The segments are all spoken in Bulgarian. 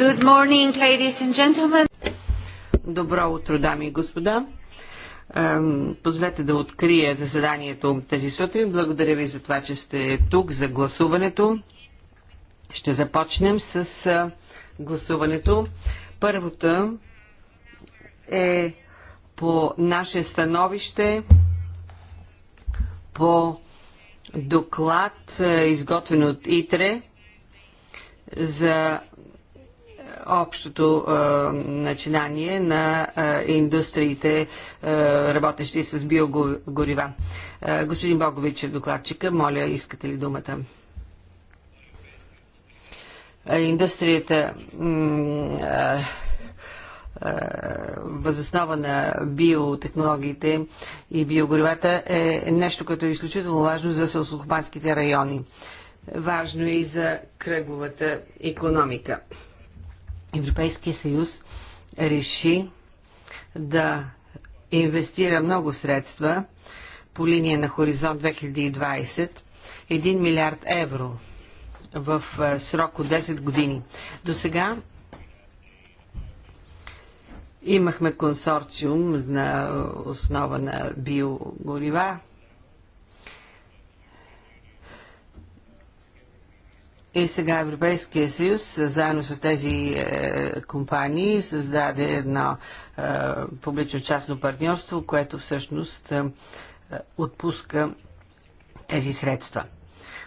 Good morning, ladies and gentlemen. Добро утро, дами и господа. Позволете да открия заседанието тези сутрин. Благодаря ви за това, че сте тук за гласуването. Ще започнем с е, гласуването. Първото е по наше становище по доклад, е, изготвен от ИТРЕ, за общото а, начинание на а, индустриите, а, работещи с биогорива. А, господин Богович е докладчика. Моля, искате ли думата? А, индустрията. Е, възоснова на биотехнологиите и биогоривата е нещо, което е изключително важно за селскохопанските райони. Важно е и за кръговата економика. Европейския съюз реши да инвестира много средства по линия на Хоризонт 2020 1 милиард евро в е, срок от 10 години. До сега имахме консорциум на основа на биогорива И сега Европейския съюз, заедно с тези е, компании, създаде едно е, публично-частно партньорство, което всъщност е, отпуска тези средства.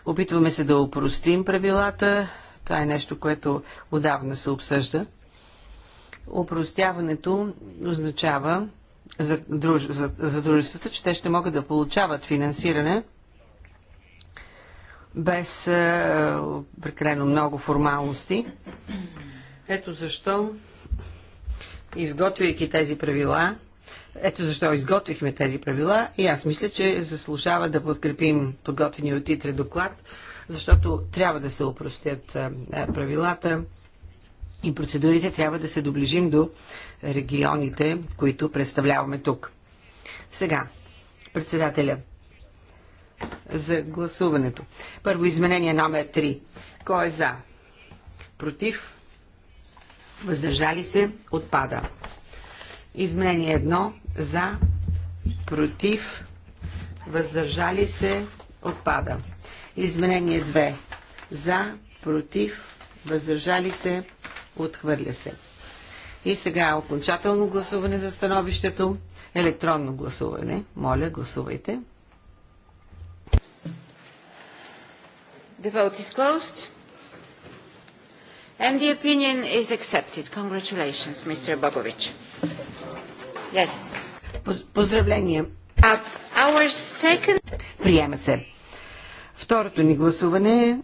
Опитваме се да упростим правилата. Това е нещо, което отдавна се обсъжда. Упростяването означава за, друж... за, за дружествата, че те ще могат да получават финансиране – без е, прекалено много формалности. Ето защо, изготвяйки тези правила, ето защо изготвихме тези правила и аз мисля, че заслужава да подкрепим подготвения от Итре доклад, защото трябва да се упростят е, е, правилата и процедурите, трябва да се доближим до регионите, които представляваме тук. Сега, председателя, за гласуването. Първо изменение номер 3. Кой е за? Против? Въздържали се? Отпада. Изменение 1. За? Против? Въздържали се? Отпада. Изменение 2. За? Против? Въздържали се? Отхвърля се. И сега окончателно гласуване за становището. Електронно гласуване. Моля, гласувайте. The vote is closed. And the opinion is accepted. Congratulations, Mr. Bogovic. Yes. Поздравления. Our second... Приема се. Второто ни гласуване е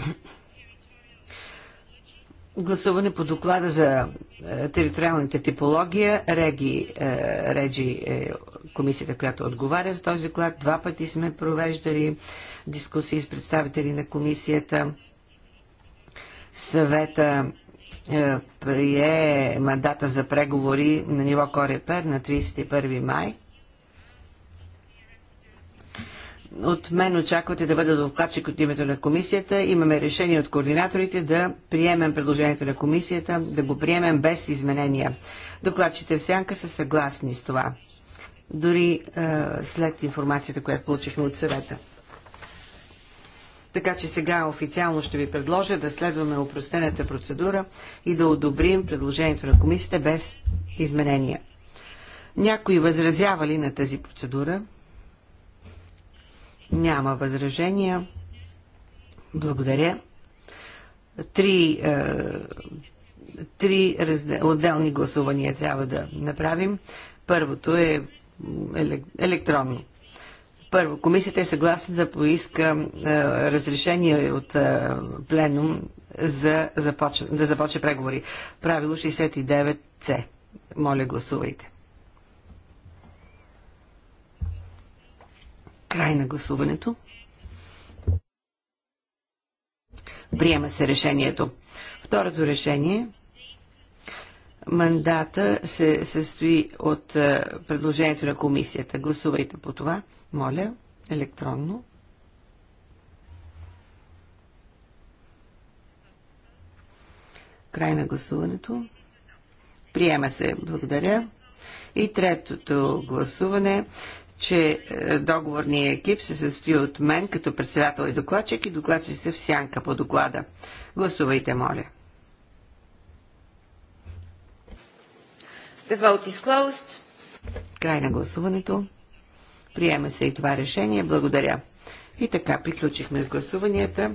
Thank you гласуване по доклада за е, териториалната типология. Реги, е, Реджи е комисията, която отговаря за този доклад. Два пъти сме провеждали дискусии с представители на комисията. Съвета е, прие мандата за преговори на ниво Корепер на 31 май от мен очаквате да бъда докладчик от името на комисията. Имаме решение от координаторите да приемем предложението на комисията, да го приемем без изменения. Докладчите в сянка са съгласни с това. Дори е, след информацията, която получихме от съвета. Така че сега официално ще ви предложа да следваме упростената процедура и да одобрим предложението на комисията без изменения. Някои възразявали на тази процедура? Няма възражения. Благодаря. Три, е, три разде... отделни гласувания трябва да направим. Първото е електронно. Първо, комисията е съгласна да поиска е, разрешение от е, пленум за започ... да започне преговори. Правило 69C. Моля, гласувайте. Край на гласуването. Приема се решението. Второто решение мандата се състои от е, предложението на комисията. Гласувайте по това, моля, електронно. Край на гласуването. Приема се. Благодаря. И третото гласуване че е, договорният екип се състои от мен като председател и докладчик и докладчиците в сянка по доклада. Гласувайте, моля. The vote is closed. Край на гласуването. Приема се и това решение. Благодаря. И така, приключихме с гласуванията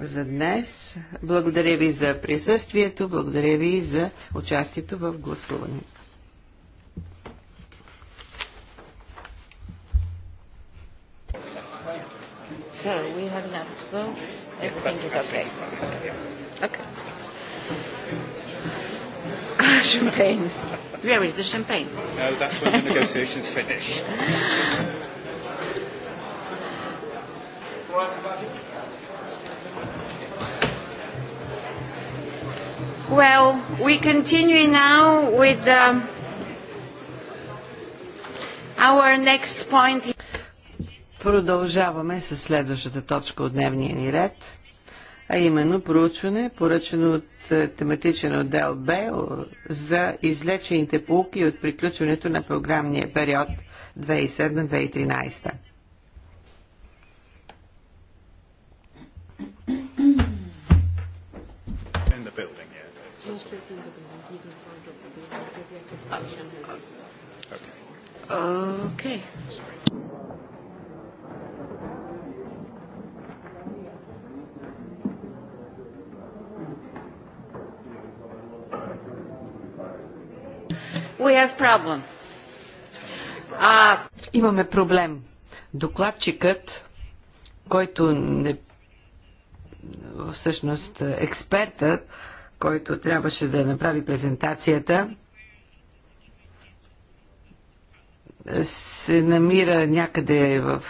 за днес. Благодаря ви за присъствието, благодаря ви за участието в гласуването. So we have enough votes. Everything is okay. Okay. Ah, champagne. Where is the champagne? No, that's when the negotiations finish. Well, we continue now with um, our next point. Here. Продължаваме с следващата точка от дневния ни ред, а именно проучване, поръчено от е, тематичен отдел Б за излечените полуки от приключването на програмния период 2007-2013. Okay. We have problem. А... Имаме проблем. Докладчикът, който не... всъщност експертът, който трябваше да направи презентацията, се намира някъде в,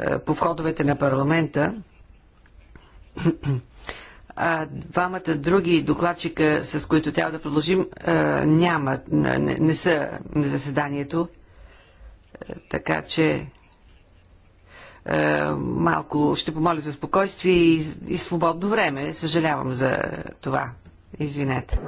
е, по входовете на парламента а двамата други докладчика, с които трябва да продължим, няма, не, не са на заседанието. Така че малко ще помоля за спокойствие и, и свободно време. Съжалявам за това. Извинете.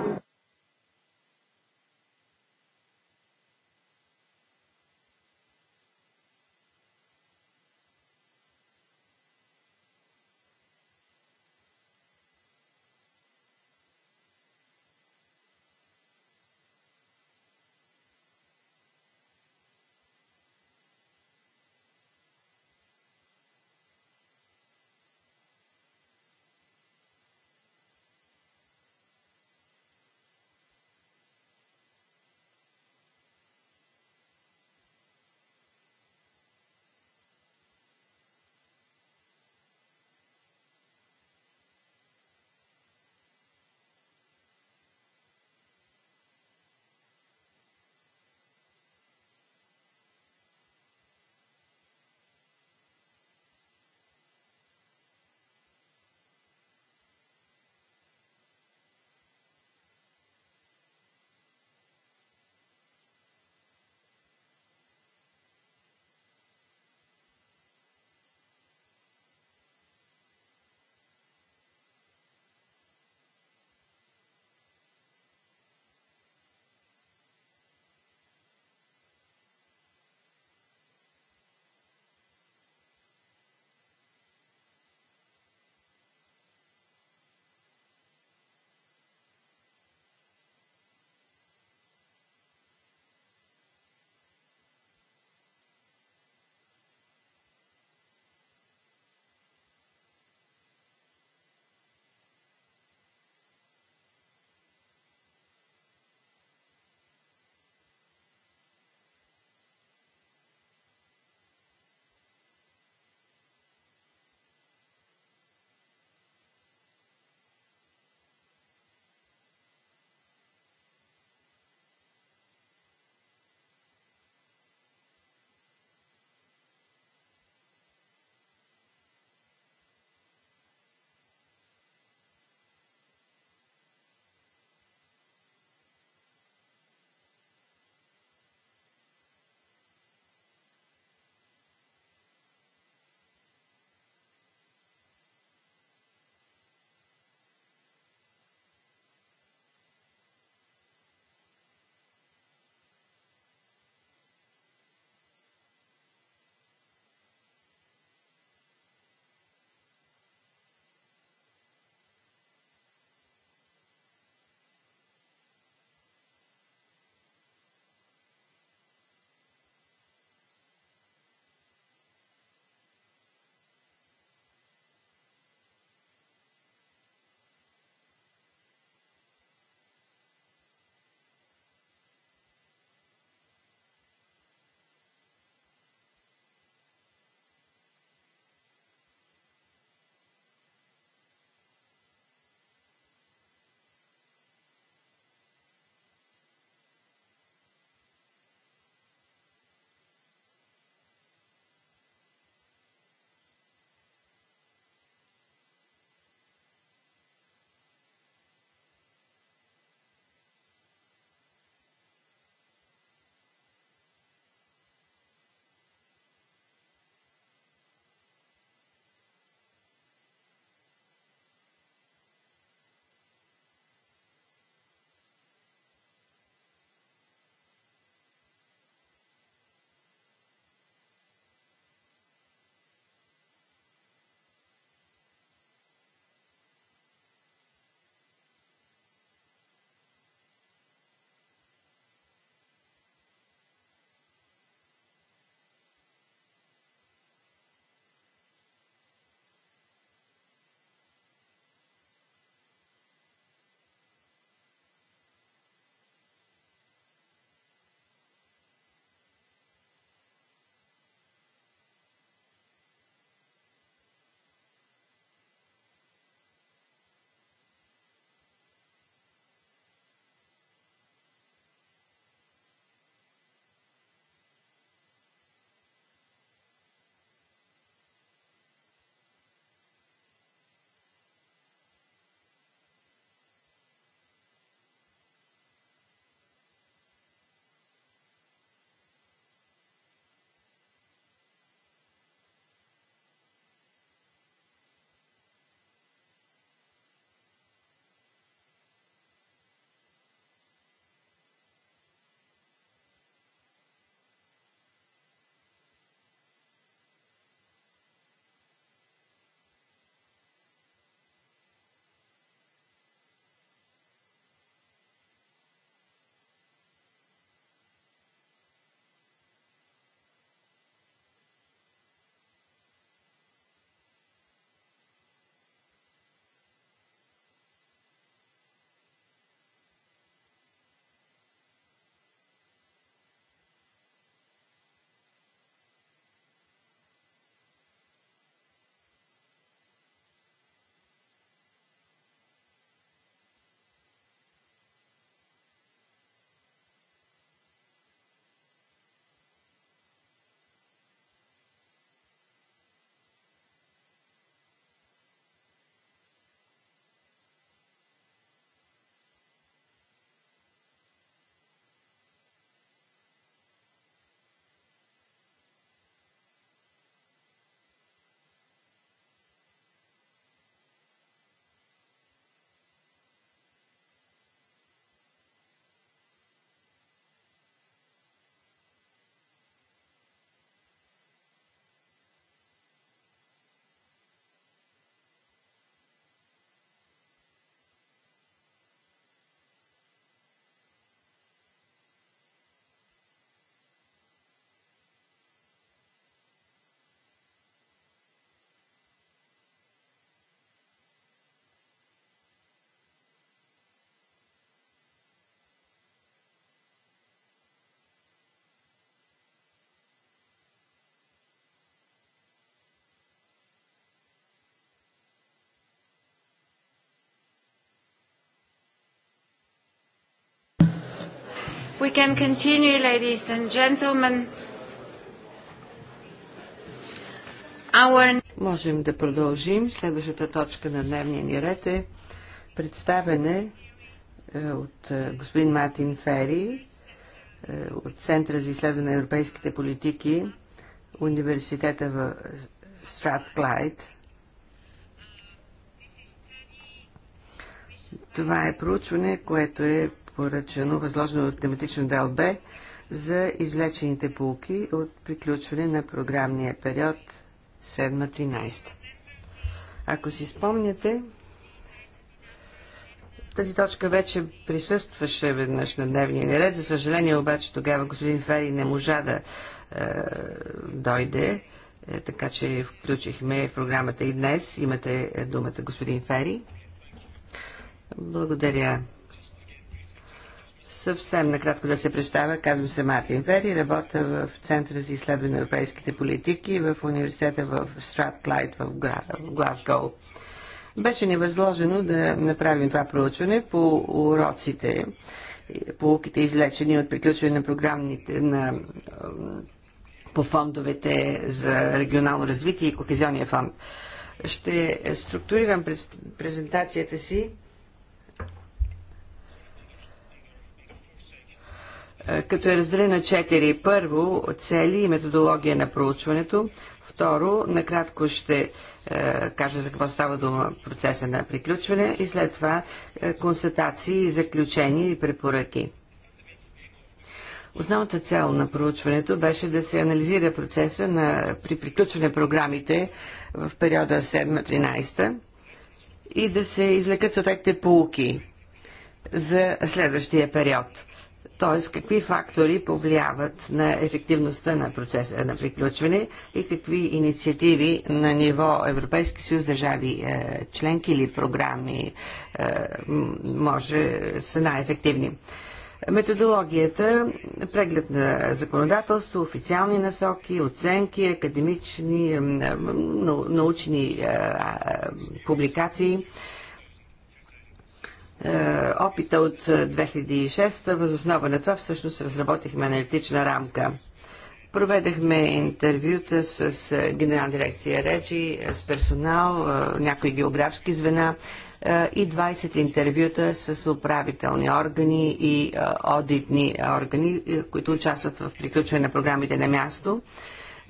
We can continue, ladies and gentlemen. Our... Можем да продължим. Следващата точка на дневния ни ред е представене е, от е, господин Мартин Фери е, от Центъра за изследване на европейските политики Университета в Стратклайд. Това е проучване, което е поръчано, възложено от тематично ДЛБ за излечените полки от приключване на програмния период 7-13. Ако си спомняте, тази точка вече присъстваше веднъж на дневния ни ред. За съжаление обаче тогава господин Фери не можа да е, дойде, е, така че включихме програмата и днес. Имате думата, господин Фери. Благодаря. Съвсем накратко да се представя, казвам се Мартин Вери, работя в Центъра за изследване на европейските политики в университета в Стратклайд в Глазго. Беше ни възложено да направим това проучване по уроците, полуките излечени от приключване на програмните на, по фондовете за регионално развитие и Кохезионния фонд. Ще структурирам през, презентацията си Е, като е разделена на четири. Първо, цели и методология на проучването. Второ, накратко ще е, кажа за какво става дума процеса на приключване и след това е, констатации, заключения и препоръки. Основната цел на проучването беше да се анализира процеса на, при приключване на програмите в периода 7-13 и да се извлекат съответните полуки за следващия период – т.е. какви фактори повлияват на ефективността на процеса на приключване и какви инициативи на ниво Европейски съюз, държави е, членки или програми е, може са най-ефективни. Методологията, преглед на законодателство, официални насоки, оценки, академични, научни е, публикации – е, опита от 2006 е, възоснова на това всъщност разработихме аналитична рамка. Проведахме интервюта с е, генерална дирекция речи, с персонал, някои географски звена и 20 интервюта с управителни органи и одитни органи, които участват в приключване на програмите на място.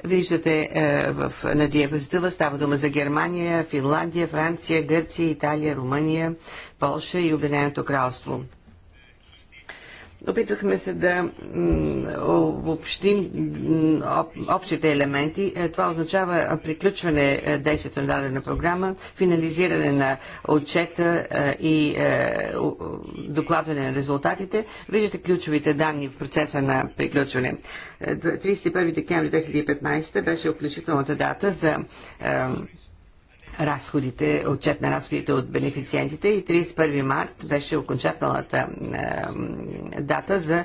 Виждате е, в, на диапозитива става дума за Германия, Финландия, Франция, Гърция, Италия, Румъния, Полша и Обединеното кралство. Опитвахме се да обобщим общите елементи. Е, това означава приключване е, действието на дадена програма, финализиране на отчета и докладване на резултатите. Виждате ключовите данни в процеса на приключване. 31 декември 2015 беше отключителната дата за разходите, отчет на разходите от бенефициентите и 31 март беше окончателната е, дата за е,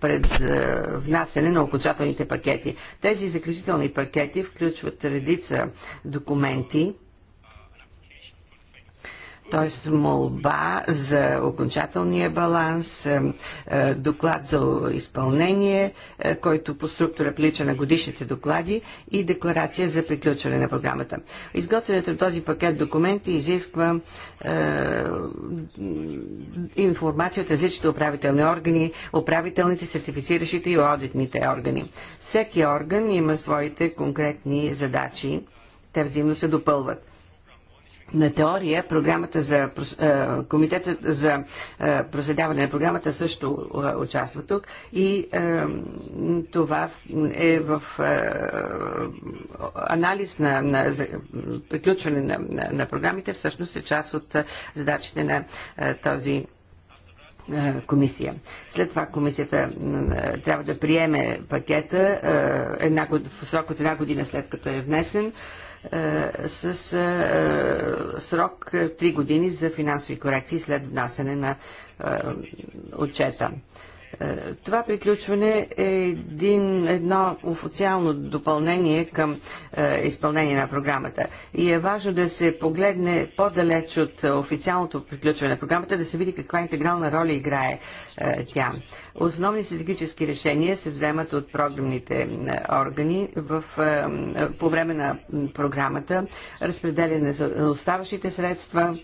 пред е, внасене на окончателните пакети. Тези заключителни пакети включват редица документи, т.е. молба за окончателния баланс, е, е, доклад за изпълнение, е, който по структура прилича на годишните доклади и декларация за приключване на програмата. Изготвянето на този пакет документи изисква е, информация от различните управителни органи, управителните, сертифициращите и аудитните органи. Всеки орган има своите конкретни задачи. Те взаимно се допълват на теория програмата за комитетът за проследяване на програмата също участва тук и това е в анализ на, на приключване на, на, на програмите всъщност е част от задачите на този комисия. След това комисията трябва да приеме пакета една, в срок от една година след като е внесен. Е, с е, срок 3 е, години за финансови корекции след внасене на отчета. Е, това приключване е един, едно официално допълнение към е, изпълнение на програмата. И е важно да се погледне по-далеч от официалното приключване на програмата, да се види каква интегрална роля играе е, тя. Основни стратегически решения се вземат от програмните е, органи в, е, по време на програмата, разпределяне на оставащите средства,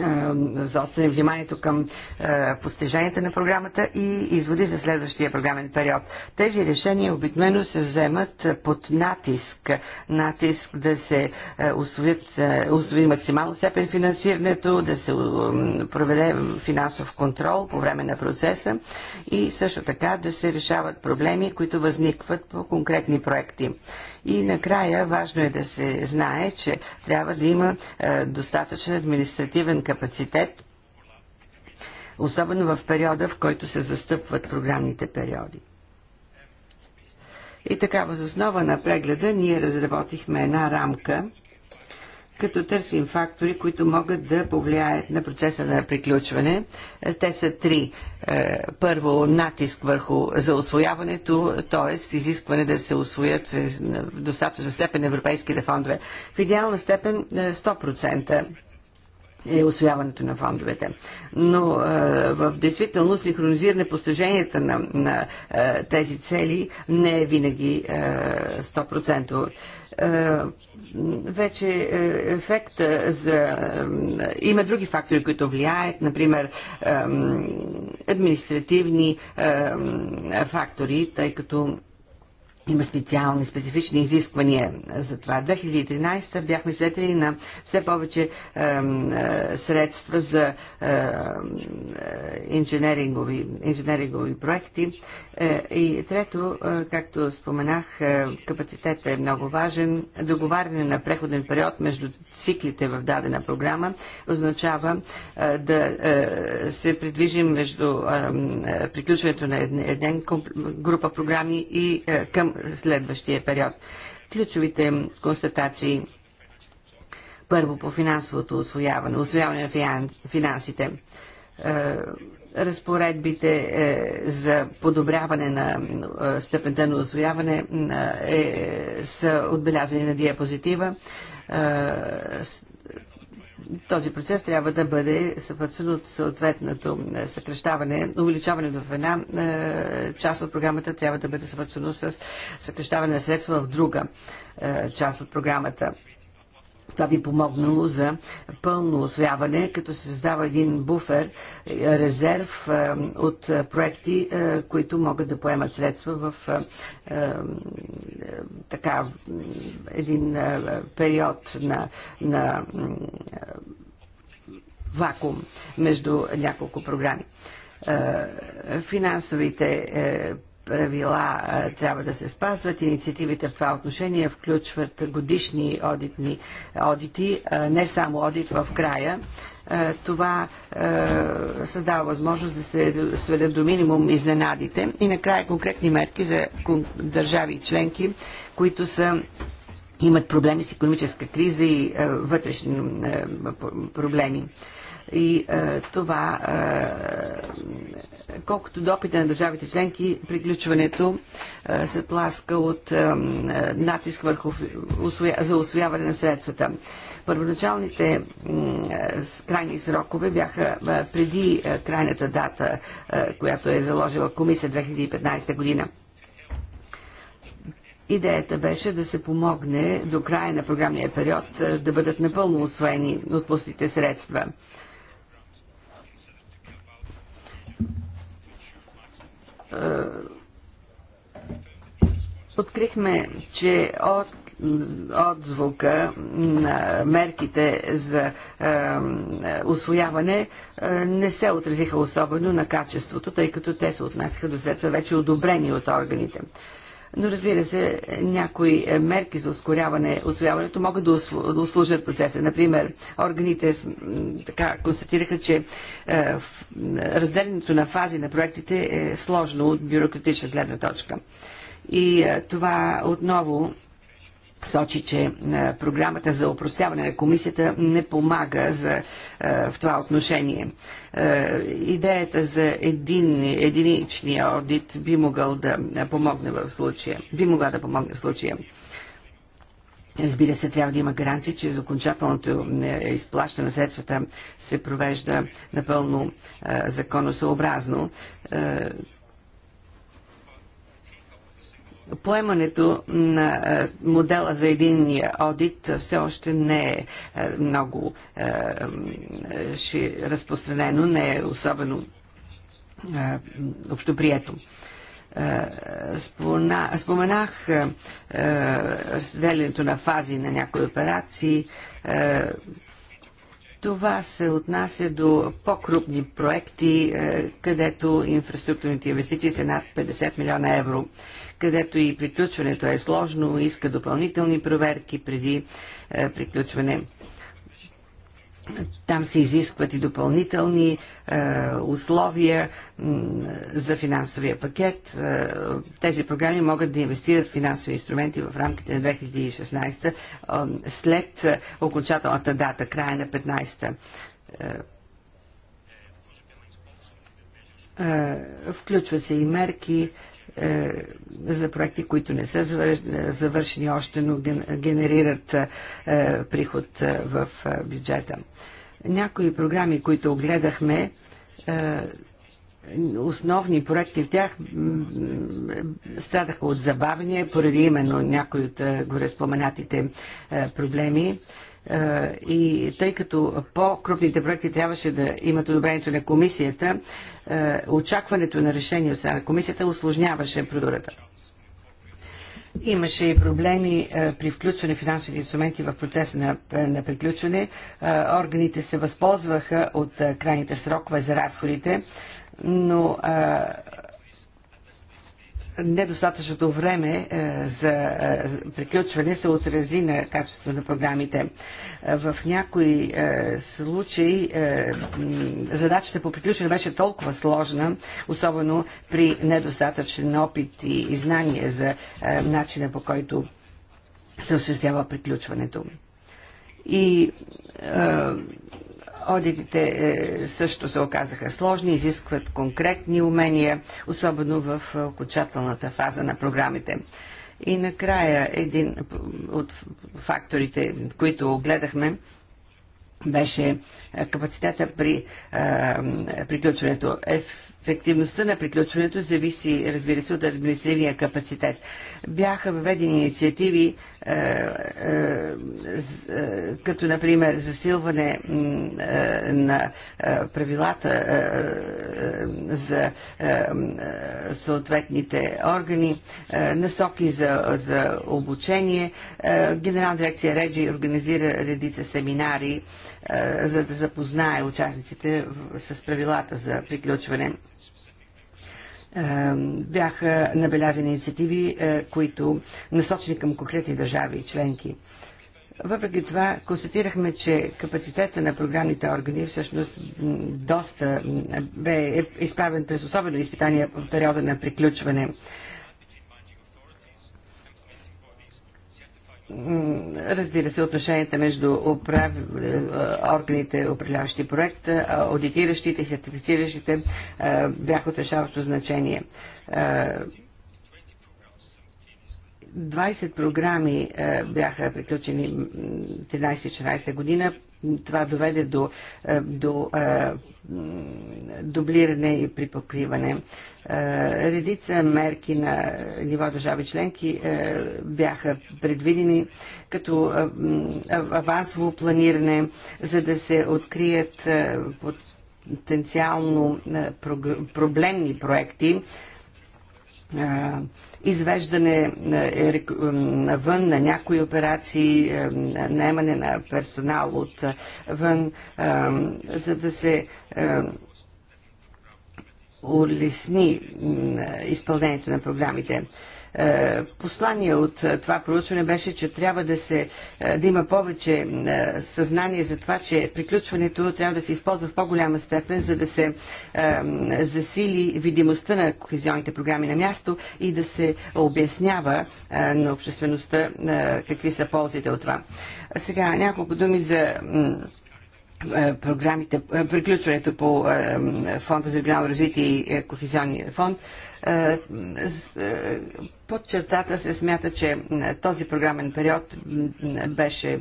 е, заострим вниманието към е, постиженията на програмата и изводи за следващия програмен период. Тези решения обикновено се вземат под натиск. Натиск да се е, освои максимална степен финансирането, да се проведе финансов контрол по време на процеса и също така да се решават проблеми, които възникват по конкретни проекти. И накрая важно е да се знае, че трябва да има е, достатъчен административен капацитет, особено в периода, в който се застъпват програмните периоди. И така, възоснова на прегледа, ние разработихме една рамка – като търсим фактори, които могат да повлияят на процеса на приключване. Те са три. Е, първо, натиск върху за освояването, т.е. изискване да се освоят в достатъчна степен европейските фондове. В идеална степен 100% е, е освояването на фондовете. Но а, е, в действителност синхронизиране постиженията на, на а, тези цели не е винаги а, 100%. А, вече е, ефекта за... Е, има други фактори, които влияят, например е, административни фактори, тъй като има специални, специфични изисквания за това. 2013 бяхме свидетели на все повече е, е, средства за е, инженерингови, инженерингови проекти. Е, и трето, е, както споменах, е, капацитетът е много важен. Договаряне на преходен период между циклите в дадена програма означава е, да е, се придвижим между е, приключването на една група програми и е, към следващия период. Ключовите констатации първо по финансовото освояване, освояване на финансите е, разпоредбите е, за подобряване на е, степента на освояване са отбелязани на диапозитива този процес трябва да бъде съпътстван от съответното е, съкрещаване, увеличаване в една е, част от програмата трябва да бъде съпътствано с съкрещаване на средства в друга е, част от програмата. Това би помогнало за пълно освояване, като се създава един буфер, е, резерв е, от е, проекти, които могат да поемат средства в така един период на, на вакуум между няколко програми финансовите правила трябва да се спазват. Инициативите в това отношение включват годишни одитни одити, не само одит в края. Това създава възможност да се сведат до минимум изненадите. И накрая конкретни мерки за държави и членки, които са имат проблеми с економическа криза и вътрешни проблеми и е, това, е, колкото до опита на държавите членки, приключването е, се тласка от е, натиск върху, усвоя, за освояване на средствата. Първоначалните е, крайни срокове бяха е, преди е, крайната дата, която е заложила комисия 2015 година. Идеята беше да се помогне до края на програмния период да бъдат напълно освоени отпустите средства. Открихме, че от отзвука на мерките за е, освояване е, не се отразиха особено на качеството, тъй като те се отнасяха до сеца вече одобрени от органите но разбира се, някои мерки за ускоряване освояването могат да, услужат процеса. Например, органите така констатираха, че разделенето разделянето на фази на проектите е сложно от бюрократична гледна точка. И е, това отново сочи, че е, програмата за упростяване на комисията не помага за, е, в това отношение. Е, идеята за един, единичния одит би могъл да помогне в случая. Би могла да помогне в случая. Разбира се, трябва да има гаранции, че за окончателното изплащане на средствата се провежда напълно законосъобразно. Поемането на е, модела за единния одит все още не е, е много е, разпространено, не е особено общоприето споменах разделението на фази на някои операции. Това се отнася до по-крупни проекти, е, където инфраструктурните инвестиции са над 50 милиона евро, където и приключването е сложно, иска допълнителни проверки преди е, приключване. Там се изискват и допълнителни е, условия за финансовия пакет. Е, тези програми могат да инвестират финансови инструменти в рамките на 2016 е, след е, окончателната дата, края на 15-та включват се и мерки е, за проекти, които не са завършени още, но генерират е, приход е, в бюджета. Някои програми, които огледахме, основни проекти в тях страдаха от забавяне поради именно някои от гореспоменатите проблеми. Е, и тъй като по-крупните проекти трябваше да имат одобрението на комисията, е, очакването на решение от страна на комисията осложняваше процедурата. Имаше и проблеми а, е, при включване финансовите инструменти в процеса на, на приключване. А, органите се възползваха от а, крайните срокове за разходите, но недостатъчното време е, е, за приключване се отрази на качеството на програмите. Е, в някои случаи задачата по приключване беше толкова сложна, особено при недостатъчен опит и знание за начина по който се осъществява приключването. И Одитите е, също се оказаха сложни, изискват конкретни умения, особено в е, окончателната фаза на програмите. И накрая един от факторите, които огледахме, беше е, капацитета при а, приключването. Ефективността на приключването зависи, разбира се, от административния капацитет. Бяха въведени инициативи е, е, е, като например засилване на правилата за съответните органи, насоки за, за обучение. Генерална дирекция Реджи организира редица семинари, за да запознае участниците с правилата за приключване бяха набелязани инициативи, е, които насочени към конкретни държави и членки. Въпреки това, констатирахме, че капацитета на програмните органи всъщност доста бе е, е изправен през особено изпитание в периода на приключване разбира се, отношенията между управ... Е, органите, управляващи проекта, аудитиращите и сертифициращите е, бяха от решаващо значение. 20 е, програми бяха приключени 13-14 година това доведе до, е, до е, дублиране и припокриване. Е, редица мерки на ниво държави членки бяха предвидени като авансово планиране, за да се открият под потенциално проблемни проекти, извеждане е, навън на някои операции, е, наемане на персонал от вън, за да се улесни изпълнението на програмите. Е, послание от е, това проучване беше, че трябва да, се, е, да има повече съзнание за това, че приключването трябва да се използва в по-голяма степен, за да се засили видимостта на кохезионните програми на място и да се обяснява на обществеността какви са ползите от това. Сега няколко думи за програмите, приключването по Фонда за регионално развитие и Кохезионния фонд. Е, е, под чертата се смята, че е, този програмен период беше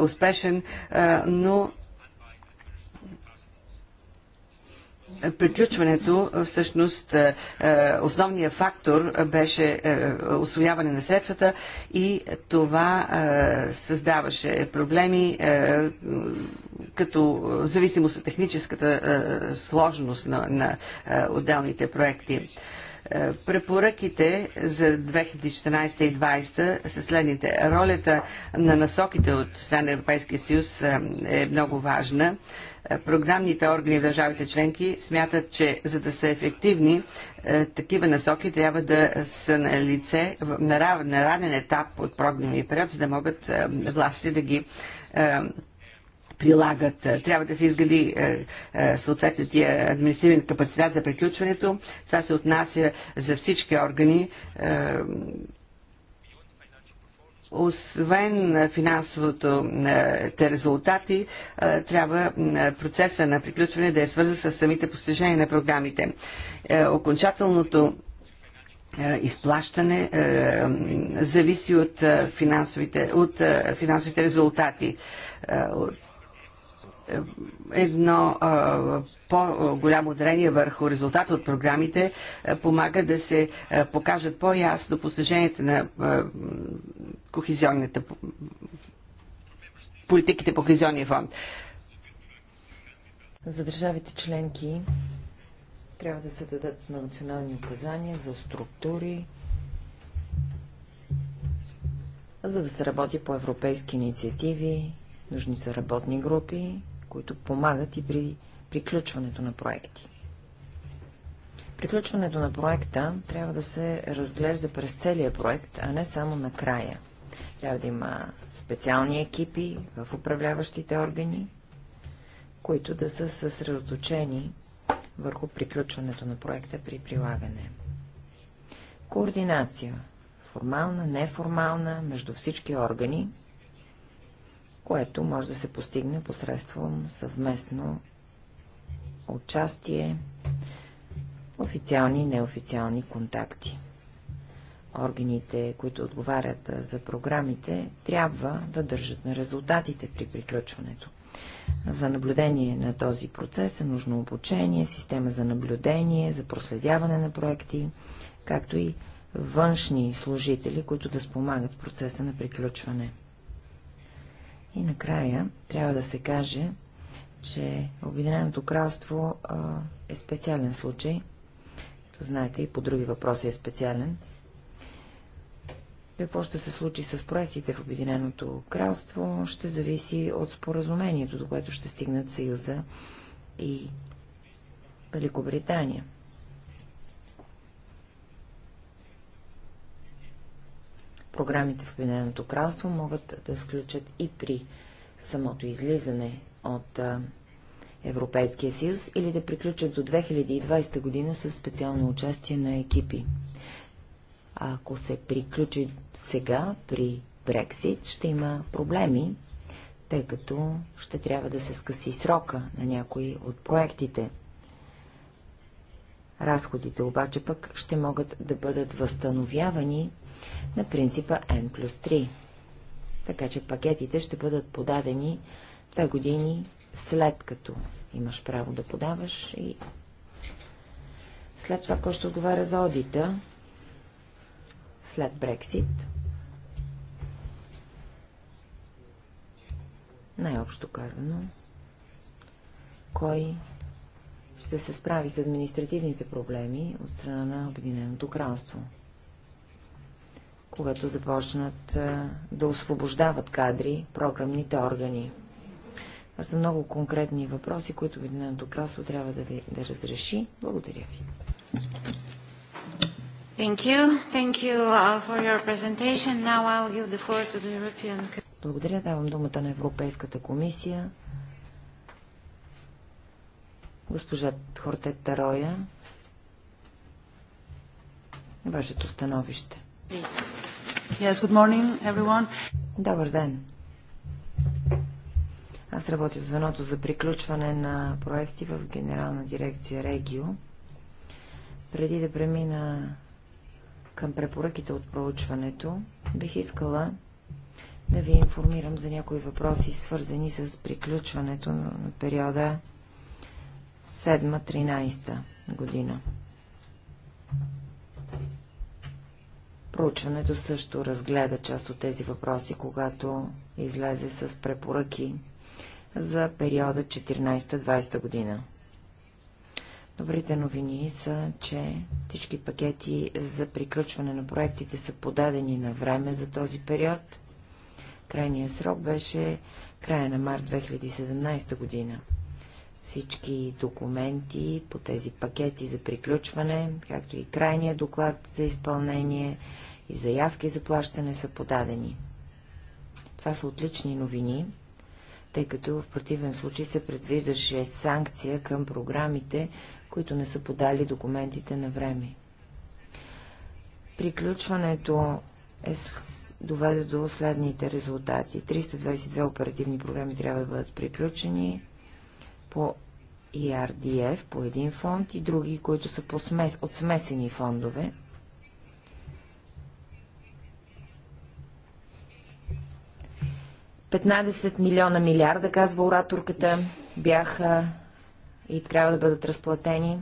успешен, но приключването, всъщност основният фактор беше освояване на средствата и това създаваше проблеми като в зависимост от техническата сложност на, на отделните проекти. Е, препоръките за 2014 и 2020 са следните. Ролята на насоките от Съединен Европейския съюз е, е много важна. Е, програмните органи в държавите членки смятат, че за да са ефективни, такива насоки трябва да са на лице на равен етап от програмния период, за да могат властите да ги прилагат. Трябва да се изгради е, е, съответно тия административен капацитет за приключването. Това се отнася за всички органи. Е, освен финансовото те резултати, трябва процеса на приключване да е свързан с самите постижения на програмите. Окончателното изплащане зависи от финансовите, от финансовите резултати. От едно по-голямо дарение върху резултата от програмите помага да се покажат по-ясно постиженията на кохизионните политиките по кохизионния фонд. За държавите членки трябва да се дадат на национални указания за структури, за да се работи по европейски инициативи, нужни са работни групи, които помагат и при приключването на проекти. Приключването на проекта трябва да се разглежда през целия проект, а не само на края. Трябва да има специални екипи в управляващите органи, които да са съсредоточени върху приключването на проекта при прилагане. Координация. Формална, неформална, между всички органи, което може да се постигне посредством съвместно участие, официални и неофициални контакти. Органите, които отговарят за програмите, трябва да държат на резултатите при приключването. За наблюдение на този процес е нужно обучение, система за наблюдение, за проследяване на проекти, както и външни служители, които да спомагат процеса на приключване. И накрая трябва да се каже, че Обединеното кралство а, е специален случай. То знаете и по други въпроси е специален. Какво ще се случи с проектите в Обединеното кралство, ще зависи от споразумението, до което ще стигнат Съюза и Великобритания. Програмите в Обединеното кралство могат да сключат и при самото излизане от Европейския съюз или да приключат до 2020 година с специално участие на екипи. А ако се приключи сега при Брексит, ще има проблеми, тъй като ще трябва да се скъси срока на някои от проектите. Разходите обаче пък ще могат да бъдат възстановявани на принципа N плюс 3. Така че пакетите ще бъдат подадени две години след като имаш право да подаваш и след това, кой ще отговаря за одита, след Брексит, най-общо казано, кой ще се справи с административните проблеми от страна на Обединеното кралство – когато започнат да освобождават кадри програмните органи. Това са много конкретни въпроси, които Обединеното кралство трябва да, ви, да разреши. Благодаря ви. Thank you. Thank you uh, for your presentation. Now I'll give the floor to the European... Благодаря. Давам думата на Европейската комисия. Госпожа Хортет Тароя, вашето становище. Yes, good morning, everyone. Добър ден. Аз работя в звеното за приключване на проекти в Генерална дирекция Регио. Преди да премина към препоръките от проучването, бих искала да ви информирам за някои въпроси, свързани с приключването на периода 7-13 година. Проучването също разгледа част от тези въпроси, когато излезе с препоръки за периода 14-20 година. Добрите новини са, че всички пакети за приключване на проектите са подадени на време за този период. Крайният срок беше края на март 2017 година всички документи по тези пакети за приключване, както и крайния доклад за изпълнение и заявки за плащане са подадени. Това са отлични новини, тъй като в противен случай се предвиждаше санкция към програмите, които не са подали документите на време. Приключването е доведе до следните резултати. 322 оперативни програми трябва да бъдат приключени, по ERDF, по един фонд и други, които са по смес... от смесени фондове. Петнадесет милиона милиарда, казва ораторката, бяха и трябва да бъдат разплатени.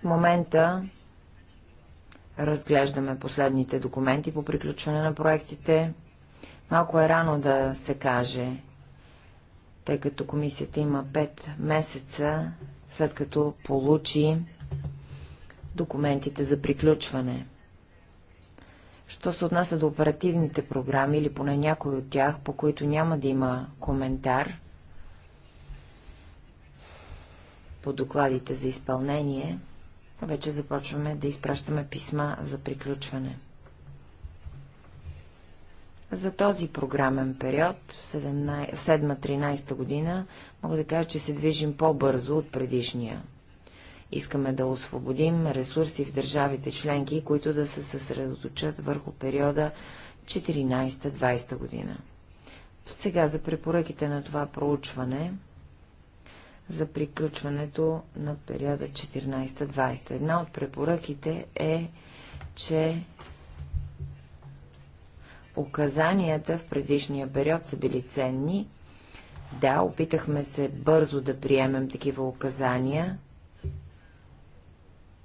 В момента разглеждаме последните документи по приключване на проектите. Малко е рано да се каже тъй като комисията има 5 месеца, след като получи документите за приключване. Що се отнася до оперативните програми или поне някой от тях, по които няма да има коментар по докладите за изпълнение, вече започваме да изпращаме писма за приключване. За този програмен период, 7-13 година, мога да кажа, че се движим по-бързо от предишния. Искаме да освободим ресурси в държавите членки, които да се съсредоточат върху периода 14-20 година. Сега за препоръките на това проучване за приключването на периода 14-20. Една от препоръките е, че Указанията в предишния период са били ценни. Да, опитахме се бързо да приемем такива указания.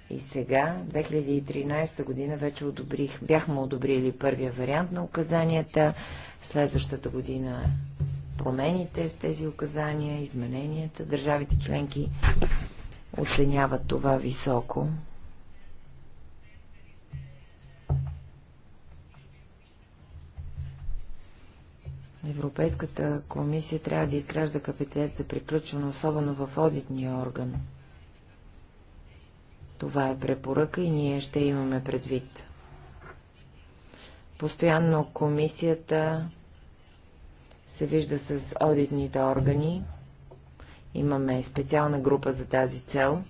И сега, 2013 година, вече одобрих, бяхме одобрили първия вариант на указанията. Следващата година промените в тези указания, измененията. Държавите членки оценяват това високо. Европейската комисия трябва да изгражда капитет за приключване, особено в одитния орган. Това е препоръка и ние ще имаме предвид. Постоянно комисията се вижда с одитните органи. Имаме специална група за тази цел.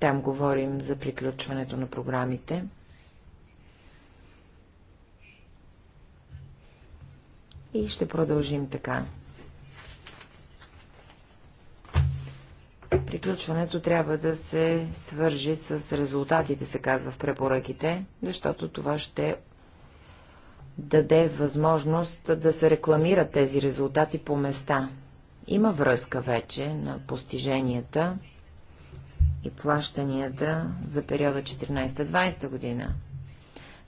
Там говорим за приключването на програмите. и ще продължим така. Приключването трябва да се свържи с резултатите, се казва в препоръките, защото това ще даде възможност да се рекламират тези резултати по места. Има връзка вече на постиженията и плащанията за периода 14-20 година.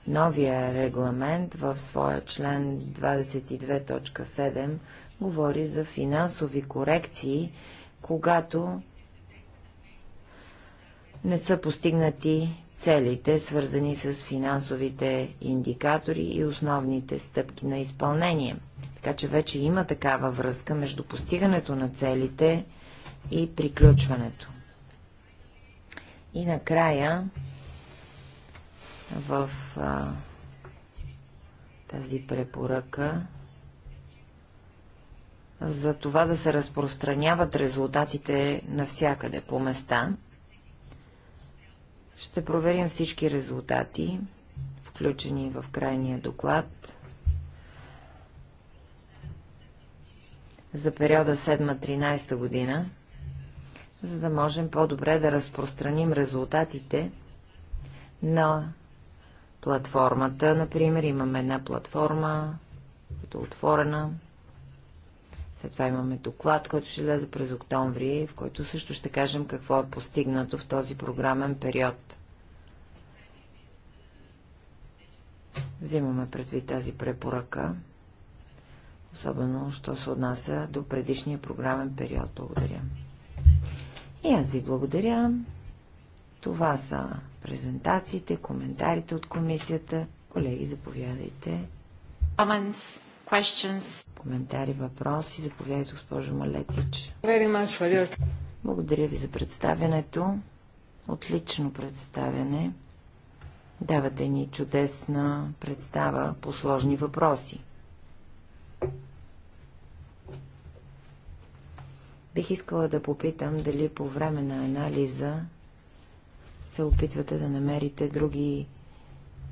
Новия регламент в своя член 22.7 говори за финансови корекции, когато не са постигнати целите, свързани с финансовите индикатори и основните стъпки на изпълнение. Така че вече има такава връзка между постигането на целите и приключването. И накрая в а, тази препоръка за това да се разпространяват резултатите навсякъде по места. Ще проверим всички резултати, включени в крайния доклад. за периода 7-13 година, за да можем по-добре да разпространим резултатите на платформата. Например, имаме една платформа, като е отворена. След това имаме доклад, който ще лезе през октомври, в който също ще кажем какво е постигнато в този програмен период. Взимаме предвид тази препоръка, особено, що се отнася до предишния програмен период. Благодаря. И аз ви благодаря. Това са презентациите, коментарите от комисията. Колеги, заповядайте. Comments, questions. Коментари, въпроси. Заповядайте, госпожо Малетич. Благодаря ви за представянето. Отлично представяне. Давате ни чудесна представа по сложни въпроси. Бих искала да попитам дали по време на анализа се опитвате да намерите други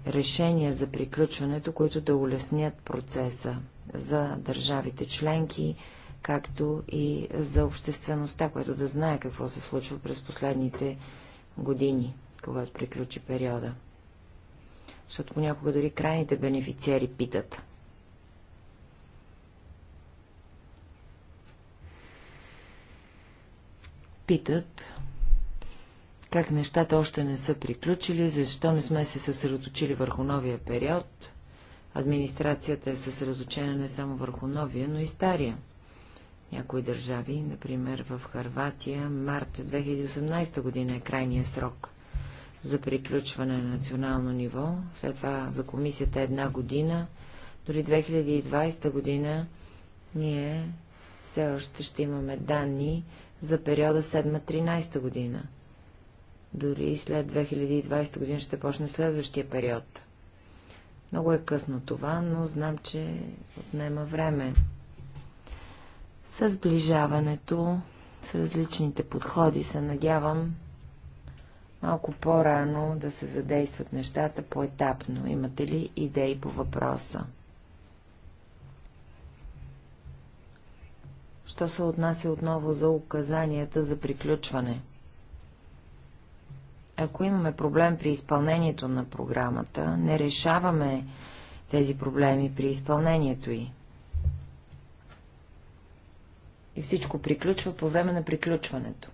решения за приключването, които да улеснят процеса за държавите членки, както и за обществеността, което да знае какво се случва през последните години, когато приключи периода. Защото понякога дори крайните бенефициери питат. Питат как нещата още не са приключили, защо не сме се съсредоточили върху новия период. Администрацията е съсредоточена не само върху новия, но и стария. Някои държави, например в Харватия, март 2018 година е крайния срок за приключване на национално ниво, след това за комисията е една година, дори 2020 година ние все още ще имаме данни за периода 7-13 година. Дори след 2020 година ще почне следващия период. Много е късно това, но знам, че отнема време. С сближаването, с различните подходи се надявам малко по-рано да се задействат нещата по-етапно. Имате ли идеи по въпроса? Що се отнася отново за указанията за приключване? ако имаме проблем при изпълнението на програмата, не решаваме тези проблеми при изпълнението й. И всичко приключва по време на приключването.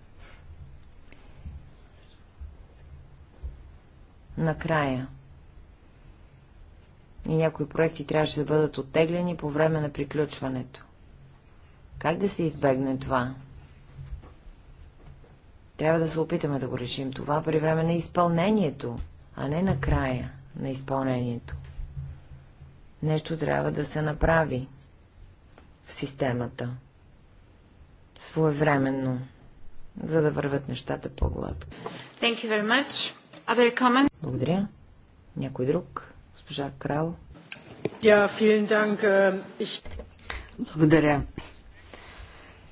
Накрая. И някои проекти трябваше да бъдат оттеглени по време на приключването. Как да се избегне това? Трябва да се опитаме да го решим това при време на изпълнението, а не на края на изпълнението. Нещо трябва да се направи в системата. Своевременно, за да вървят нещата по-гладко. Благодаря. Някой друг? Госпожа Крал? Yeah, äh, Благодаря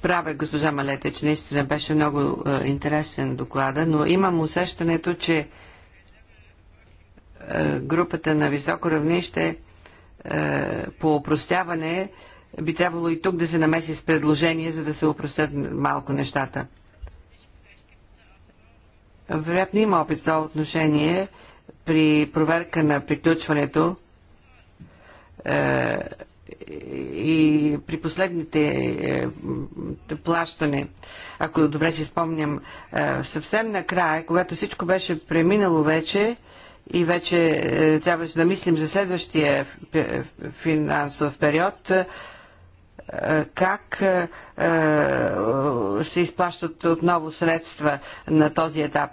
права е, госпожа Малете, че наистина беше много е, интересен доклада, но имам усещането, че е, групата на високо равнище е, по опростяване би трябвало и тук да се намеси с предложение, за да се опростят малко нещата. Вероятно има опит в това отношение при проверка на приключването е, и при последните е, плащане, ако добре си спомням, е, съвсем накрая, когато всичко беше преминало вече и вече е, трябваше да мислим за следващия финансов период, как се изплащат отново средства на този етап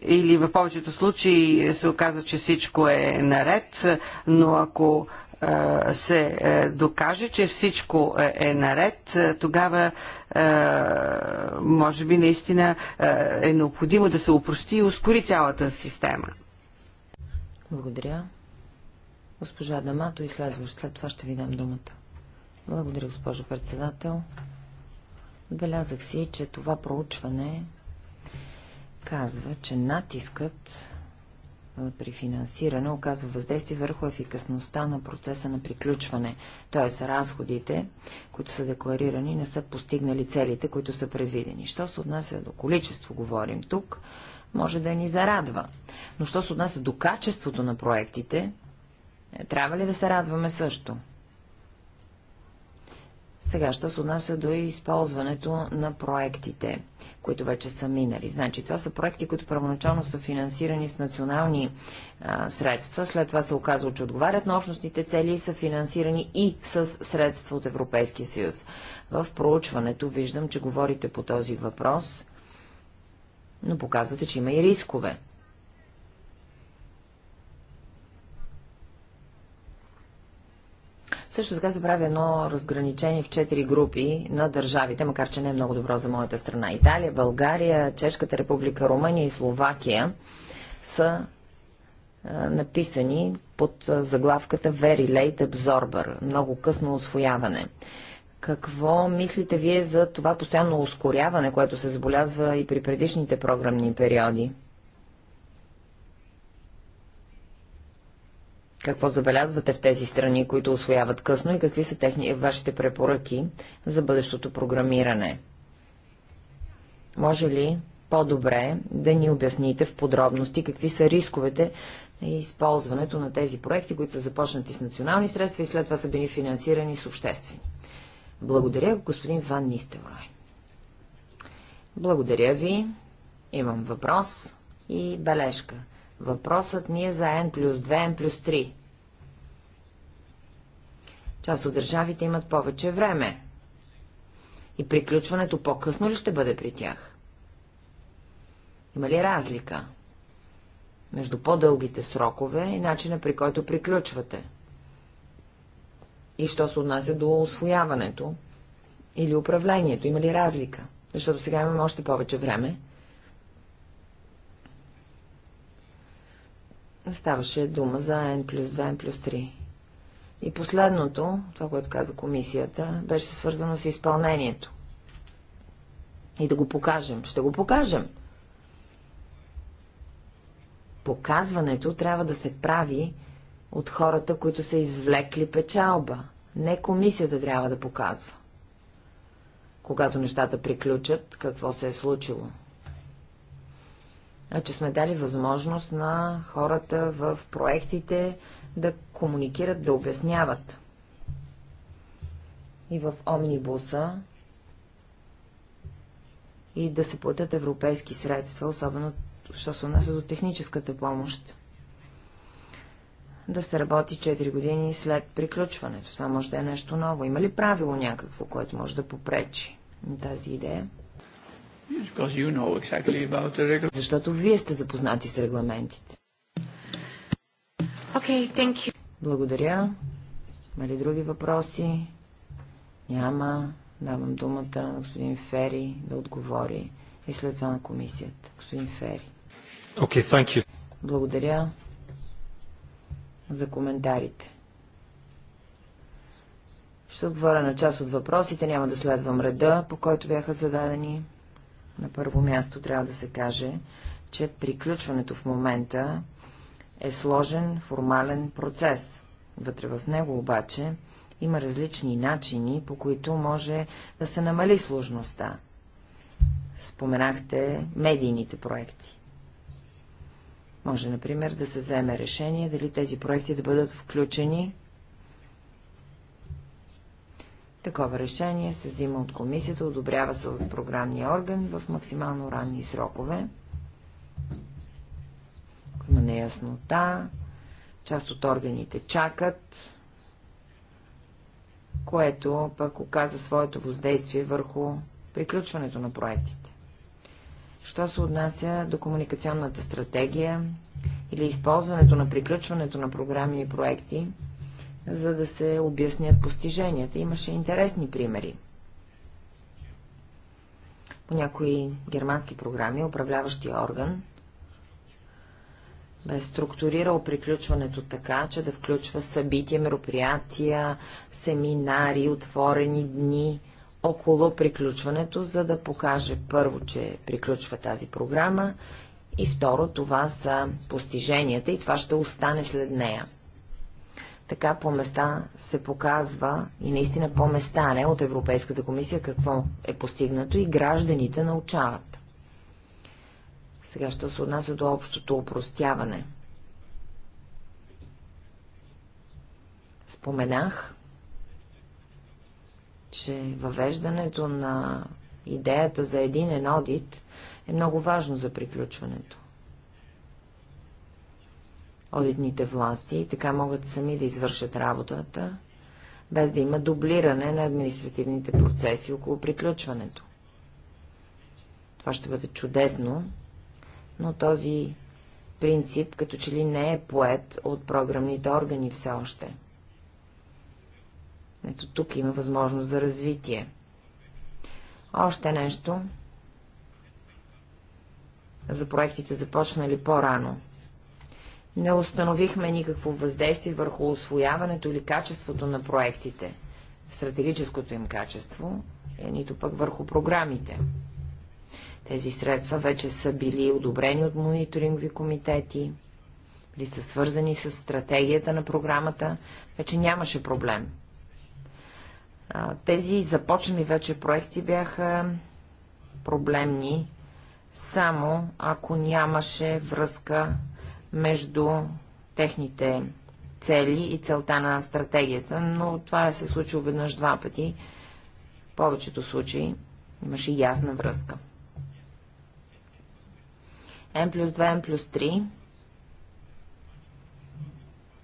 или в повечето случаи се оказва, че всичко е наред, но ако се докаже, че всичко е наред, тогава може би наистина е необходимо да се упрости и ускори цялата система. Благодаря. Госпожа Дамато и следващ. След това ще ви дам думата. Благодаря, госпожо председател. Отбелязах си, че това проучване казва, че натискът при финансиране оказва въздействие върху ефикасността на процеса на приключване, т.е. разходите, които са декларирани, не са постигнали целите, които са предвидени. Що се отнася до количество, говорим тук, може да ни зарадва. Но що се отнася до качеството на проектите, е, трябва ли да се радваме също? Сега ще се отнася до използването на проектите, които вече са минали. Значи, това са проекти, които първоначално са финансирани с национални а, средства, след това се оказва, че отговарят на общностните цели и са финансирани и с средства от Европейския съюз. В проучването виждам, че говорите по този въпрос, но показвате, че има и рискове. Също така се прави едно разграничение в четири групи на държавите, макар че не е много добро за моята страна. Италия, България, Чешката република, Румъния и Словакия са написани под заглавката Very Late Absorber, много късно освояване. Какво мислите вие за това постоянно ускоряване, което се заболязва и при предишните програмни периоди? Какво забелязвате в тези страни, които освояват късно и какви са техни, вашите препоръки за бъдещото програмиране? Може ли по-добре да ни обясните в подробности какви са рисковете и използването на тези проекти, които са започнати с национални средства и след това са били финансирани с обществени? Благодаря, господин Ван Нистеврой. Благодаря ви. Имам въпрос и бележка – Въпросът ни е за N плюс 2, N плюс 3. Част от държавите имат повече време. И приключването по-късно ли ще бъде при тях? Има ли разлика между по-дългите срокове и начина при който приключвате? И що се отнася до освояването или управлението? Има ли разлика? Защото сега имаме още повече време ставаше дума за N плюс 2, N плюс 3. И последното, това, което каза комисията, беше свързано с изпълнението. И да го покажем. Ще го покажем. Показването трябва да се прави от хората, които са извлекли печалба. Не комисията трябва да показва. Когато нещата приключат, какво се е случило – че сме дали възможност на хората в проектите да комуникират, да обясняват. И в омнибуса и да се платят европейски средства, особено, що се отнася до техническата помощ. Да се работи 4 години след приключването. Това може да е нещо ново. Има ли правило някакво, което може да попречи тази идея? You know exactly the... Защото вие сте запознати с регламентите. Okay, thank you. Благодаря. Има ли други въпроси? Няма. Давам думата на господин Фери да отговори и след това на комисията. Господин Фери. Okay, thank you. Благодаря за коментарите. Ще отговоря на част от въпросите, няма да следвам реда, по който бяха зададени. На първо място трябва да се каже, че приключването в момента е сложен, формален процес. Вътре в него обаче има различни начини, по които може да се намали сложността. Споменахте медийните проекти. Може, например, да се вземе решение дали тези проекти да бъдат включени Такова решение се взима от комисията, одобрява се от програмния орган в максимално ранни срокове. има неяснота, част от органите чакат, което пък оказа своето въздействие върху приключването на проектите. Що се отнася до комуникационната стратегия или използването на приключването на програми и проекти, за да се обяснят постиженията. Имаше интересни примери. По някои германски програми управляващия орган бе структурирал приключването така, че да включва събития, мероприятия, семинари, отворени дни около приключването, за да покаже първо, че приключва тази програма и второ, това са постиженията и това ще остане след нея. Така по места се показва и наистина по места, не от Европейската комисия, какво е постигнато и гражданите научават. Сега ще се отнася до общото упростяване. Споменах, че въвеждането на идеята за един одит е много важно за приключването одитните власти и така могат сами да извършат работата, без да има дублиране на административните процеси около приключването. Това ще бъде чудесно, но този принцип като че ли не е поет от програмните органи все още. Ето тук има възможност за развитие. Още нещо за проектите започнали по-рано. Не установихме никакво въздействие върху освояването или качеството на проектите, стратегическото им качество, е нито пък върху програмите. Тези средства вече са били одобрени от мониторингови комитети или са свързани с стратегията на програмата, вече нямаше проблем. Тези започнали вече проекти бяха проблемни, само ако нямаше връзка между техните цели и целта на стратегията, но това се случило веднъж два пъти. В повечето случаи имаше ясна връзка. М плюс 2, М плюс 3.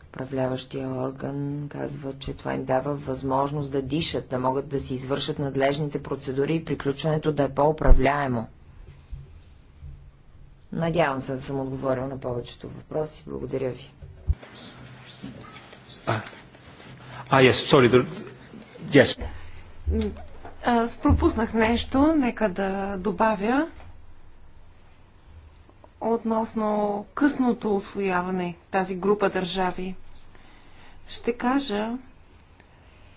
Управляващия орган казва, че това им дава възможност да дишат, да могат да си извършат надлежните процедури и приключването да е по-управляемо. Надявам се да съм отговорил на повечето въпроси. Благодаря ви. А, а yes, sorry. The... Yes. Аз пропуснах нещо, нека да добавя относно късното освояване тази група държави. Ще кажа,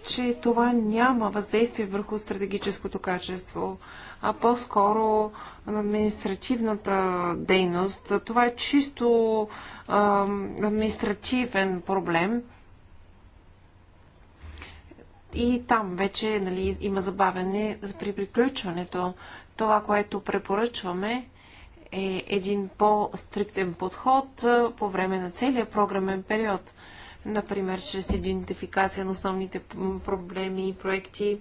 че това няма въздействие върху стратегическото качество а по-скоро административната дейност. Това е чисто а, административен проблем. И там вече нали, има забавене при приключването. Това, което препоръчваме, е един по-стриктен подход по време на целия програмен период – например, чрез идентификация на основните проблеми и проекти,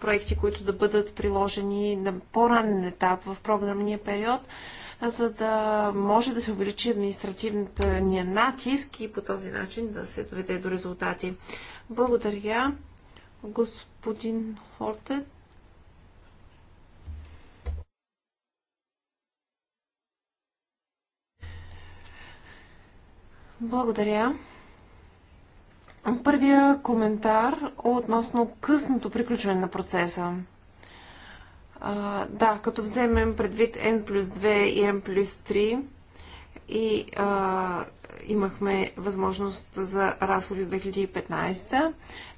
проекти, които да бъдат приложени на по-ранен етап в програмния период, за да може да се увеличи ни натиск и по този начин да се доведе до резултати. Благодаря, господин Хорте. Благодаря. Първия коментар относно късното приключване на процеса. А, да, като вземем предвид N плюс 2 и N плюс 3 и а, имахме възможност за разходи от 2015,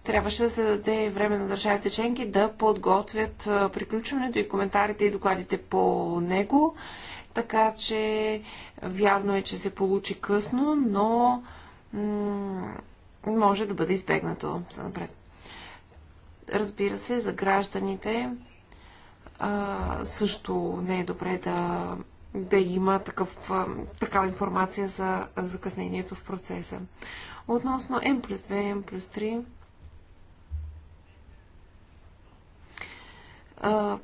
трябваше да се даде време на държавите членки да подготвят приключването и коментарите и докладите по него. Така че вярно е, че се получи късно, но може да бъде избегнато за напред. Разбира се, за гражданите а, също не е добре да, да има такъв, а, такава информация за закъснението в процеса. Относно М плюс 2, M плюс 3,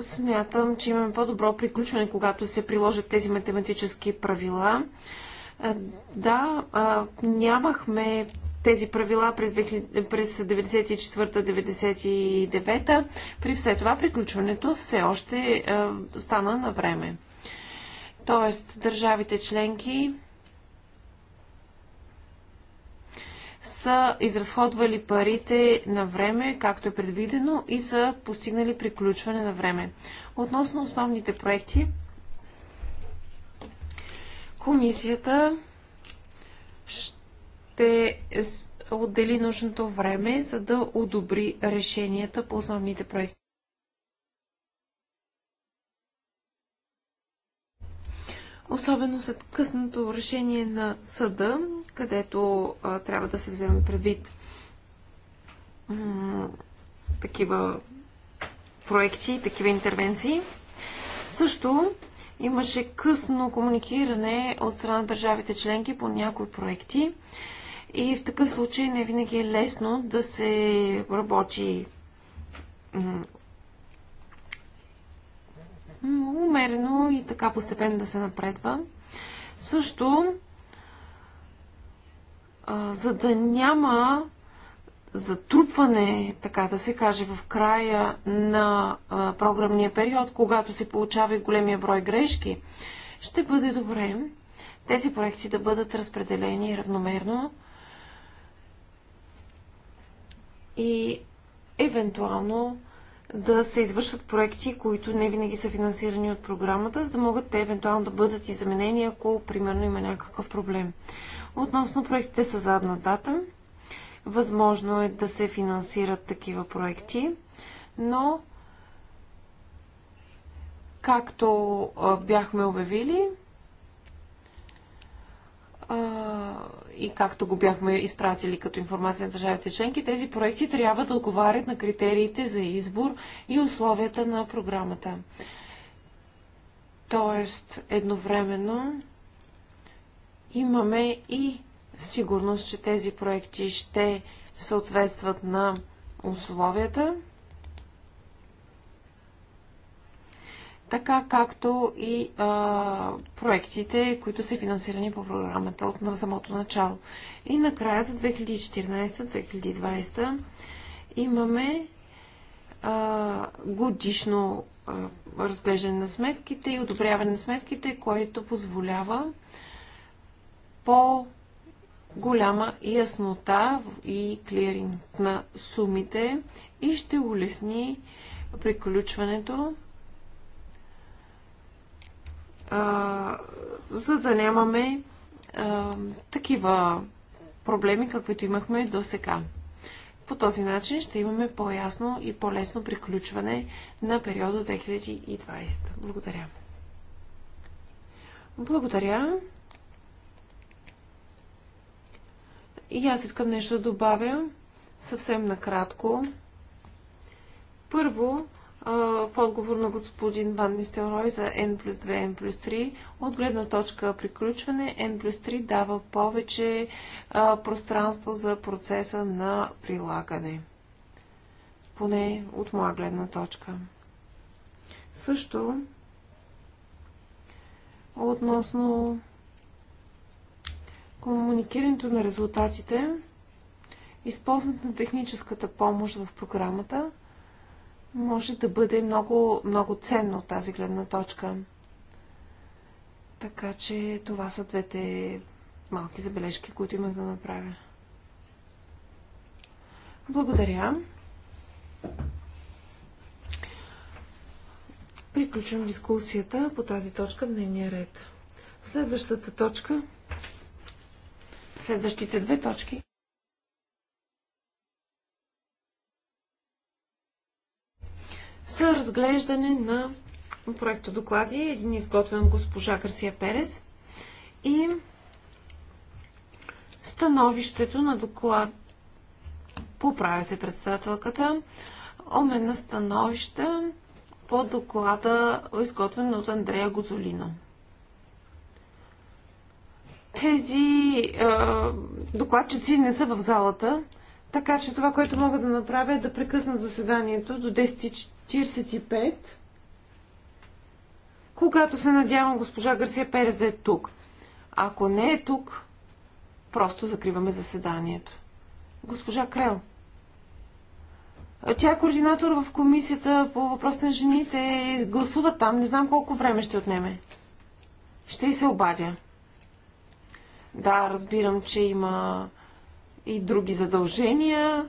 смятам, че имаме по-добро приключване, когато се приложат тези математически правила. А, е, да, нямахме тези правила през 1994-1999. При все това приключването все още е, стана на време. Тоест, държавите членки са изразходвали парите на време, както е предвидено, и са постигнали приключване на време. Относно основните проекти, Комисията ще отдели нужното време, за да одобри решенията по основните проекти. Особено след късното решение на съда, където а, трябва да се вземе предвид такива проекти, такива интервенции. Също Имаше късно комуникиране от страна на държавите членки по някои проекти и в такъв случай не винаги е лесно да се работи умерено и така постепенно да се напредва. Също, за да няма затрупване, така да се каже, в края на а, програмния период, когато се получава и големия брой грешки, ще бъде добре тези проекти да бъдат разпределени равномерно и евентуално да се извършват проекти, които не винаги са финансирани от програмата, за да могат те евентуално да бъдат и заменени, ако примерно има някакъв проблем. Относно проектите с задна дата, Възможно е да се финансират такива проекти, но както бяхме обявили и както го бяхме изпратили като информация на държавите членки, тези проекти трябва да отговарят на критериите за избор и условията на програмата. Тоест, едновременно имаме и сигурност, че тези проекти ще съответстват на условията, така както и а, проектите, които са финансирани по програмата от на самото начало. И накрая за 2014-2020 имаме а, годишно а, разглеждане на сметките и одобряване на сметките, което позволява по голяма яснота и клиринг на сумите и ще улесни приключването, а, за да нямаме а, такива проблеми, каквито имахме до сега. По този начин ще имаме по-ясно и по-лесно приключване на периода 2020. Благодаря. Благодаря. И аз искам нещо да добавя съвсем накратко. Първо, в отговор на господин Ван Нистелрой за N плюс 2, N плюс 3, от гледна точка приключване, N плюс 3 дава повече пространство за процеса на прилагане. Поне от моя гледна точка. Също, относно комуникирането на резултатите, използването на техническата помощ в програмата може да бъде много, много ценно от тази гледна точка. Така че това са двете малки забележки, които имах да направя. Благодаря. Приключвам дискусията по тази точка в дневния ред. Следващата точка следващите две точки. Са разглеждане на проекто доклади, един изготвен госпожа Гарсия Перес и становището на доклад поправя се председателката, омен на становища по доклада, изготвен от Андрея Гозолина. Тези а, докладчици не са в залата, така че това, което мога да направя е да прекъсна заседанието до 10.45, когато се надявам госпожа Гарсия Перес да е тук. Ако не е тук, просто закриваме заседанието. Госпожа Крел. Тя е координатор в комисията по въпрос на жените. Гласува там. Не знам колко време ще отнеме. Ще й се обадя. Да, разбирам, че има и други задължения.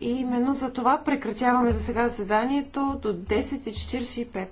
И именно за това прекратяваме за сега заседанието до 10.45.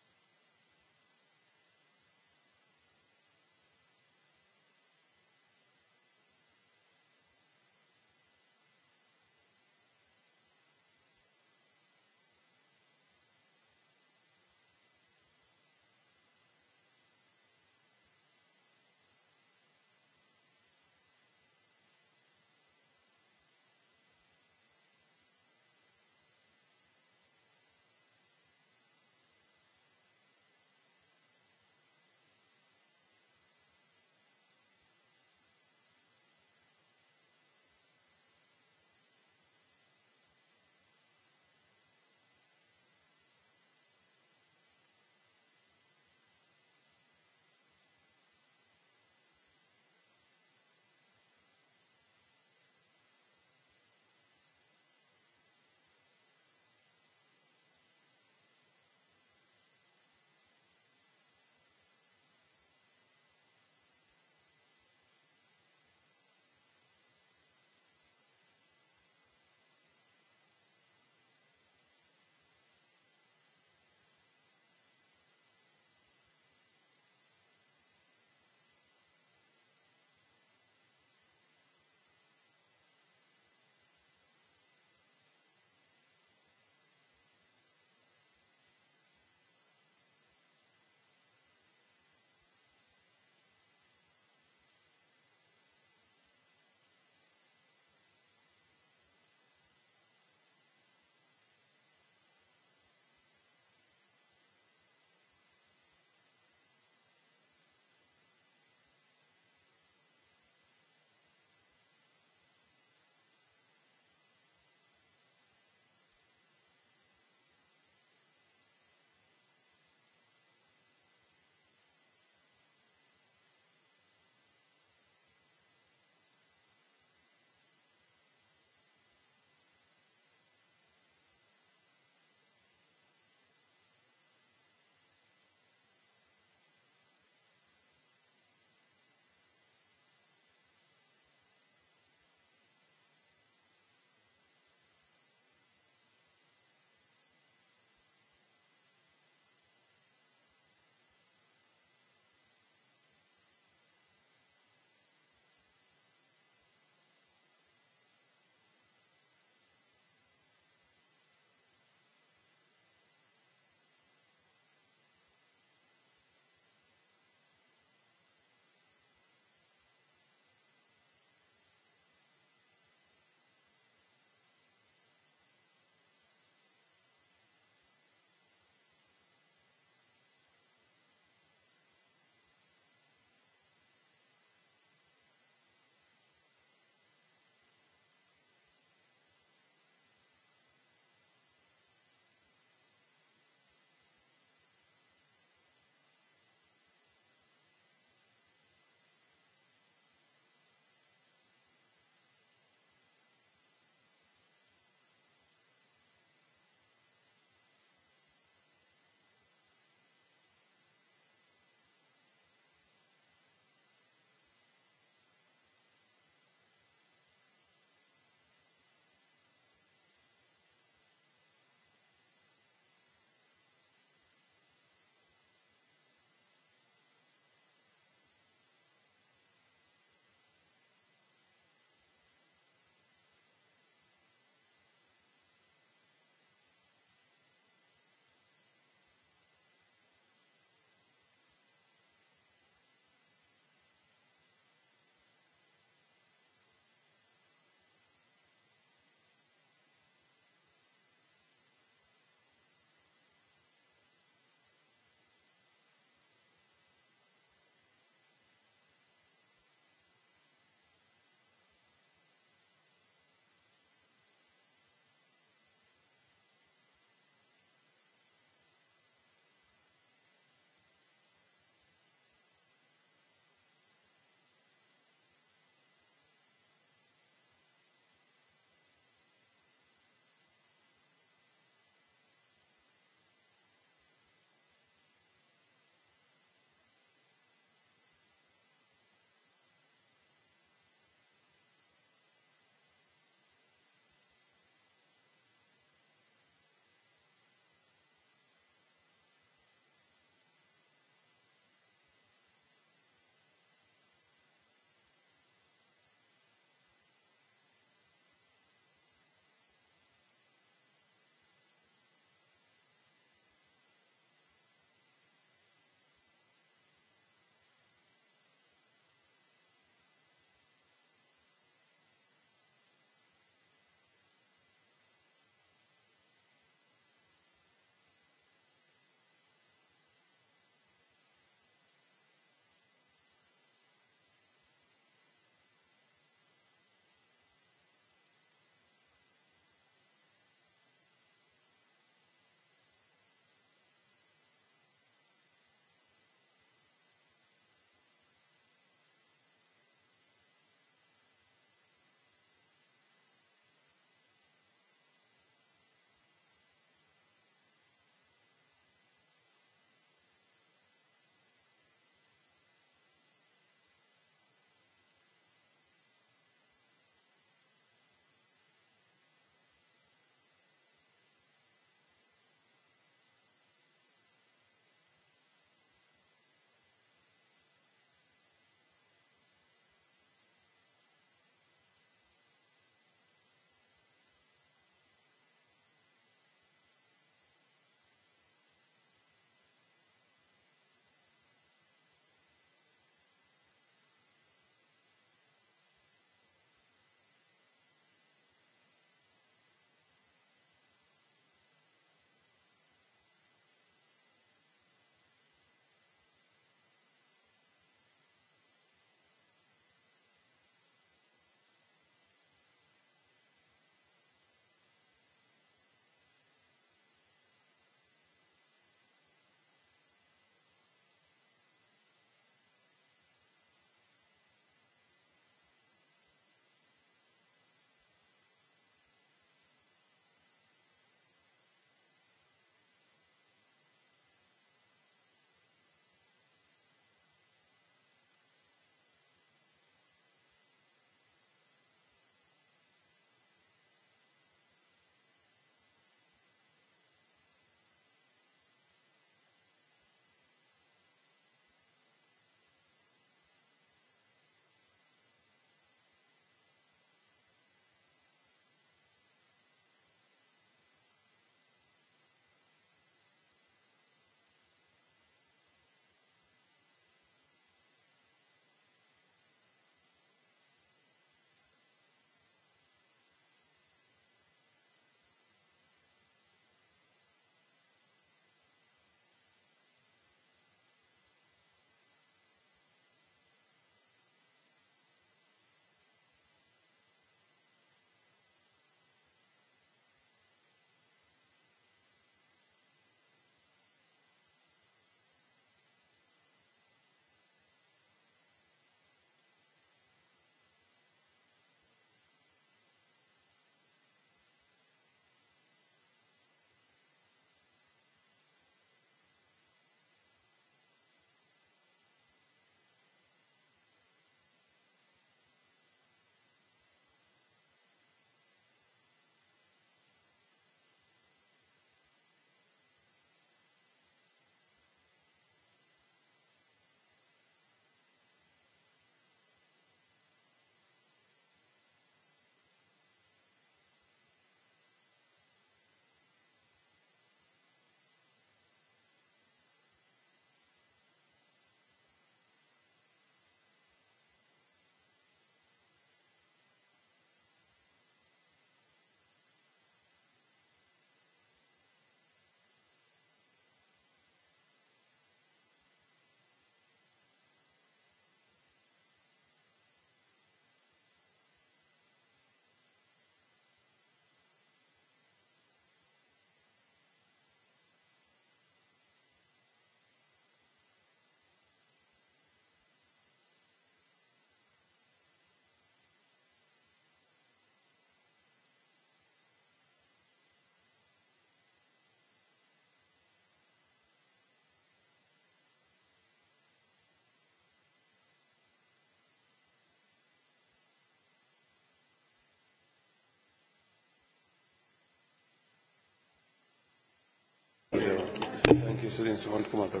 anche se non si può come per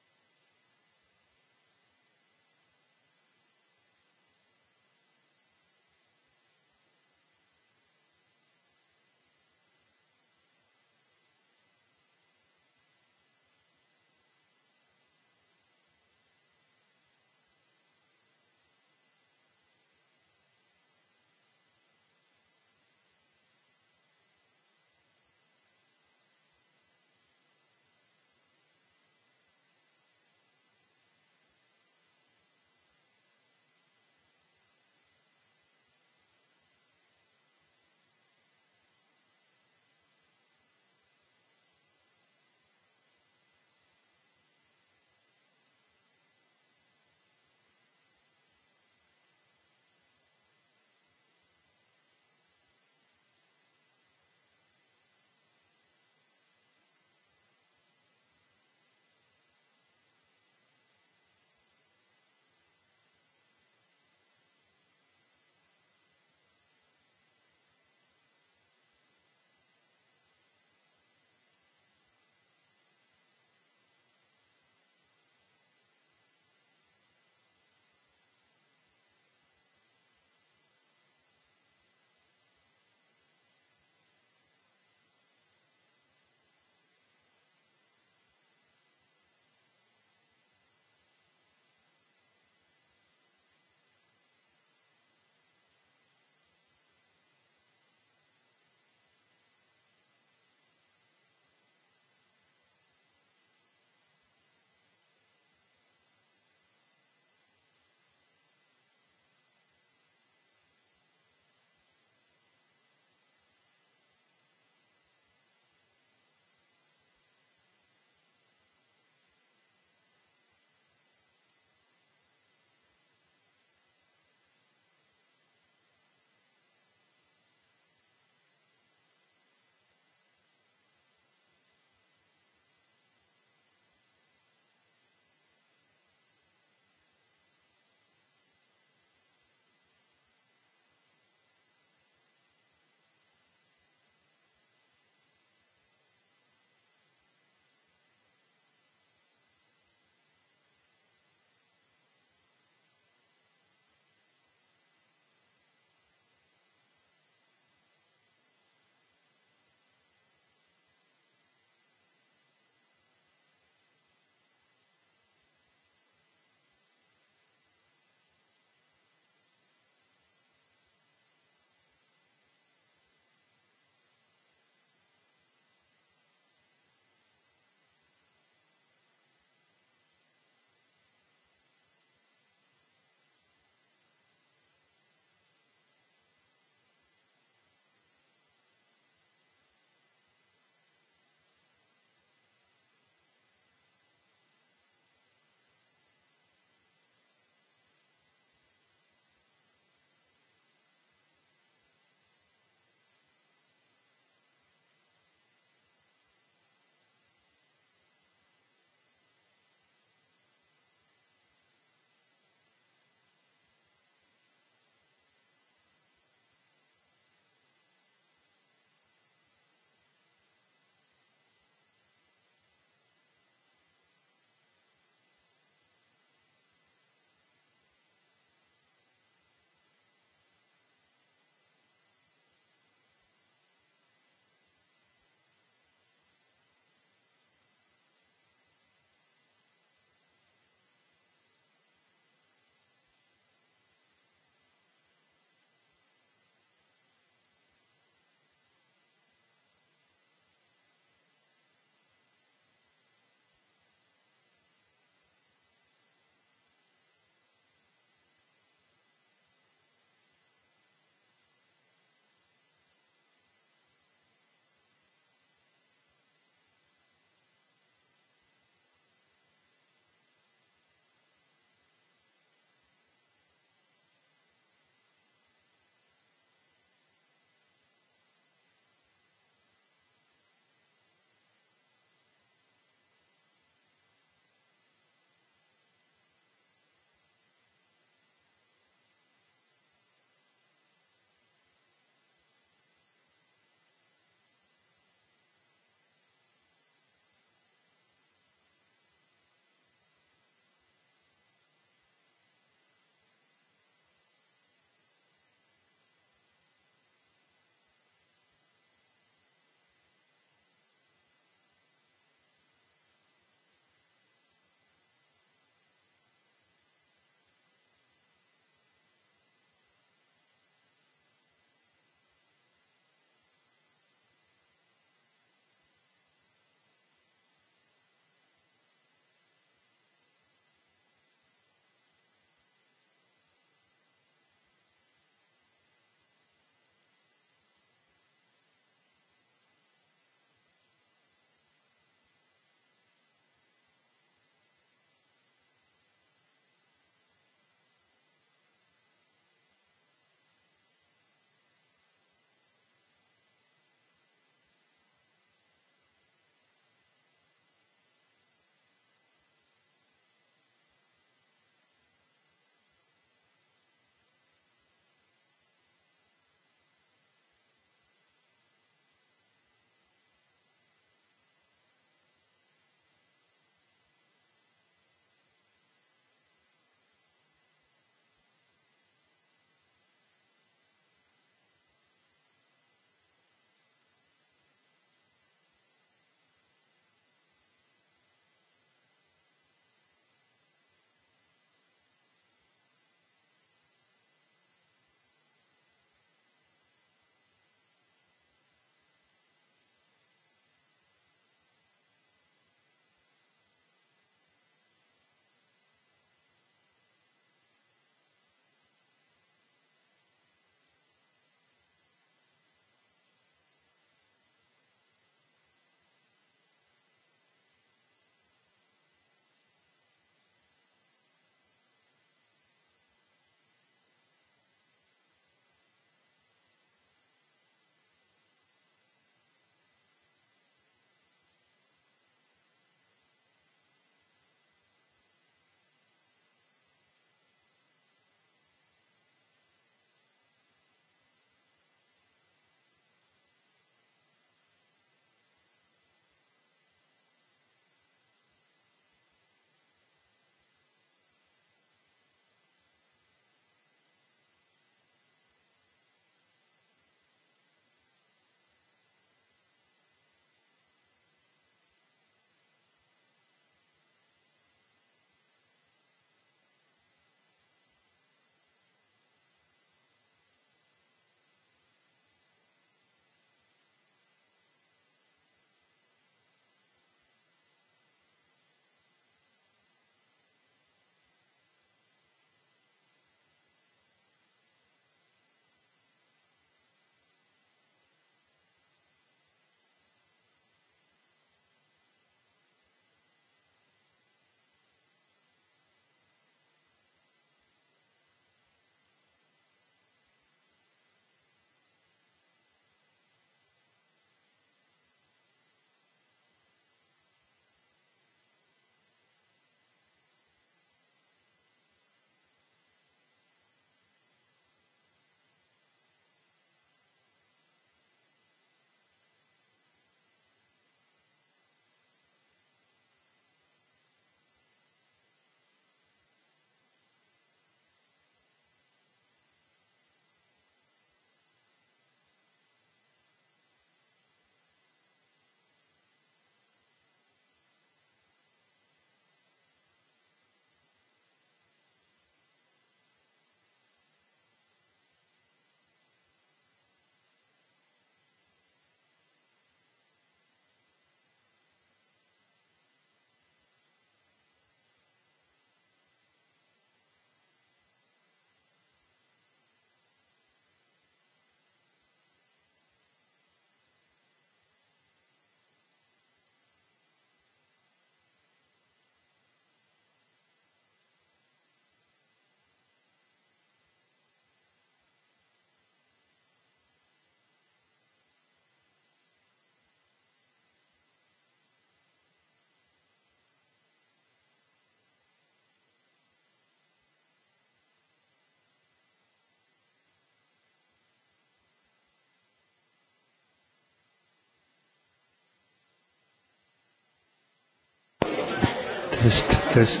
Test, Test.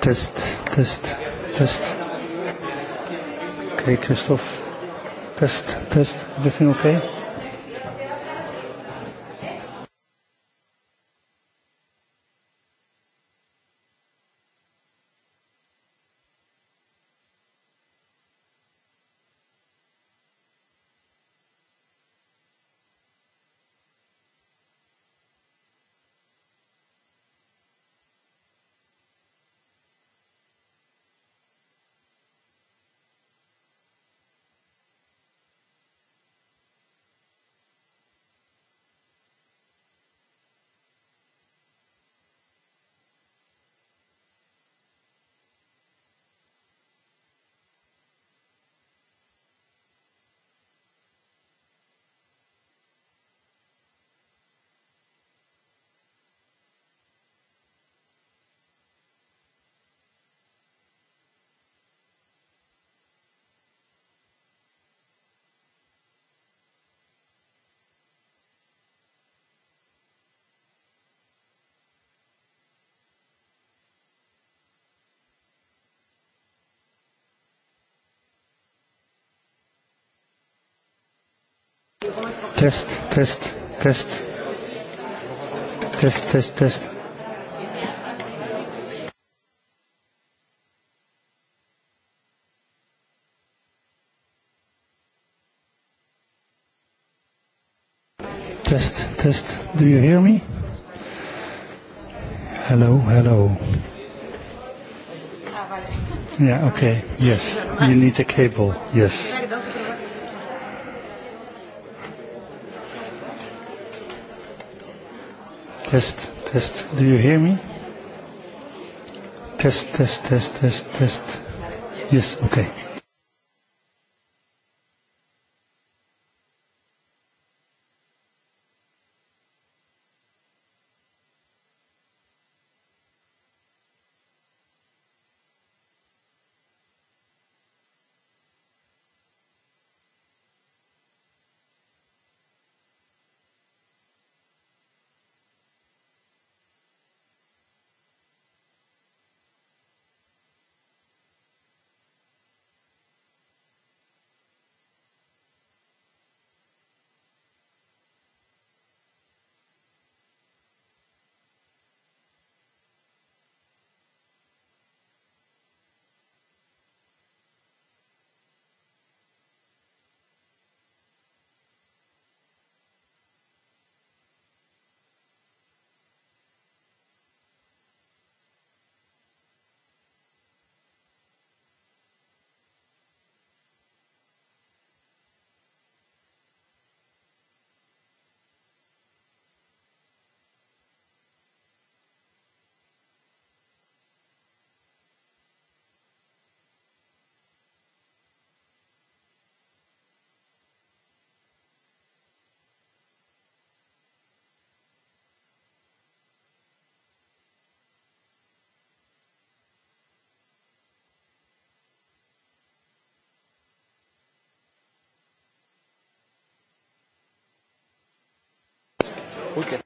Test, Test, Test. Okay, Christoph. Test, Test. Everything okay? тест, тест, тест. Тест, тест, тест. Test, test. Do you hear me? Hello, hello. Yeah, okay. Yes. You need a cable. Yes. test, test. Do you hear me? Test, test, test, test, test. Yes, okay. Okay.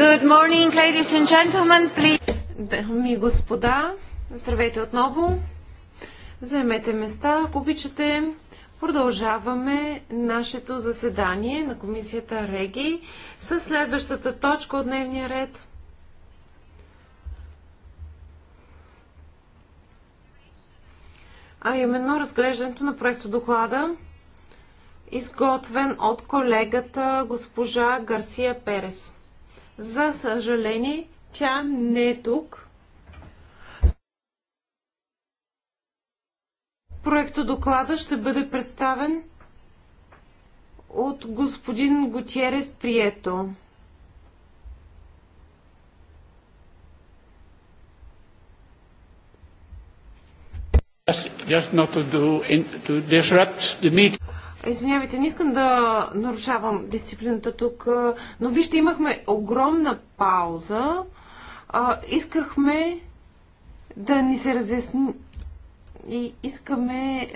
Good morning, ladies and gentlemen. Дами и господа, здравейте отново. Заемете места, ако обичате. Продължаваме нашето заседание на комисията Реги с следващата точка от дневния ред. А именно разглеждането на проекто доклада изготвен от колегата госпожа Гарсия Перес. За съжаление, тя не е тук. Проектодоклада ще бъде представен от господин Готиерес Прието. Just not to, do in, to disrupt the meeting. Извинявайте, не искам да нарушавам дисциплината тук, но вижте, имахме огромна пауза. искахме да ни се разясни и искаме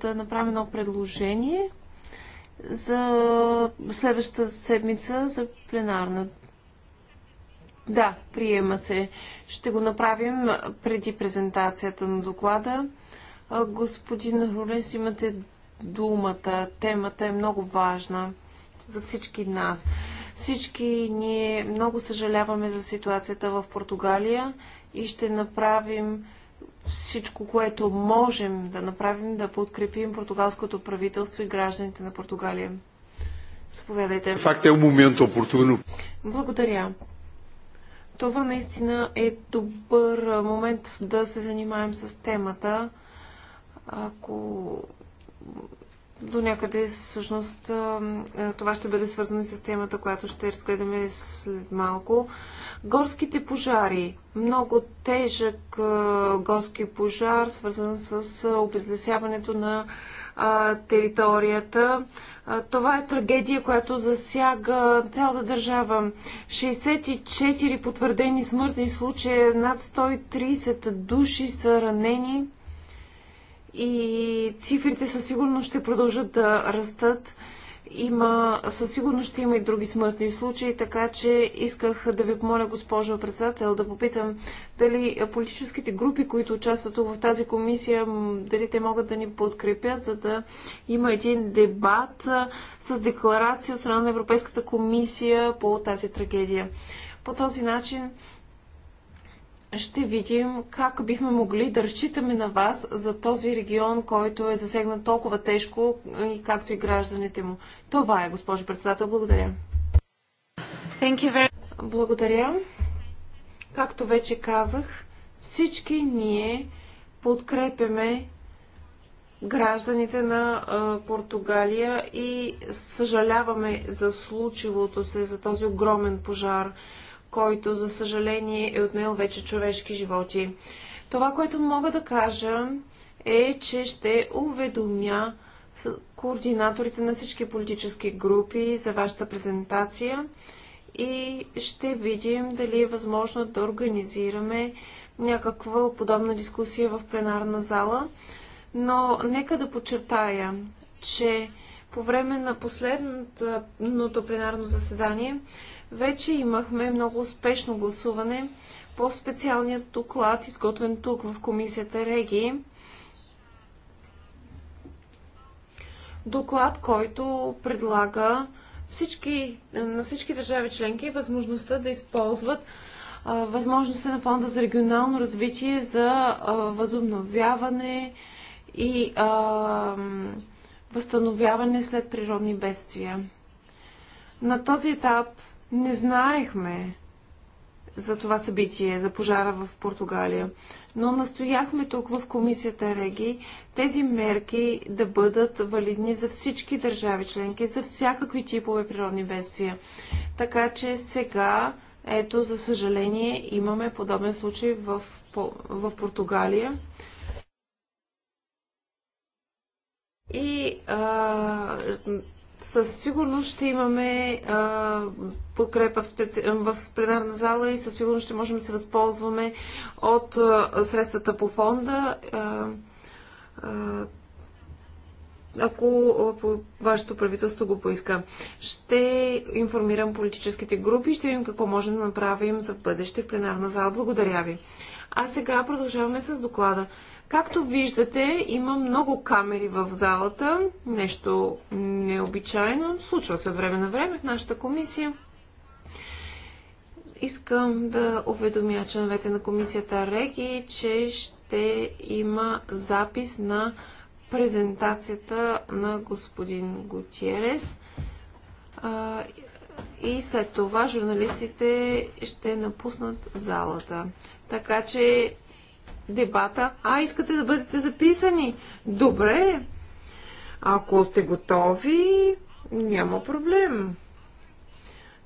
да направим едно предложение за следващата седмица за пленарна. Да, приема се. Ще го направим преди презентацията на доклада. Господин Рулес, имате думата. Темата е много важна за всички нас. Всички ние много съжаляваме за ситуацията в Португалия и ще направим всичко, което можем да направим, да подкрепим португалското правителство и гражданите на Португалия. Заповядайте. Факт е момента опортуно. Благодаря. Това наистина е добър момент да се занимаем с темата. Ако до някъде всъщност това ще бъде свързано и с темата, която ще разгледаме след малко. Горските пожари. Много тежък горски пожар, свързан с обезлесяването на територията. Това е трагедия, която засяга цялата държава. 64 потвърдени смъртни случаи над 130 души са ранени и цифрите със сигурност ще продължат да растат. Има, със сигурност ще има и други смъртни случаи, така че исках да ви помоля, госпожо председател, да попитам дали политическите групи, които участват в тази комисия, дали те могат да ни подкрепят, за да има един дебат с декларация от страна на Европейската комисия по тази трагедия. По този начин ще видим как бихме могли да разчитаме на вас за този регион, който е засегнат толкова тежко, и както и гражданите му. Това е, госпожо председател. Благодаря. Благодаря. Както вече казах, всички ние подкрепяме гражданите на Португалия и съжаляваме за случилото се, за този огромен пожар който, за съжаление, е отнел вече човешки животи. Това, което мога да кажа е, че ще уведомя координаторите на всички политически групи за вашата презентация и ще видим дали е възможно да организираме някаква подобна дискусия в пленарна зала. Но нека да подчертая, че по време на последното пленарно заседание вече имахме много успешно гласуване по специалният доклад, изготвен тук в комисията Реги. Доклад, който предлага всички, на всички държави членки възможността да използват а, възможността на фонда за регионално развитие за възобновяване и а, възстановяване след природни бедствия. На този етап не знаехме за това събитие, за пожара в Португалия, но настояхме тук в комисията Реги тези мерки да бъдат валидни за всички държави членки, за всякакви типове природни бедствия. Така че сега, ето, за съжаление, имаме подобен случай в, в Португалия. И а, със сигурност ще имаме а, подкрепа в, специ... в пленарна зала и със сигурност ще можем да се възползваме от а, средствата по фонда. А, а, ако вашето правителство го поиска. Ще информирам политическите групи, ще видим какво можем да направим за бъдеще в пленарна зала. Благодаря ви. А сега продължаваме с доклада. Както виждате, има много камери в залата. Нещо необичайно. Случва се от време на време в нашата комисия. Искам да уведомя членовете на комисията Реги, че ще има запис на презентацията на господин Гутиерес. И след това журналистите ще напуснат залата. Така че дебата, а искате да бъдете записани. Добре, ако сте готови, няма проблем.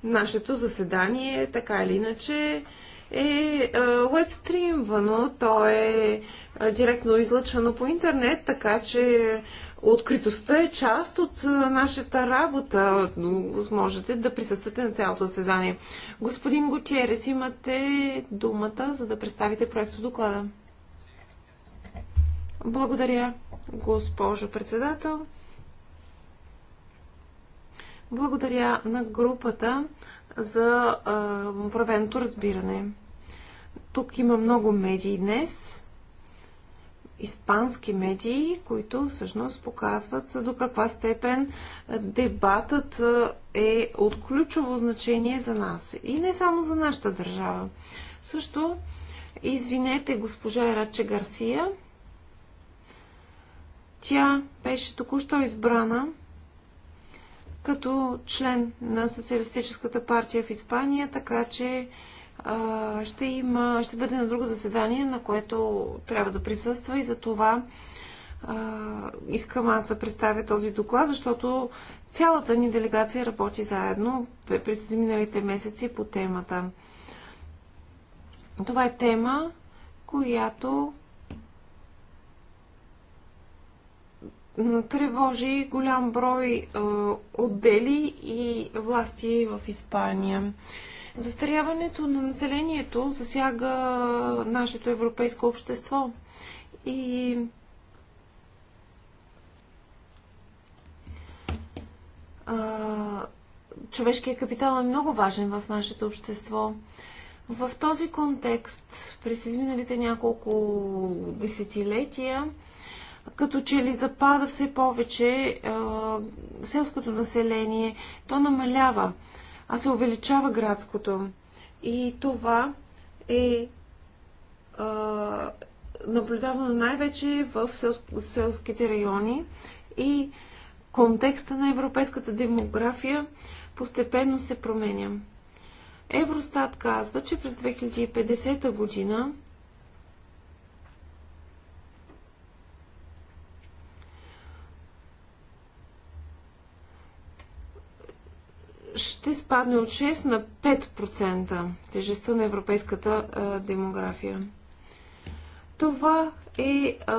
Нашето заседание, така или иначе, е вебстримвано, е, то е, е директно излъчвано по интернет, така че откритостта е част от е, нашата работа. Можете да присъствате на цялото заседание. Господин Готиерес, имате думата, за да представите проекто доклада. Благодаря, госпожо председател. Благодаря на групата за правеното разбиране. Тук има много медии днес, испански медии, които всъщност показват до каква степен дебатът е от ключово значение за нас. И не само за нашата държава. Също, извинете госпожа Ираче Гарсия, тя беше току-що избрана като член на Социалистическата партия в Испания, така че а, ще, има, ще бъде на друго заседание, на което трябва да присъства и за това а, искам аз да представя този доклад, защото цялата ни делегация работи заедно през изминалите месеци по темата. Това е тема, която тревожи голям брой отдели и власти в Испания. Застаряването на населението засяга нашето европейско общество и човешкият капитал е много важен в нашето общество. В този контекст, през изминалите няколко десетилетия, като че ли запада все повече а, селското население, то намалява, а се увеличава градското. И това е а, наблюдавано най-вече в сел, селските райони и контекста на европейската демография постепенно се променя. Евростат казва, че през 2050 година ще спадне от 6 на 5% тежестта на европейската а, демография. Това е а,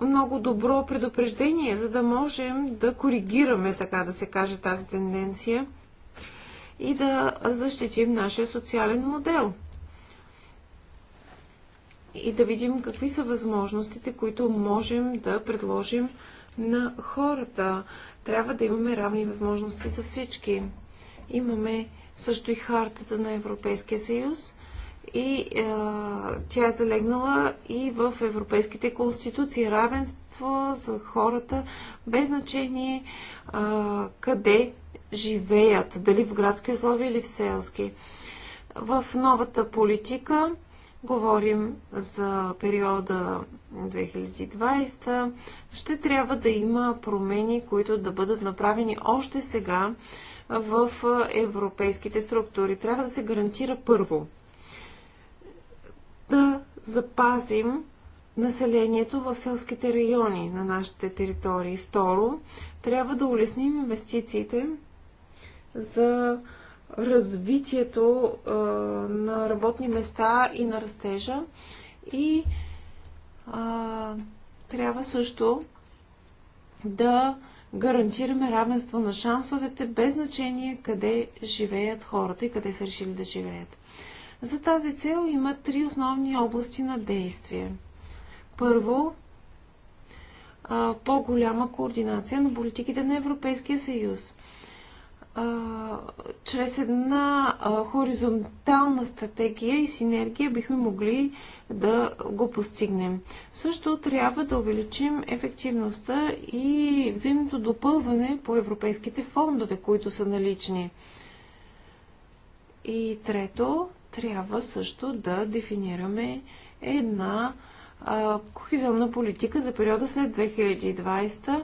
много добро предупреждение, за да можем да коригираме, така да се каже, тази тенденция и да защитим нашия социален модел. И да видим какви са възможностите, които можем да предложим на хората трябва да имаме равни възможности за всички. Имаме също и хартата на Европейския съюз и е, тя е залегнала и в европейските конституции. Равенство за хората без значение е, къде живеят, дали в градски условия или в селски. В новата политика говорим за периода 2020, ще трябва да има промени, които да бъдат направени още сега в европейските структури. Трябва да се гарантира първо да запазим населението в селските райони на нашите територии. Второ, трябва да улесним инвестициите за развитието а, на работни места и на растежа. И а, трябва също да гарантираме равенство на шансовете, без значение къде живеят хората и къде са решили да живеят. За тази цел има три основни области на действие. Първо, по-голяма координация на политиките на Европейския съюз чрез една хоризонтална стратегия и синергия бихме могли да го постигнем. Също трябва да увеличим ефективността и взаимното допълване по европейските фондове, които са налични. И трето, трябва също да дефинираме една кохизионна политика за периода след 2020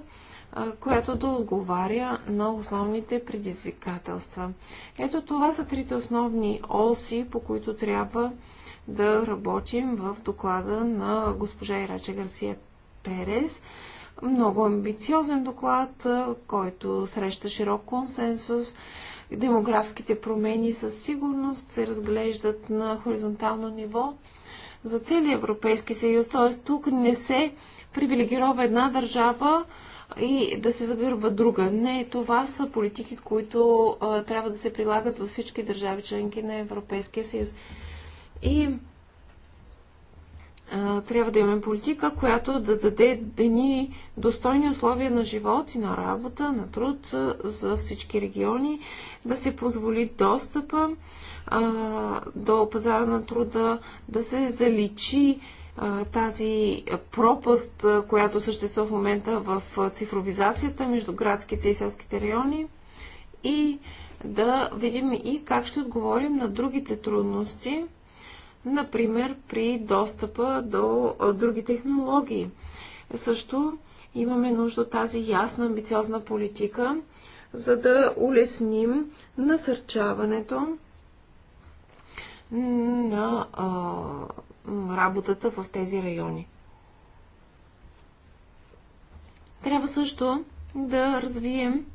която да отговаря на основните предизвикателства. Ето това са трите основни оси, по които трябва да работим в доклада на госпожа Ираче Гарсия Перес. Много амбициозен доклад, който среща широк консенсус. Демографските промени със сигурност се разглеждат на хоризонтално ниво за целия Европейски съюз. Т.е. тук не се привилегирова една държава, и да се загърба друга. Не, това са политики, които а, трябва да се прилагат във всички държави членки на Европейския съюз. И а, трябва да имаме политика, която да даде дени достойни условия на живот и на работа, на труд а, за всички региони, да се позволи достъпа а, до пазара на труда, да се заличи тази пропаст, която съществува в момента в цифровизацията между градските и селските райони и да видим и как ще отговорим на другите трудности, например при достъпа до други технологии. Също имаме нужда тази ясна, амбициозна политика, за да улесним насърчаването на работата в тези райони. Трябва също да развием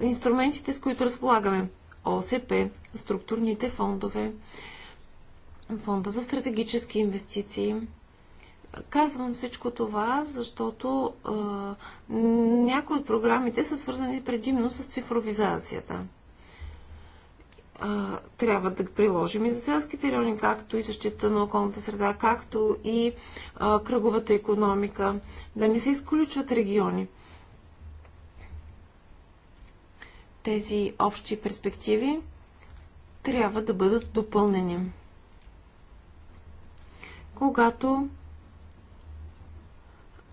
инструментите, с които разполагаме. ОСП, структурните фондове, фонда за стратегически инвестиции. Казвам всичко това, защото е, някои от програмите са свързани предимно с цифровизацията а, трябва да приложим и за селските райони, както и защита на околната среда, както и а, кръговата економика, да не се изключват региони. Тези общи перспективи трябва да бъдат допълнени. Когато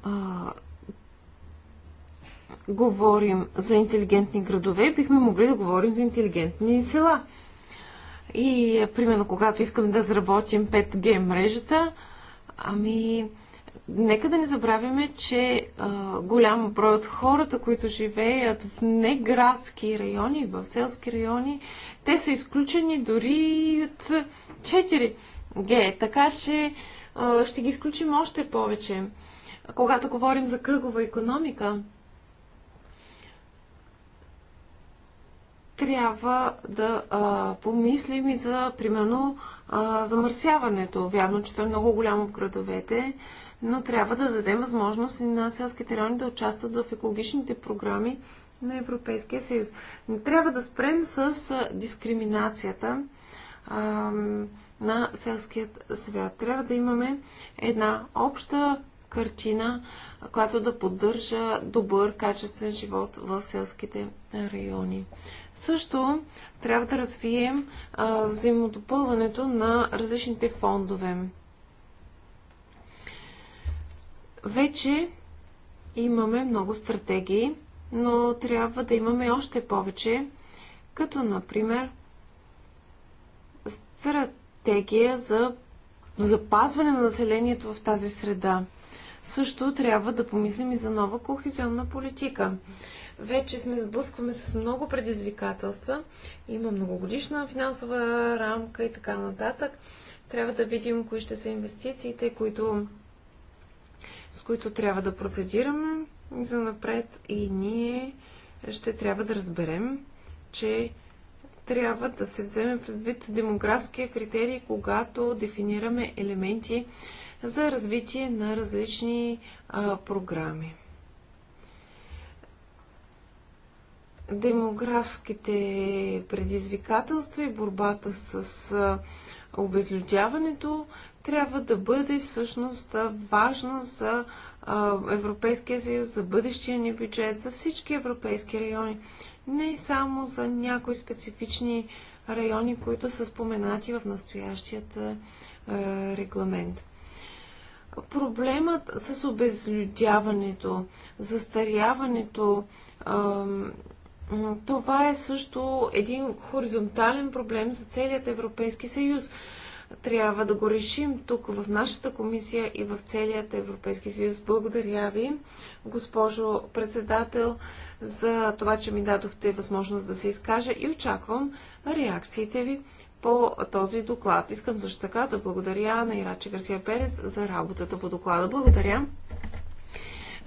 а, говорим за интелигентни градове, бихме могли да говорим за интелигентни села. И, примерно, когато искаме да заработим 5G мрежата, ами, нека да не забравяме, че а, голям брой от хората, които живеят в неградски райони, в селски райони, те са изключени дори от 4G. Така че а, ще ги изключим още повече. Когато говорим за кръгова економика, трябва да а, помислим и за, примерно, а, замърсяването. Вярно, че то е много голямо в градовете, но трябва да дадем възможност и на селските райони да участват в екологичните програми на Европейския съюз. Трябва да спрем с дискриминацията а, на селският свят. Трябва да имаме една обща картина, която да поддържа добър, качествен живот в селските райони. Също трябва да развием а, взаимодопълването на различните фондове. Вече имаме много стратегии, но трябва да имаме още повече, като например стратегия за запазване на населението в тази среда. Също трябва да помислим и за нова кохезионна политика вече сме сблъскваме с много предизвикателства. Има многогодишна финансова рамка и така нататък. Трябва да видим кои ще са инвестициите, които, с които трябва да процедираме за напред и ние ще трябва да разберем, че трябва да се вземе предвид демографския критерий, когато дефинираме елементи за развитие на различни а, програми. демографските предизвикателства и борбата с обезлюдяването трябва да бъде всъщност важна за Европейския съюз, за бъдещия ни бюджет, за всички европейски райони. Не само за някои специфични райони, които са споменати в настоящият регламент. Проблемът с обезлюдяването, застаряването, това е също един хоризонтален проблем за целият Европейски съюз. Трябва да го решим тук в нашата комисия и в целият Европейски съюз. Благодаря ви, госпожо председател, за това, че ми дадохте възможност да се изкажа и очаквам реакциите ви по този доклад. Искам също така да благодаря на Ираче Гарсия Перес за работата по доклада. Благодаря.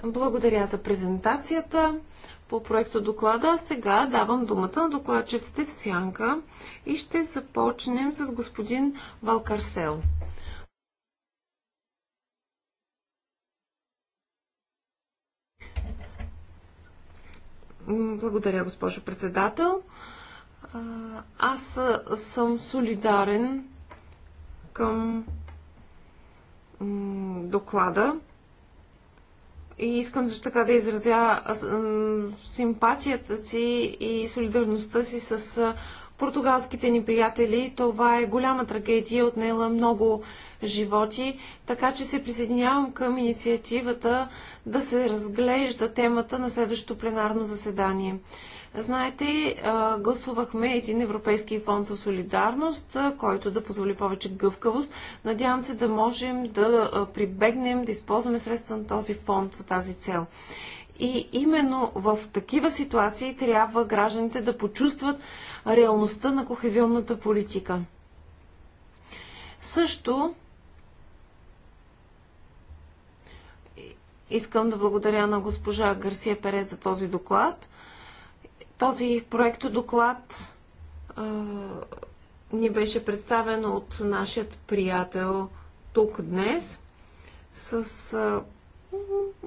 Благодаря за презентацията по проекта доклада. Сега давам думата на докладчиците в сянка и ще започнем с господин Валкарсел. Благодаря, госпожо председател. Аз съм солидарен към доклада и искам също така да изразя симпатията си и солидарността си с португалските ни приятели. Това е голяма трагедия, отнела много животи, така че се присъединявам към инициативата да се разглежда темата на следващото пленарно заседание. Знаете, гласувахме един Европейски фонд за солидарност, който да позволи повече гъвкавост. Надявам се да можем да прибегнем, да използваме средства на този фонд за тази цел. И именно в такива ситуации трябва гражданите да почувстват реалността на кохезионната политика. Също искам да благодаря на госпожа Гарсия Перец за този доклад – този проект доклад ни беше представен от нашият приятел тук днес с а,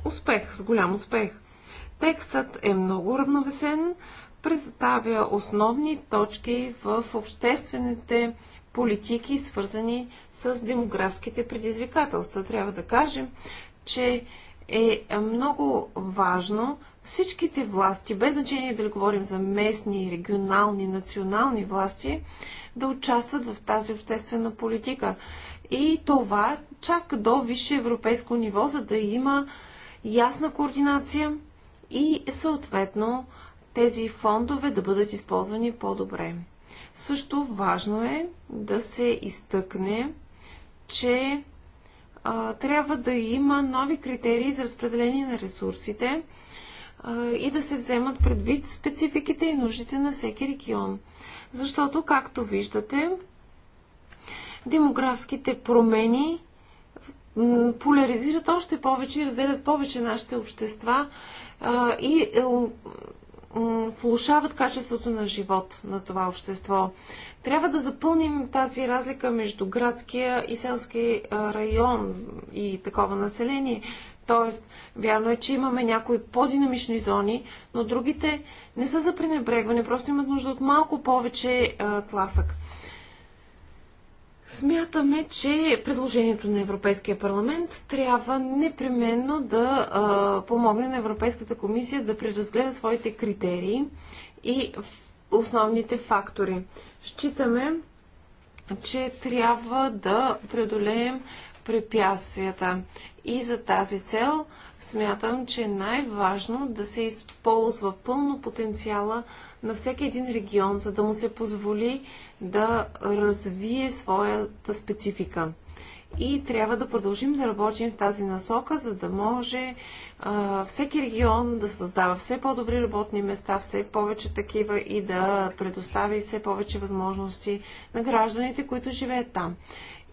успех, с голям успех. Текстът е много равновесен, представя основни точки в обществените политики, свързани с демографските предизвикателства. Трябва да кажем, че е много важно всичките власти, без значение дали говорим за местни, регионални, национални власти, да участват в тази обществена политика. И това чак до висше европейско ниво, за да има ясна координация и съответно тези фондове да бъдат използвани по-добре. Също важно е да се изтъкне, че а, трябва да има нови критерии за разпределение на ресурсите, и да се вземат предвид спецификите и нуждите на всеки регион. Защото, както виждате, демографските промени поляризират още повече и разделят повече нашите общества и е, влушават качеството на живот на това общество. Трябва да запълним тази разлика между градския и селски район и такова население, Тоест, вярно е, че имаме някои по-динамични зони, но другите не са за пренебрегване, просто имат нужда от малко повече а, тласък. Смятаме, че предложението на Европейския парламент трябва непременно да а, помогне на Европейската комисия да преразгледа своите критерии и основните фактори. Считаме, че трябва да преодолеем препятствията. И за тази цел смятам, че е най-важно да се използва пълно потенциала на всеки един регион, за да му се позволи да развие своята специфика. И трябва да продължим да работим в тази насока, за да може а, всеки регион да създава все по-добри работни места, все повече такива и да предостави все повече възможности на гражданите, които живеят там.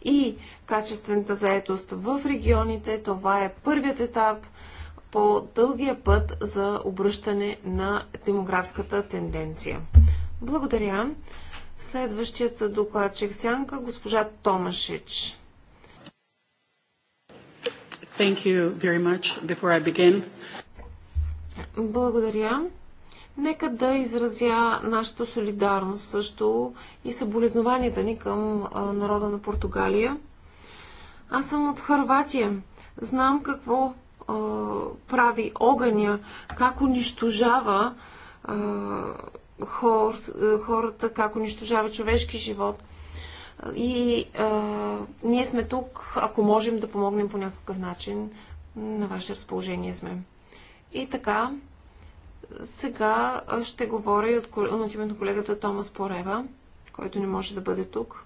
И качествената заетост в регионите. Това е първият етап по дългия път за обръщане на демографската тенденция. Благодаря. Следващият докладчик сянка госпожа Томашич. Thank you very much. Before I begin. Благодаря. Нека да изразя нашата солидарност също и съболезнованията ни към народа на Португалия. Аз съм от Харватия. Знам какво а, прави огъня, как унищожава а, хор, хората, как унищожава човешки живот. И а, ние сме тук, ако можем да помогнем по някакъв начин, на ваше разположение сме. И така, сега ще говоря и от, от името на колегата Томас Порева, който не може да бъде тук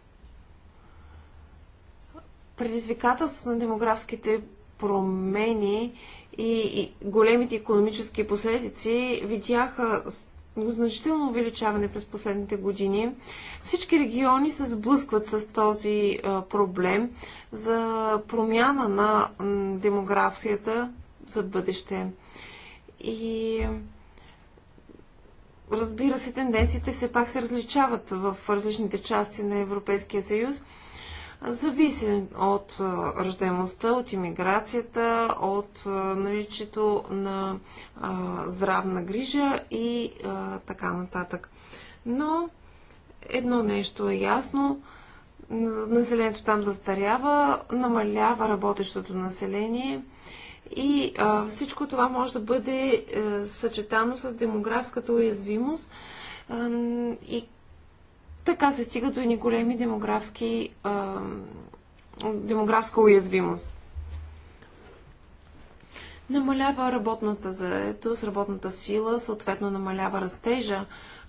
предизвикателството на демографските промени и големите економически последици видяха значително увеличаване през последните години. Всички региони се сблъскват с този проблем за промяна на демографията за бъдеще. И разбира се, тенденциите все пак се различават в различните части на Европейския съюз зависи от ръждемостта, от иммиграцията, от наличието на здравна грижа и така нататък. Но едно нещо е ясно. Населението там застарява, намалява работещото население и всичко това може да бъде е, съчетано с демографската уязвимост и така се стига до едни големи демографски, а, демографска уязвимост. Намалява работната заетост, работната сила, съответно намалява растежа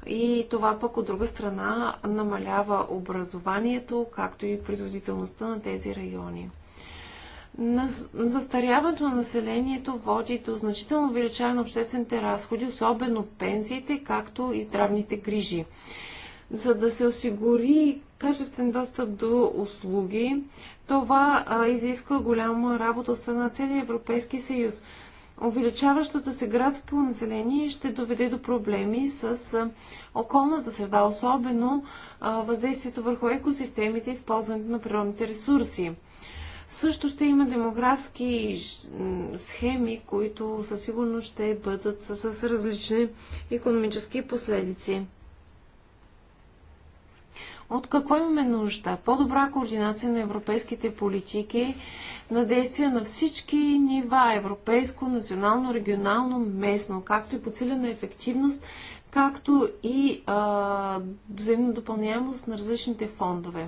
и това пък от друга страна намалява образованието, както и производителността на тези райони. Застаряването на населението води до значително увеличаване на обществените разходи, особено пенсиите, както и здравните грижи за да се осигури качествен достъп до услуги, това а, изисква голяма работа от страна целия Европейски съюз. Увеличаващото се градско население ще доведе до проблеми с а, околната среда, особено а, въздействието върху екосистемите и използването на природните ресурси. Също ще има демографски схеми, които със сигурност ще бъдат с различни економически последици. От какво имаме нужда? По-добра координация на европейските политики, на действия на всички нива европейско, национално, регионално, местно, както и подсилена ефективност, както и а, взаимна допълняемост на различните фондове.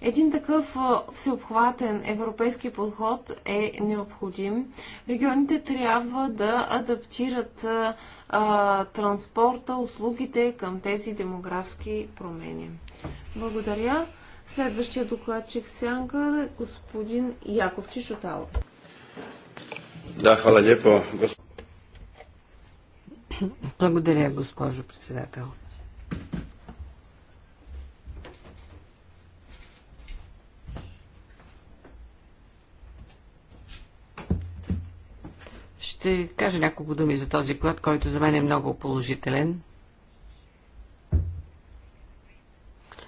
Един такъв всеобхватен европейски подход е необходим. Регионите трябва да адаптират а, транспорта, услугите към тези демографски промени. Благодаря. Следващия докладчик сянка е господин Яков Чишотал. Да, хвала лепо. Благодаря, госпожо председател. Ще кажа няколко думи за този клад, който за мен е много положителен.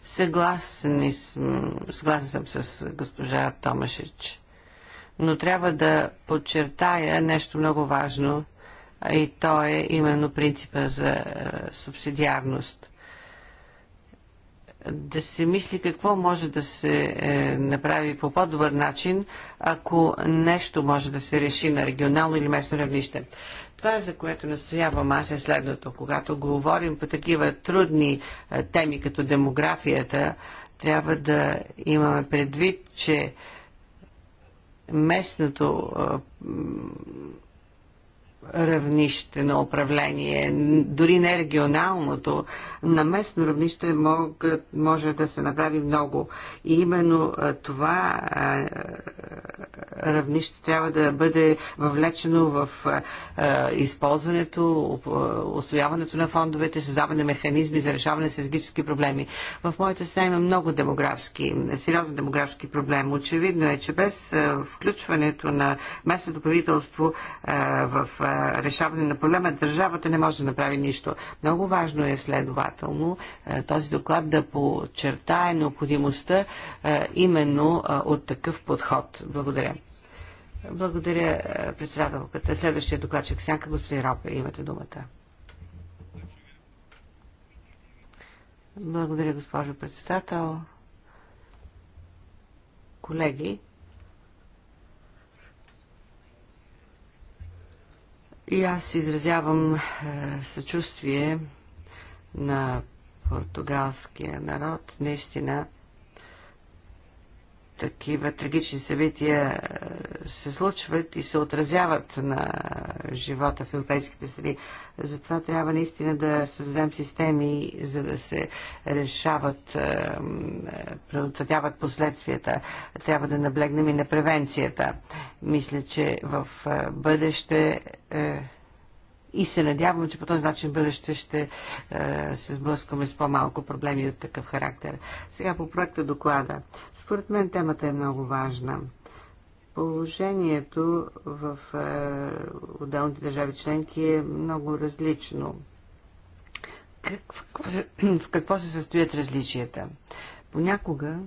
Съгласен, съгласен съм с госпожа Томашич. Но трябва да подчертая нещо много важно, и то е именно принципа за е, субсидиарност – да се мисли какво може да се е, направи по по-добър начин, ако нещо може да се реши на регионално или местно равнище. Това, за което настоявам аз е следното. Когато говорим по такива трудни е, теми като демографията, трябва да имаме предвид, че местното е, равнище на управление, дори не регионалното, на местно равнище могат, може да се направи много. И именно това равнище трябва да бъде въвлечено в използването, освояването на фондовете, създаване на механизми за решаване на стратегически проблеми. В моята страна има много демографски, сериозен демографски проблем. Очевидно е, че без включването на местното правителство в решаване на проблема, държавата не може да направи нищо. Много важно е следователно е, този доклад да подчертае необходимостта е, именно е, от такъв подход. Благодаря. Благодаря, председателката. Следващия докладчик Сянка, господин Ропе, имате думата. Благодаря, госпожо председател. Колеги, И аз изразявам е, съчувствие на португалския народ. Наистина такива трагични събития е, се случват и се отразяват на живота в европейските страни. Затова трябва наистина да създадем системи, за да се решават, е, предотвратяват последствията. Трябва да наблегнем и на превенцията. Мисля, че в е, бъдеще и се надявам, че по този начин бъдеще ще е, се сблъскаме с по-малко проблеми от такъв характер. Сега по проекта доклада. Според мен темата е много важна. Положението в е, отделните държави членки е много различно. Как, в, какво се, в какво се състоят различията? Понякога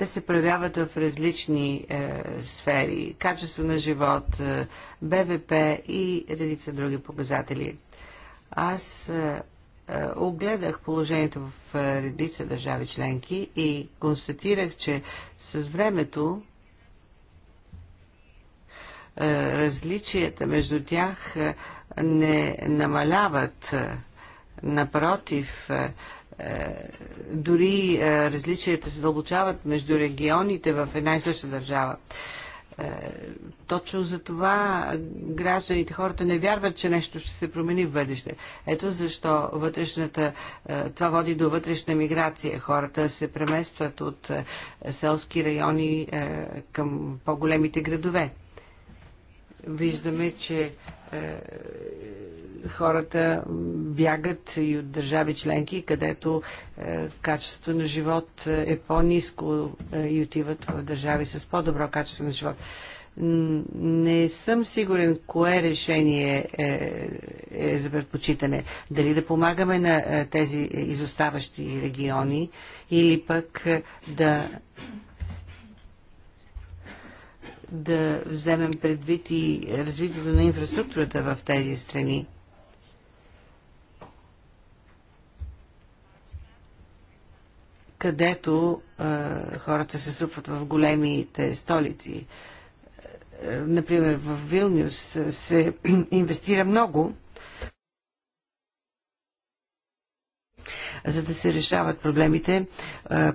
те се проявяват в различни е, сфери качество на живот, е, БВП и редица други показатели. Аз е, е огледах положението в е, редица държави членки и констатирах, че с времето е, различията между тях не намаляват. Напротив, е, дори е, различията се дълбочават между регионите в една и съща държава. Е, точно за това гражданите, хората не вярват, че нещо ще се промени в бъдеще. Ето защо вътрешната, това води до вътрешна миграция. Хората се преместват от селски райони към по-големите градове. Виждаме, че хората бягат и от държави членки, където е, качеството на живот е, е по-низко е, и отиват в държави с по-добро качество на живот. Не съм сигурен кое решение е, е, е за предпочитане. Дали да помагаме на е, тези изоставащи региони или пък да да вземем предвид и развитието на инфраструктурата в тези страни. където хората се срупват в големите столици. Е, например, в Вилнюс се инвестира много, за да се решават проблемите,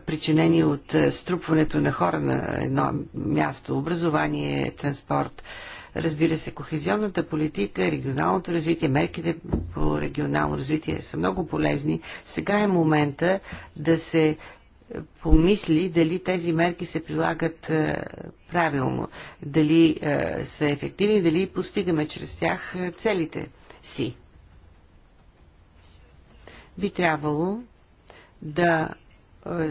причинени от струпването на хора на едно място, образование, транспорт. Разбира се, кохезионната политика, регионалното развитие, мерките по регионално развитие са много полезни. Сега е момента да се помисли дали тези мерки се прилагат е, правилно, дали е, са ефективни, дали постигаме чрез тях е, целите си. Би трябвало да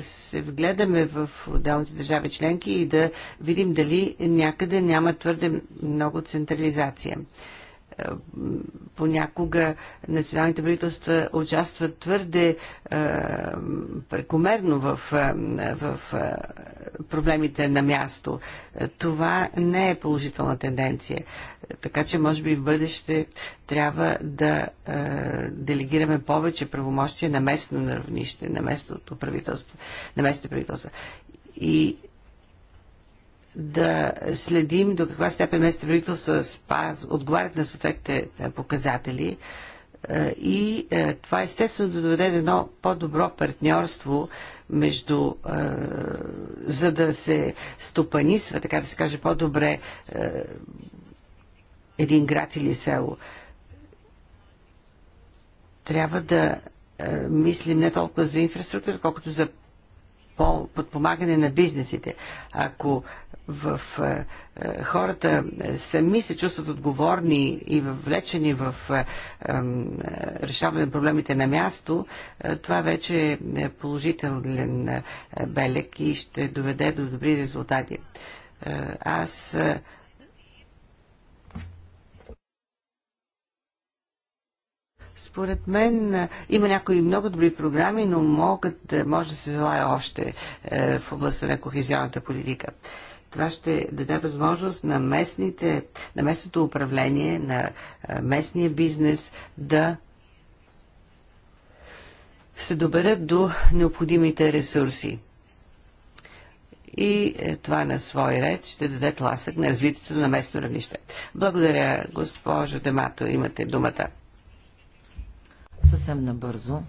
се вгледаме в отделните държави членки и да видим дали някъде няма твърде много централизация. Е, понякога националните правителства участват твърде е, прекомерно в, е, в проблемите на място. Това не е положителна тенденция. Така че, може би в бъдеще трябва да делегираме повече правомощия на местно равнище, на местното правителство, на местните правителства. И да следим до каква степен местните правителства спаз, отговарят на съответните е, показатели е, и е, това естествено да доведе до едно по-добро партньорство между, за да се стопанисва, така да се каже, по-добре един град или село. Трябва да мислим не толкова за инфраструктура, колкото за подпомагане на бизнесите. Ако в е, е, хората сами се чувстват отговорни и влечени в е, решаване на проблемите на място, това вече е положителен белег и ще доведе до добри резултати. Аз Според мен има някои много добри програми, но могат, може да се желая още в областта на кохезионната политика. Това ще даде възможност на, местните, на местното управление, на местния бизнес да се доберат до необходимите ресурси. И е, това на свой ред ще даде тласък на развитието на местно равнище. Благодаря, госпожо Демато. Имате думата. Съвсем набързо.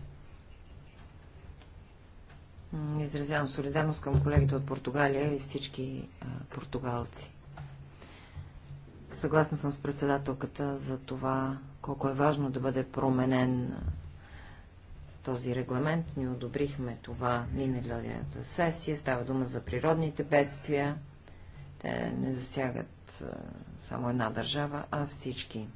Изразявам солидарност към колегите от Португалия и всички португалци. Съгласна съм с председателката за това, колко е важно да бъде променен този регламент. Ни одобрихме това миналата сесия. Става дума за природните бедствия. Те не засягат само една държава, а всички.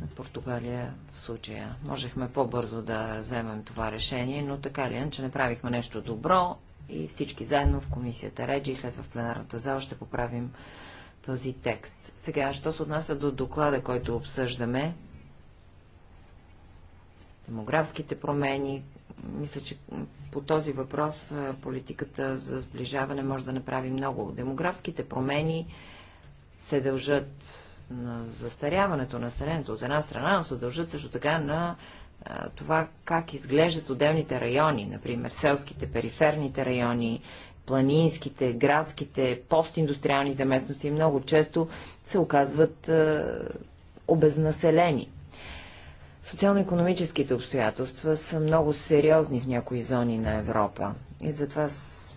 На Португалия в случая. Можехме по-бързо да вземем това решение, но така ли е, че направихме нещо добро и всички заедно в комисията Реджи и след в пленарната зала ще поправим този текст. Сега, що се отнася до доклада, който обсъждаме, демографските промени, мисля, че по този въпрос политиката за сближаване може да направи много. Демографските промени се дължат на застаряването на населението от една страна, но се дължат също така на а, това как изглеждат отделните райони, например селските, периферните райони, планинските, градските, постиндустриалните местности много често се оказват а, обезнаселени. Социално-економическите обстоятелства са много сериозни в някои зони на Европа. И затова,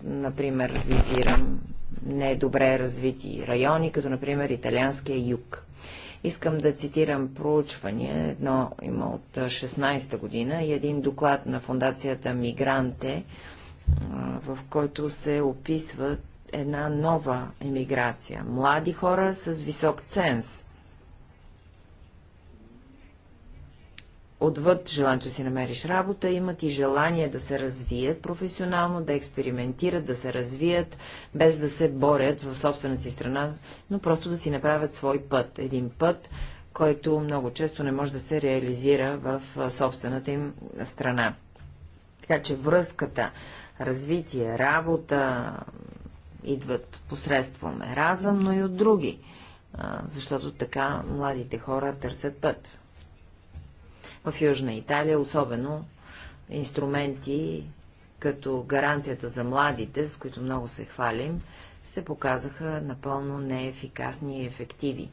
например, визирам недобре развити райони, като например италианския юг. Искам да цитирам проучване, едно има от 16-та година и един доклад на фундацията Мигранте, в който се описва една нова емиграция. Млади хора с висок ценз. отвъд желанието си намериш работа, имат и желание да се развият професионално, да експериментират, да се развият, без да се борят в собствената си страна, но просто да си направят свой път. Един път, който много често не може да се реализира в собствената им страна. Така че връзката, развитие, работа идват посредством Еразъм, но и от други, защото така младите хора търсят път в Южна Италия, особено инструменти като гаранцията за младите, с които много се хвалим, се показаха напълно неефикасни и ефективни.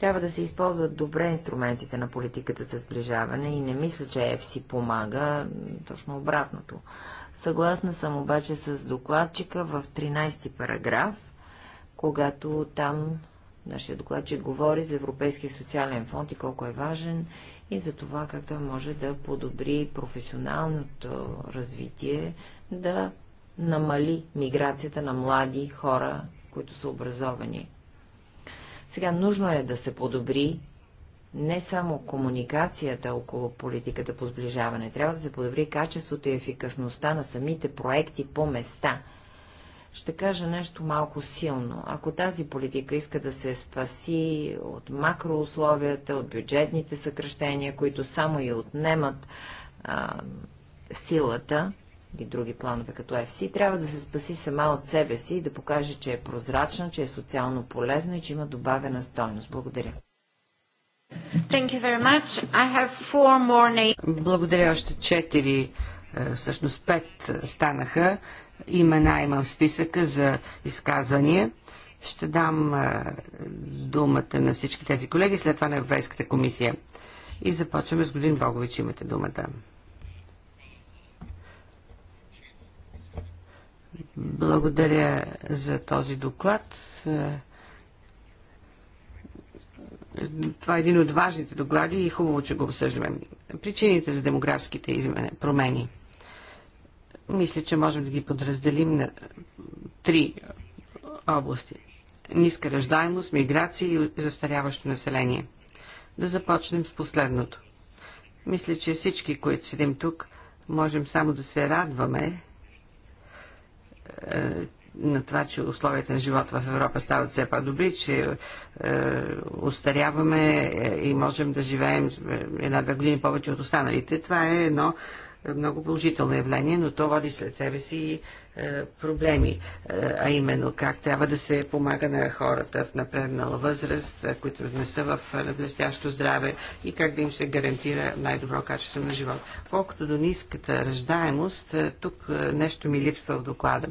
Трябва да се използват добре инструментите на политиката за сближаване и не мисля, че ЕФСИ помага, точно обратното. Съгласна съм обаче с докладчика в 13 параграф, когато там нашия докладчик говори за Европейския социален фонд и колко е важен и за това как той може да подобри професионалното развитие, да намали миграцията на млади хора, които са образовани. Сега нужно е да се подобри не само комуникацията около политиката по сближаване, трябва да се подобри качеството и ефикасността на самите проекти по места – ще кажа нещо малко силно. Ако тази политика иска да се спаси от макроусловията, от бюджетните съкръщения, които само и отнемат а, силата и други планове като FC, трябва да се спаси сама от себе си и да покаже, че е прозрачна, че е социално полезна и че има добавена стойност. Благодаря. More... Благодаря още четири, е, всъщност пет е, станаха имена имам в списъка за изказвания. Ще дам думата на всички тези колеги, след това на Европейската комисия. И започваме с Годин Богович. Имате думата. Благодаря за този доклад. Това е един от важните доклади и хубаво, че го обсъждаме. Причините за демографските промени. Мисля, че можем да ги подразделим на три области. Ниска ръждаемост, миграция и застаряващо население. Да започнем с последното. Мисля, че всички, които седим тук, можем само да се радваме е, на това, че условията на живота в Европа стават все по-добри, че е, устаряваме е, и можем да живеем е, една-две години повече от останалите. Това е едно е много положително явление, но то води след себе си и е, проблеми, е, а именно как трябва да се помага на хората в напреднала възраст, които не са в блестящо здраве и как да им се гарантира най-добро качество на живот. Колкото до ниската ръждаемост, тук нещо ми липсва в доклада.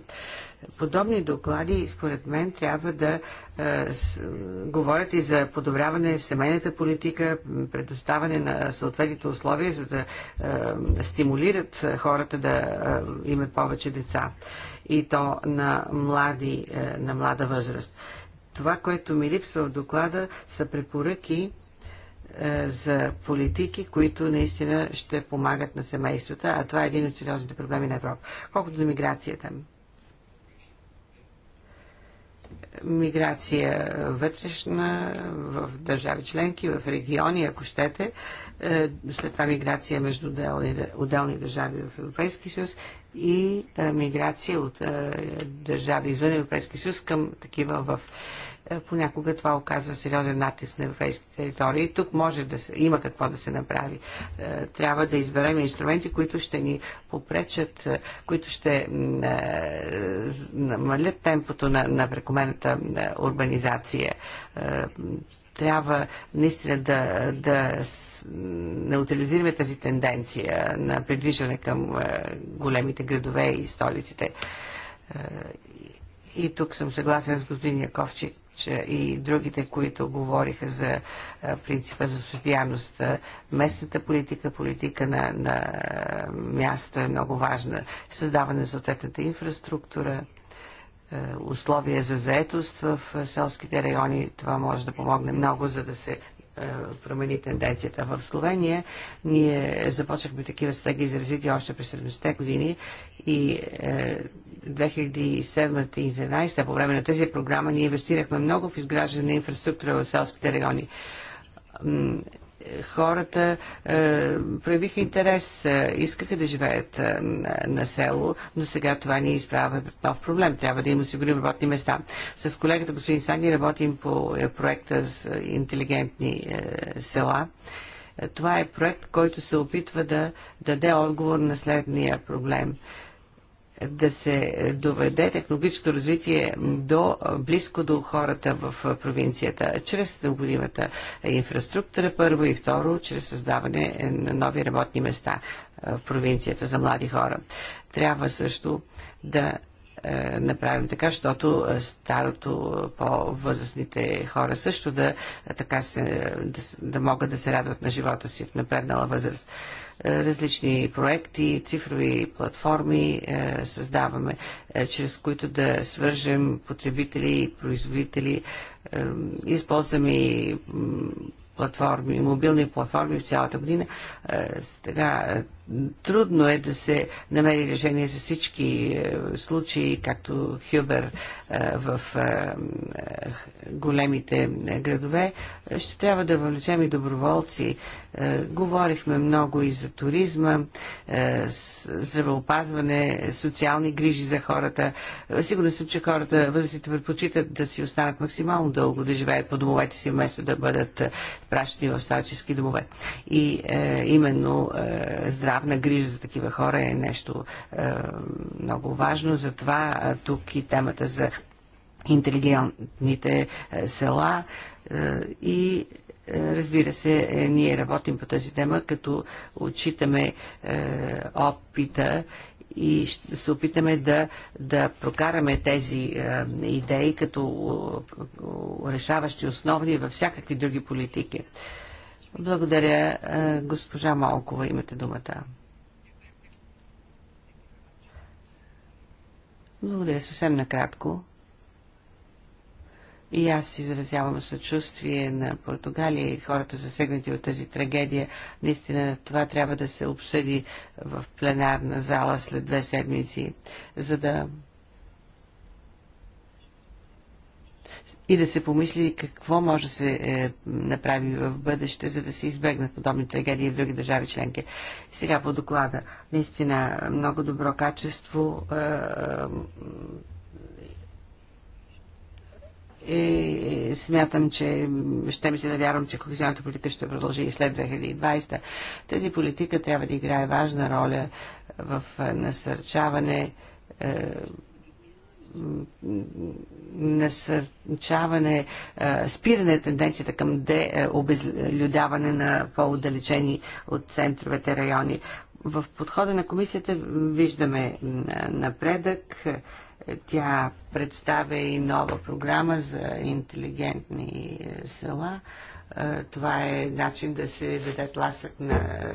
Подобни доклади, според мен, трябва да е, с, говорят и за подобряване на семейната политика, предоставане на съответните условия, за да е, стимулират хората да е, имат повече деца и то на, млади, е, на млада възраст. Това, което ми липсва в доклада, са препоръки е, за политики, които наистина ще помагат на семействата, а това е един от сериозните проблеми на Европа. Колкото до миграцията миграция вътрешна в държави членки, в региони, ако щете, е, след това миграция между отделни, отделни държави в Европейски съюз и е, миграция от е, държави извън Европейски съюз към такива в е, понякога това оказва сериозен натиск на европейски територии. Тук може да се, има какво да се направи. Е, трябва да изберем инструменти, които ще ни попречат, е, които ще намалят темпото на, на прекомерната урбанизация. Трябва наистина да, да неутрализираме тази тенденция на придвижване към големите градове и столиците. И тук съм съгласен с господин Яковчик че и другите, които говориха за принципа за социалност. Местната политика, политика на, на място е много важна. Създаване на съответната инфраструктура, условия за заетост в селските райони. Това може да помогне много, за да се е, промени тенденцията. В Словения ние започнахме такива стратегии за развитие още през 70-те години и 2007-2011 е, по време на тази програма ние инвестирахме много в изграждане на инфраструктура в селските райони хората е, проявиха интерес, е, искаха да живеят е, на село, но сега това ни изправя пред нов проблем. Трябва да им осигурим работни места. С колегата господин Сани работим по проекта с интелигентни села. Това е проект, който се опитва да даде отговор на следния проблем – да се доведе технологичното развитие до близко до хората в провинцията, чрез дългодимата инфраструктура първо и второ, чрез създаване е, на нови работни места в провинцията за млади хора. Трябва също да е, направим така, защото е, старото, по-възрастните хора също да, така се, да, да могат да се радват на живота си в напреднала възраст. Е, различни проекти, цифрови платформи е, създаваме, е, чрез които да свържем потребители и производители. Използваме и платформи, мобилни платформи в цялата година. Сега Трудно е да се намери решение за всички е, случаи, както Хюбер е, в е, големите градове. Ще трябва да въвлечем и доброволци. Говорихме много и за туризма, здравеопазване, социални грижи за хората. Сигурно съм, че хората, възрастите предпочитат да си останат максимално дълго, да живеят по домовете си, вместо да бъдат пращани в старчески домове. И именно здраве здравна грижа за такива хора е нещо е, много важно. Затова е, тук и темата за интелигентните е, села е, и е, Разбира се, е, ние работим по тази тема, като отчитаме е, опита и ще се опитаме да, да прокараме тези е, идеи като е, решаващи основни във всякакви други политики. Благодаря, е, госпожа Малкова. Имате думата. Благодаря съвсем накратко. И аз изразявам съчувствие на Португалия и хората засегнати от тази трагедия. Наистина това трябва да се обсъди в пленарна зала след две седмици, за да и да се помисли какво може да се е, направи в бъдеще, за да се избегнат подобни трагедии в други държави членки. Сега по доклада. Наистина много добро качество. Е, и е, е, смятам, че ще ми се да вярвам, че кохезионната политика ще продължи и след 2020. Тази политика трябва да играе важна роля в е, насърчаване е, насърчаване, спиране тенденцията към обезлюдяване на по-отдалечени от центровете райони. В подхода на комисията виждаме напредък. Тя представя и нова програма за интелигентни е, села. Това е начин да се даде тласък на е,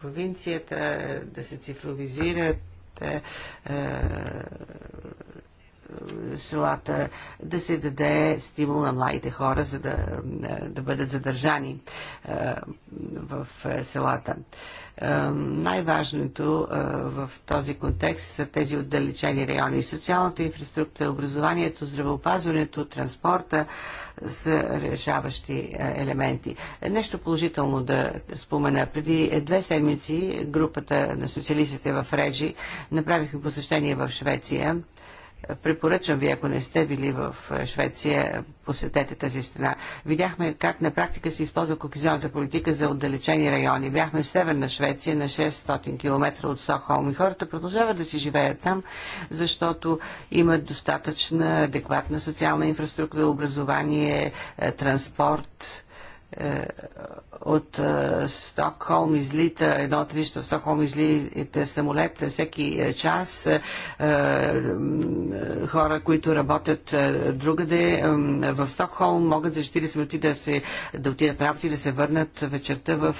провинцията, да се цифровизират е, селата, да се даде стимул на младите хора, за да, да бъдат задържани е, в селата. Е, най-важното е, в този контекст са тези отдалечени райони. Социалната инфраструктура, образованието, здравеопазването, транспорта са решаващи елементи. Нещо положително да спомена. Преди две седмици групата на социалистите в Реджи направихме посещение в Швеция Препоръчвам ви, ако не сте били в е, Швеция, посетете тази страна. Видяхме как на практика се използва кохезионната политика за отдалечени райони. Бяхме в северна Швеция, на 600 км от Сохолм и хората продължават да си живеят там, защото имат достатъчна адекватна социална инфраструктура, образование, е, транспорт е, от е, Стокхолм излита, едно отрища в Стокхолм излита самолет всеки е, час. Хора, които работят другаде в Стокхолм могат за 40 минути да, се, да отидат на работа и да се върнат вечерта в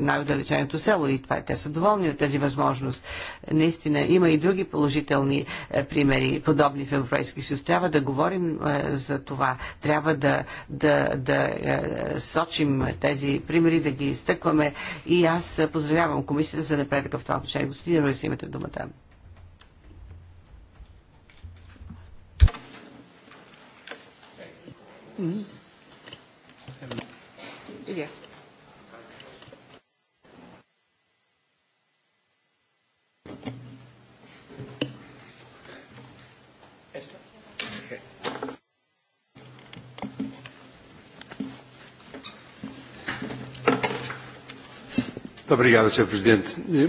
най-отдалеченото село. И това, те са доволни от тази възможност. Наистина има и други положителни примери, подобни в Европейски съюз. Трябва да говорим за това. Трябва да, да, да сочим посочим тези примери, да ги изтъкваме и аз поздравявам комисията за напредъка в това отношение. Господин Руис, имате думата. Yeah. E,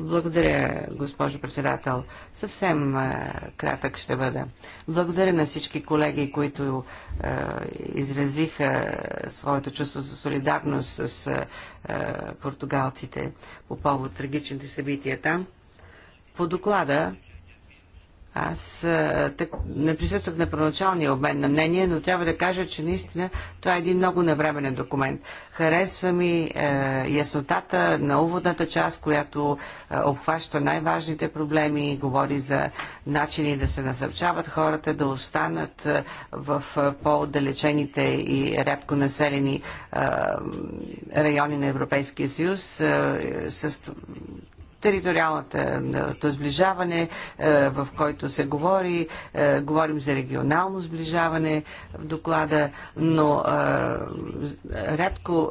Благодаря, госпожо председател. Съвсем кратък ще бъда. Благодаря на всички колеги, които изразиха своето чувство за солидарност с португалците по повод трагичните събития там. По доклада аз так, не присъствах на първоначалния обмен на мнение, но трябва да кажа, че наистина това е един много навременен документ. Харесва ми е, яснотата на уводната част, която е, обхваща най-важните проблеми, говори за начини да се насърчават хората, да останат е, в е, по-отдалечените и рядко населени е, райони на Европейския съюз. Е, с териториалната сближаване, е, в който се говори. Е, говорим за регионално сближаване в доклада, но е, рядко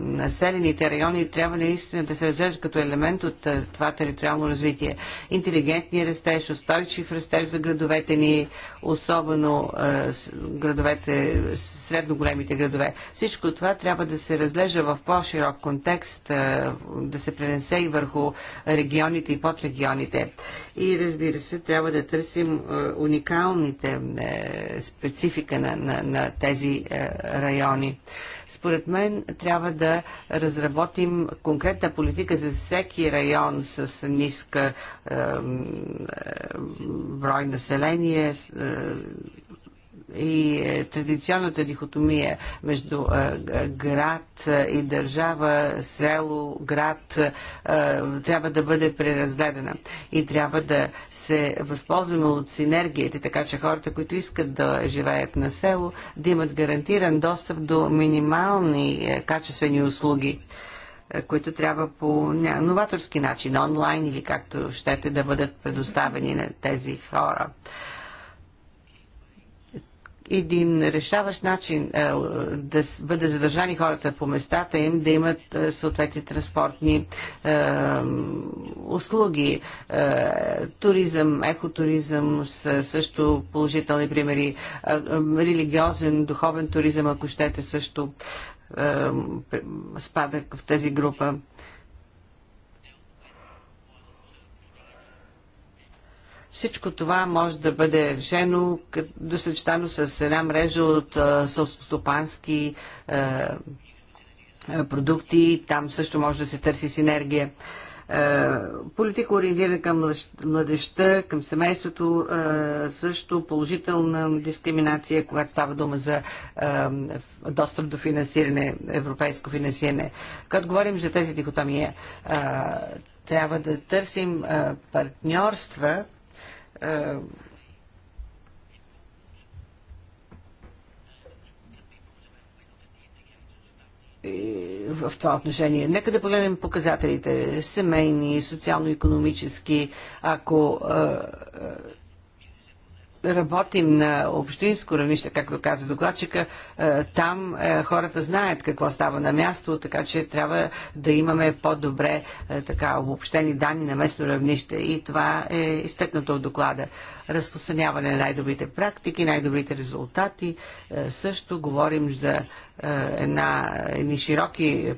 населените райони трябва наистина да се разглеждат като елемент от това териториално развитие. Интелигентни растеж, устойчив растеж за градовете ни, особено градовете, средно големите градове. Всичко това трябва да се разглежда в по-широк контекст, да се се пренесе и върху регионите и подрегионите. И разбира се, трябва да търсим е, уникалните е, специфика на, на, на тези е, райони. Според мен трябва да разработим конкретна политика за всеки район с ниска е, брой население, и е, традиционната дихотомия между е, град е, и държава, село, град трябва да бъде преразгледана и трябва да се възползваме от синергиите, така че хората, които искат да живеят на село, да имат гарантиран достъп до минимални качествени услуги които трябва по новаторски начин, онлайн или както щете да бъдат предоставени на тези хора един решаващ начин е, да бъде задържани хората по местата им, да имат е, съответни транспортни е, услуги. Туризъм, екотуризъм са също положителни примери. Религиозен, духовен туризъм, ако щете, също спада в тази група. Всичко това може да бъде решено, досъчетано с една мрежа от сълскостопански продукти. Там също може да се търси синергия политика ориентирана към младеща, към семейството, също положителна дискриминация, когато става дума за достъп до финансиране, европейско финансиране. Когато говорим за тези дихотомия, трябва да търсим партньорства, е, в това отношение. Нека да погледнем показателите семейни, социално-економически. Ако е, е, работим на общинско равнище, както каза докладчика, е, там е, хората знаят какво става на място, така че трябва да имаме по-добре е, така обобщени данни на местно равнище и това е изтъкнато в доклада. Разпространяване на най-добрите практики, най-добрите резултати. Също говорим за е, една, едни широки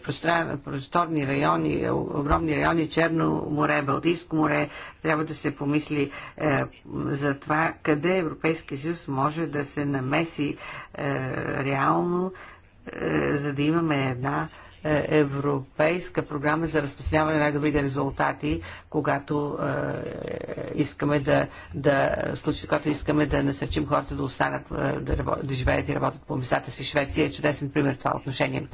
просторни райони, огромни райони, Черно море, Балтийско море, трябва да се помисли е, за това къде Европейския съюз може да се намеси е, реално, е, за да имаме една е, е, европейска програма за разпространяване на най-добрите резултати, когато е, искаме да, да случай, когато искаме да насърчим хората да останат, е, да, да живеят и работят по местата си. Швеция е чудесен пример в това отношение.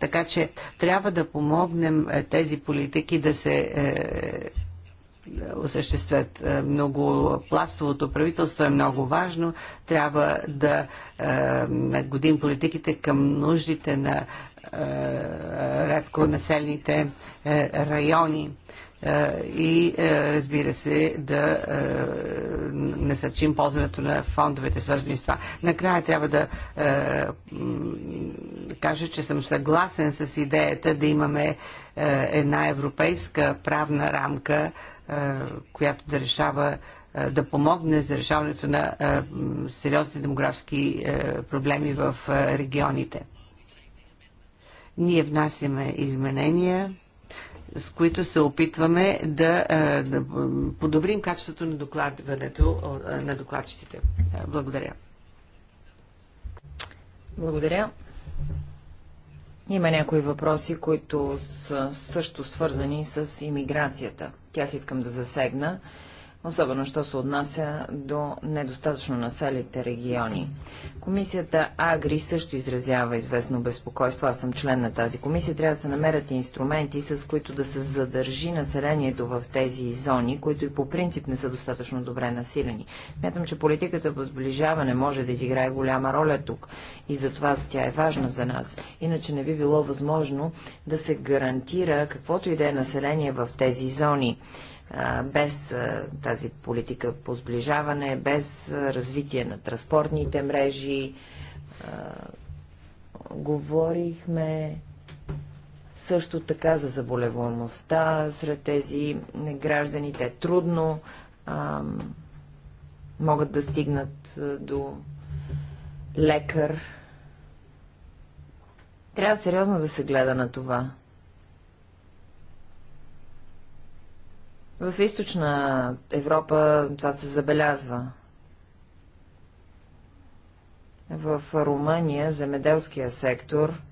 Така че трябва да помогнем тези политики да се осъществят. Много пластовото правителство е много важно. Трябва да е, нагодим политиките към нуждите на е, редко населените е, райони е, и разбира се да насърчим ползването на фондовете свързани с това. Накрая трябва да кажа, че съм съгласен с идеята да имаме една европейска правна рамка, която да решава да помогне за решаването на сериозни демографски проблеми в регионите. Ние внасяме изменения, с които се опитваме да, е, да подобрим качеството на докладването е, на докладчиците. Е, благодаря. Благодаря. Има някои въпроси, които са също свързани с иммиграцията. Тях искам да засегна особено що се отнася до недостатъчно населите региони. Комисията Агри също изразява известно безпокойство. Аз съм член на тази комисия. Трябва да се намерят инструменти, с които да се задържи населението в тези зони, които и по принцип не са достатъчно добре насилени. Мятам, че политиката по сближаване може да изиграе голяма роля тук и затова тя е важна за нас. Иначе не би било възможно да се гарантира каквото и да е население в тези зони без тази политика по сближаване, без развитие на транспортните мрежи. Говорихме също така за заболеваемостта сред тези граждани. Те трудно могат да стигнат до лекар. Трябва сериозно да се гледа на това. В източна Европа това се забелязва. В Румъния земеделския сектор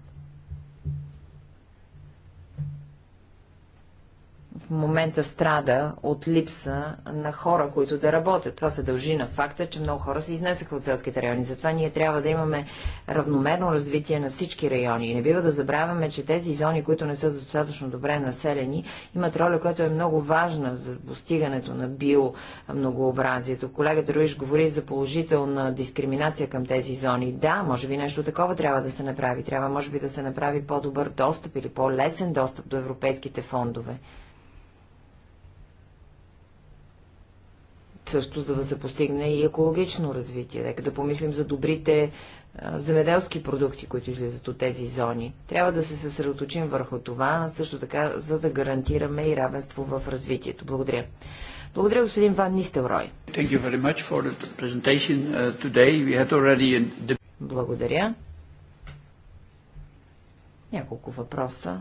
в момента страда от липса на хора, които да работят. Това се дължи на факта, че много хора се изнесаха от селските райони. Затова ние трябва да имаме равномерно развитие на всички райони. И не бива да забравяме, че тези зони, които не са достатъчно добре населени, имат роля, която е много важна за постигането на био многообразието. Колегата Руиш говори за положителна дискриминация към тези зони. Да, може би нещо такова трябва да се направи. Трябва, може би, да се направи по-добър достъп или по-лесен достъп до европейските фондове. също за да се постигне и екологично развитие. Нека да помислим за добрите земеделски продукти, които излизат от тези зони. Трябва да се съсредоточим върху това, също така, за да гарантираме и равенство в развитието. Благодаря. Благодаря, господин Ван Нистелрой. Uh, Благодаря. Няколко въпроса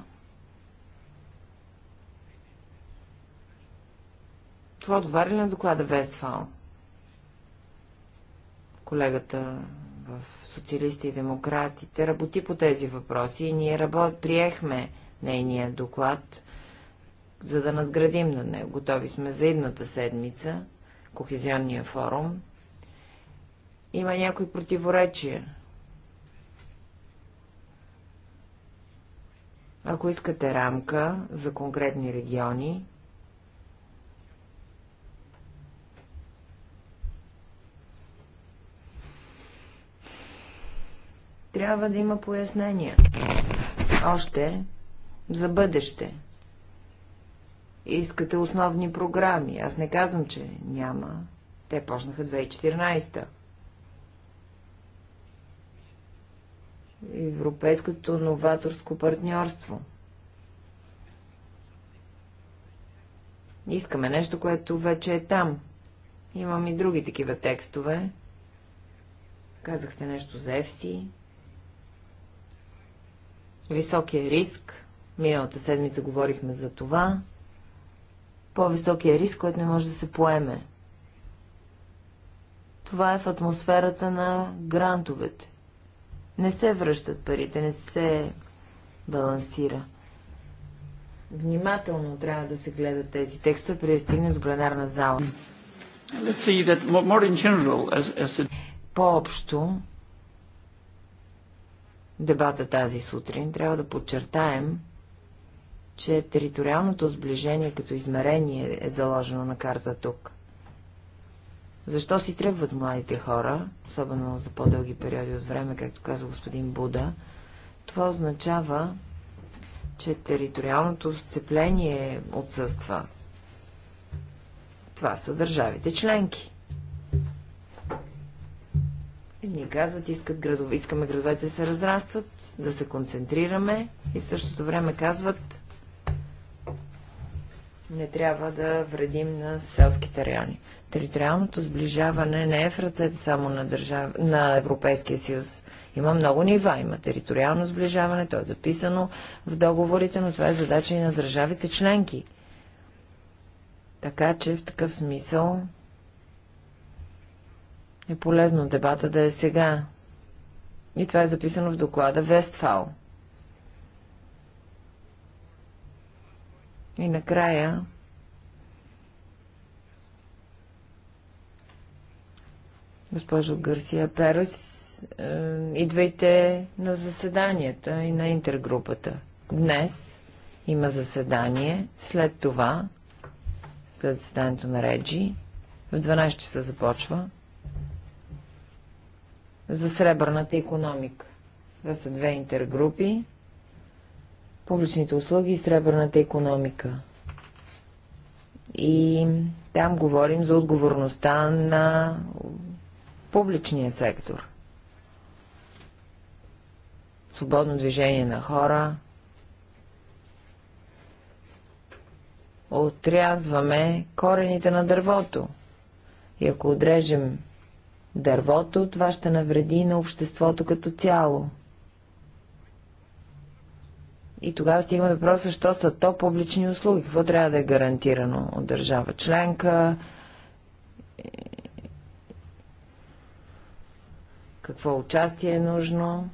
Това отговаря ли на доклада Вестфал? Колегата в Социалисти и демократите работи по тези въпроси и ние работ... приехме нейния доклад, за да надградим на него. Готови сме за едната седмица, Кохезионния форум. Има някои противоречия. Ако искате рамка за конкретни региони, трябва да има пояснения. Още за бъдеще. Искате основни програми. Аз не казвам, че няма. Те почнаха 2014 Европейското новаторско партньорство. Искаме нещо, което вече е там. Имам и други такива текстове. Казахте нещо за ЕФСИ. Високия риск. Миналата седмица говорихме за това. По-високия риск, който не може да се поеме. Това е в атмосферата на грантовете. Не се връщат парите, не се балансира. Внимателно трябва да се гледат тези текстове, преди да стигне до пленарна зала. По-общо, дебата тази сутрин, трябва да подчертаем, че териториалното сближение като измерение е заложено на карта тук. Защо си тръгват младите хора, особено за по-дълги периоди от време, както каза господин Буда, това означава, че териториалното сцепление отсъства. Това са държавите членки. Едни казват, искат градове, искаме градовете да се разрастват, да се концентрираме и в същото време казват, не трябва да вредим на селските райони. Териториалното сближаване не е в ръцете само на, държав... на Европейския съюз. Има много нива. Има териториално сближаване, то е записано в договорите, но това е задача и на държавите членки. Така че в такъв смисъл е полезно дебата да е сега. И това е записано в доклада Вестфал. И накрая госпожо Гърсия Перес, е, идвайте на заседанията и на интергрупата. Днес има заседание, след това, след заседанието на Реджи, в 12 часа започва за сребърната економика. Това са две интергрупи. Публичните услуги и сребърната економика. И там говорим за отговорността на публичния сектор. Свободно движение на хора. Отрязваме корените на дървото. И ако отрежем дървото, това ще навреди на обществото като цяло. И тогава стигаме въпроса, що са то публични услуги, какво трябва да е гарантирано от държава членка, какво участие е нужно.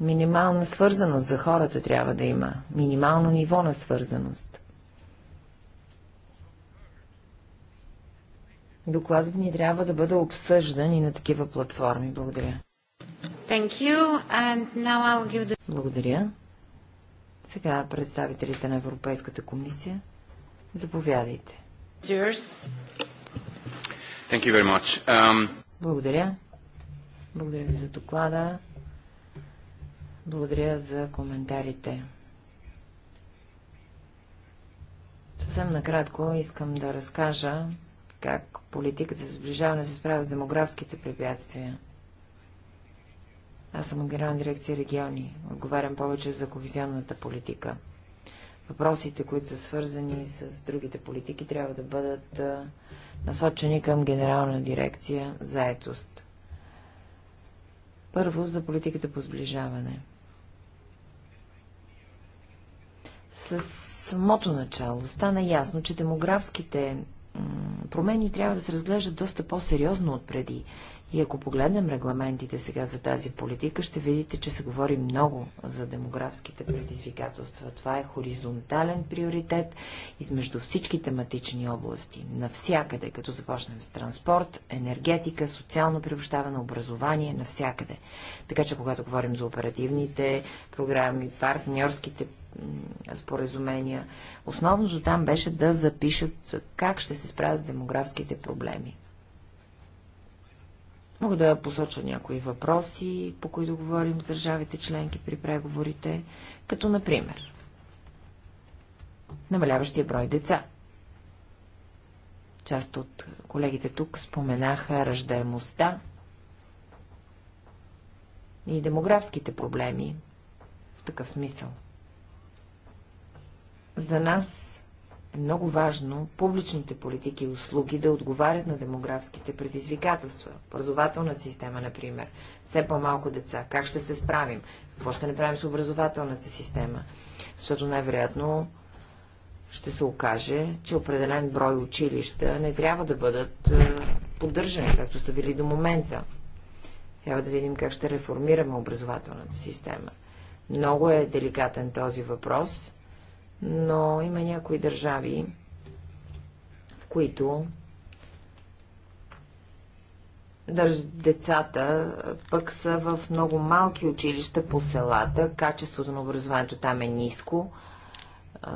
Минимална свързаност за хората трябва да има. Минимално ниво на свързаност. Докладът ни трябва да бъде обсъждан и на такива платформи. Благодаря. The... Благодаря. Сега представителите на Европейската комисия. Заповядайте. Um... Благодаря. Благодаря ви за доклада. Благодаря за коментарите. Съвсем накратко искам да разкажа как политиката за сближаване се справя с демографските препятствия. Аз съм от Генерална дирекция региони. Отговарям повече за кохезионната политика. Въпросите, които са свързани с другите политики, трябва да бъдат насочени към Генерална дирекция заетост. Първо за политиката по сближаване – С самото начало стана ясно, че демографските промени трябва да се разглеждат доста по-сериозно от преди. И ако погледнем регламентите сега за тази политика, ще видите, че се говори много за демографските предизвикателства. Това е хоризонтален приоритет измежду всички тематични области. Навсякъде, като започнем с транспорт, енергетика, социално приобщаване, образование, навсякъде. Така че, когато говорим за оперативните програми, партньорските споразумения. Основното там беше да запишат как ще се справят с демографските проблеми. Мога да посоча някои въпроси, по които говорим с държавите членки при преговорите, като например намаляващия брой деца. Част от колегите тук споменаха ръждаемостта и демографските проблеми в такъв смисъл. За нас е много важно публичните политики и услуги да отговарят на демографските предизвикателства. Образователна система, например. Все по-малко деца. Как ще се справим? Какво ще направим с образователната система? Защото най-вероятно ще се окаже, че определен брой училища не трябва да бъдат е, поддържани, както са били до момента. Трябва да видим как ще реформираме образователната система. Много е деликатен този въпрос но има някои държави, в които децата пък са в много малки училища по селата, качеството на образованието там е ниско,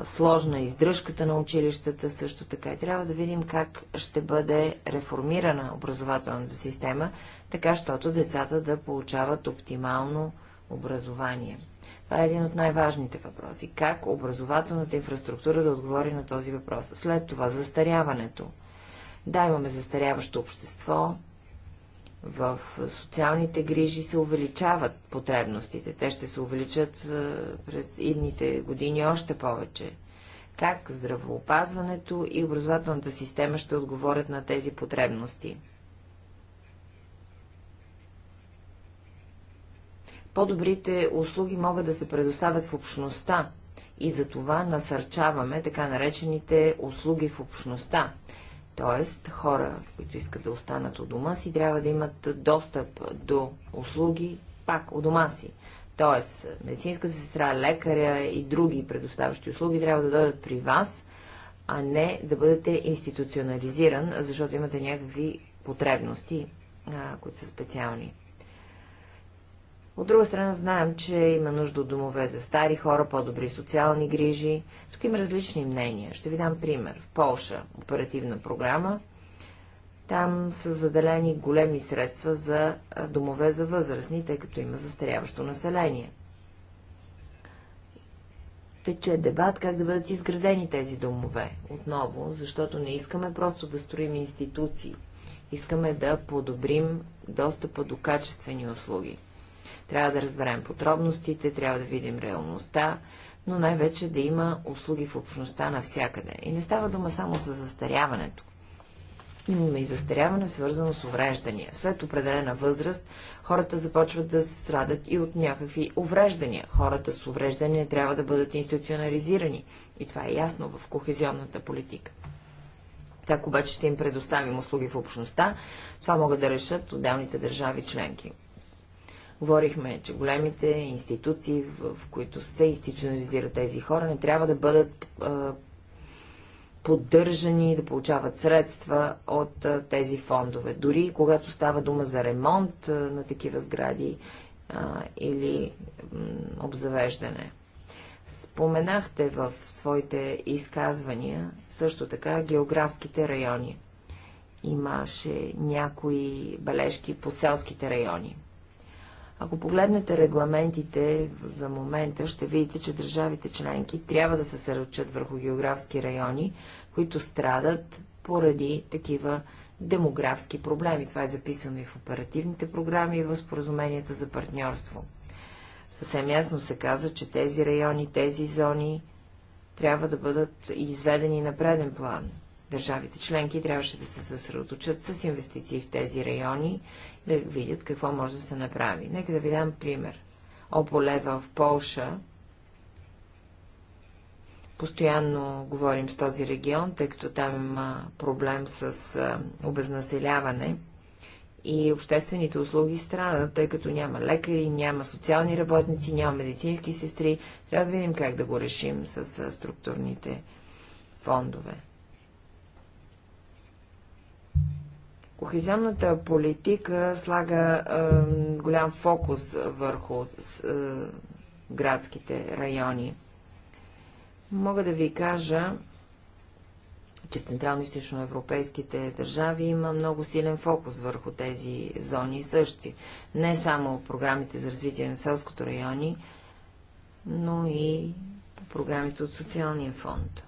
сложна е издръжката на училищата също така. И трябва да видим как ще бъде реформирана образователната система, така, щото децата да получават оптимално образование. Това е един от най-важните въпроси. Как образователната инфраструктура да отговори на този въпрос? След това застаряването. Да, имаме застаряващо общество, в социалните грижи се увеличават потребностите. Те ще се увеличат е, през идните години още повече. Как здравоопазването и образователната система ще отговорят на тези потребности? По-добрите услуги могат да се предоставят в общността и за това насърчаваме така наречените услуги в общността. Тоест, хора, които искат да останат у дома си, трябва да имат достъп до услуги пак у дома си. Тоест, медицинската сестра, лекаря и други предоставящи услуги трябва да дойдат при вас, а не да бъдете институционализиран, защото имате някакви потребности, които са специални. От друга страна знаем, че има нужда от домове за стари хора, по-добри социални грижи. Тук има различни мнения. Ще ви дам пример. В Полша оперативна програма. Там са заделени големи средства за домове за възрастни, тъй като има застаряващо население. Тече дебат как да бъдат изградени тези домове отново, защото не искаме просто да строим институции. Искаме да подобрим достъпа до качествени услуги. Трябва да разберем подробностите, трябва да видим реалността, но най-вече да има услуги в общността навсякъде. И не става дума само за застаряването. Имаме и застаряване, свързано с увреждания. След определена възраст, хората започват да се страдат и от някакви увреждания. Хората с увреждания трябва да бъдат институционализирани. И това е ясно в кохезионната политика. Как обаче ще им предоставим услуги в общността, това могат да решат отделните държави членки. Говорихме, че големите институции, в които се институционализират тези хора, не трябва да бъдат а, поддържани, да получават средства от а, тези фондове. Дори когато става дума за ремонт а, на такива сгради а, или обзавеждане. Споменахте в своите изказвания също така географските райони. Имаше някои бележки по селските райони. Ако погледнете регламентите за момента, ще видите, че държавите членки трябва да се съръчат върху географски райони, които страдат поради такива демографски проблеми. Това е записано и в оперативните програми и в споразуменията за партньорство. Съвсем ясно се каза, че тези райони, тези зони трябва да бъдат изведени на преден план. Държавите членки трябваше да се съсредоточат с инвестиции в тези райони, да видят какво може да се направи. Нека да ви дам пример. Ополева в Полша. Постоянно говорим с този регион, тъй като там има проблем с обезнаселяване и обществените услуги страдат, тъй като няма лекари, няма социални работници, няма медицински сестри. Трябва да видим как да го решим с структурните фондове. Кохезионната политика слага е, голям фокус върху с, е, градските райони. Мога да ви кажа, че в централно-источноевропейските държави има много силен фокус върху тези зони същи. Не само програмите за развитие на селското райони, но и програмите от социалния фонд.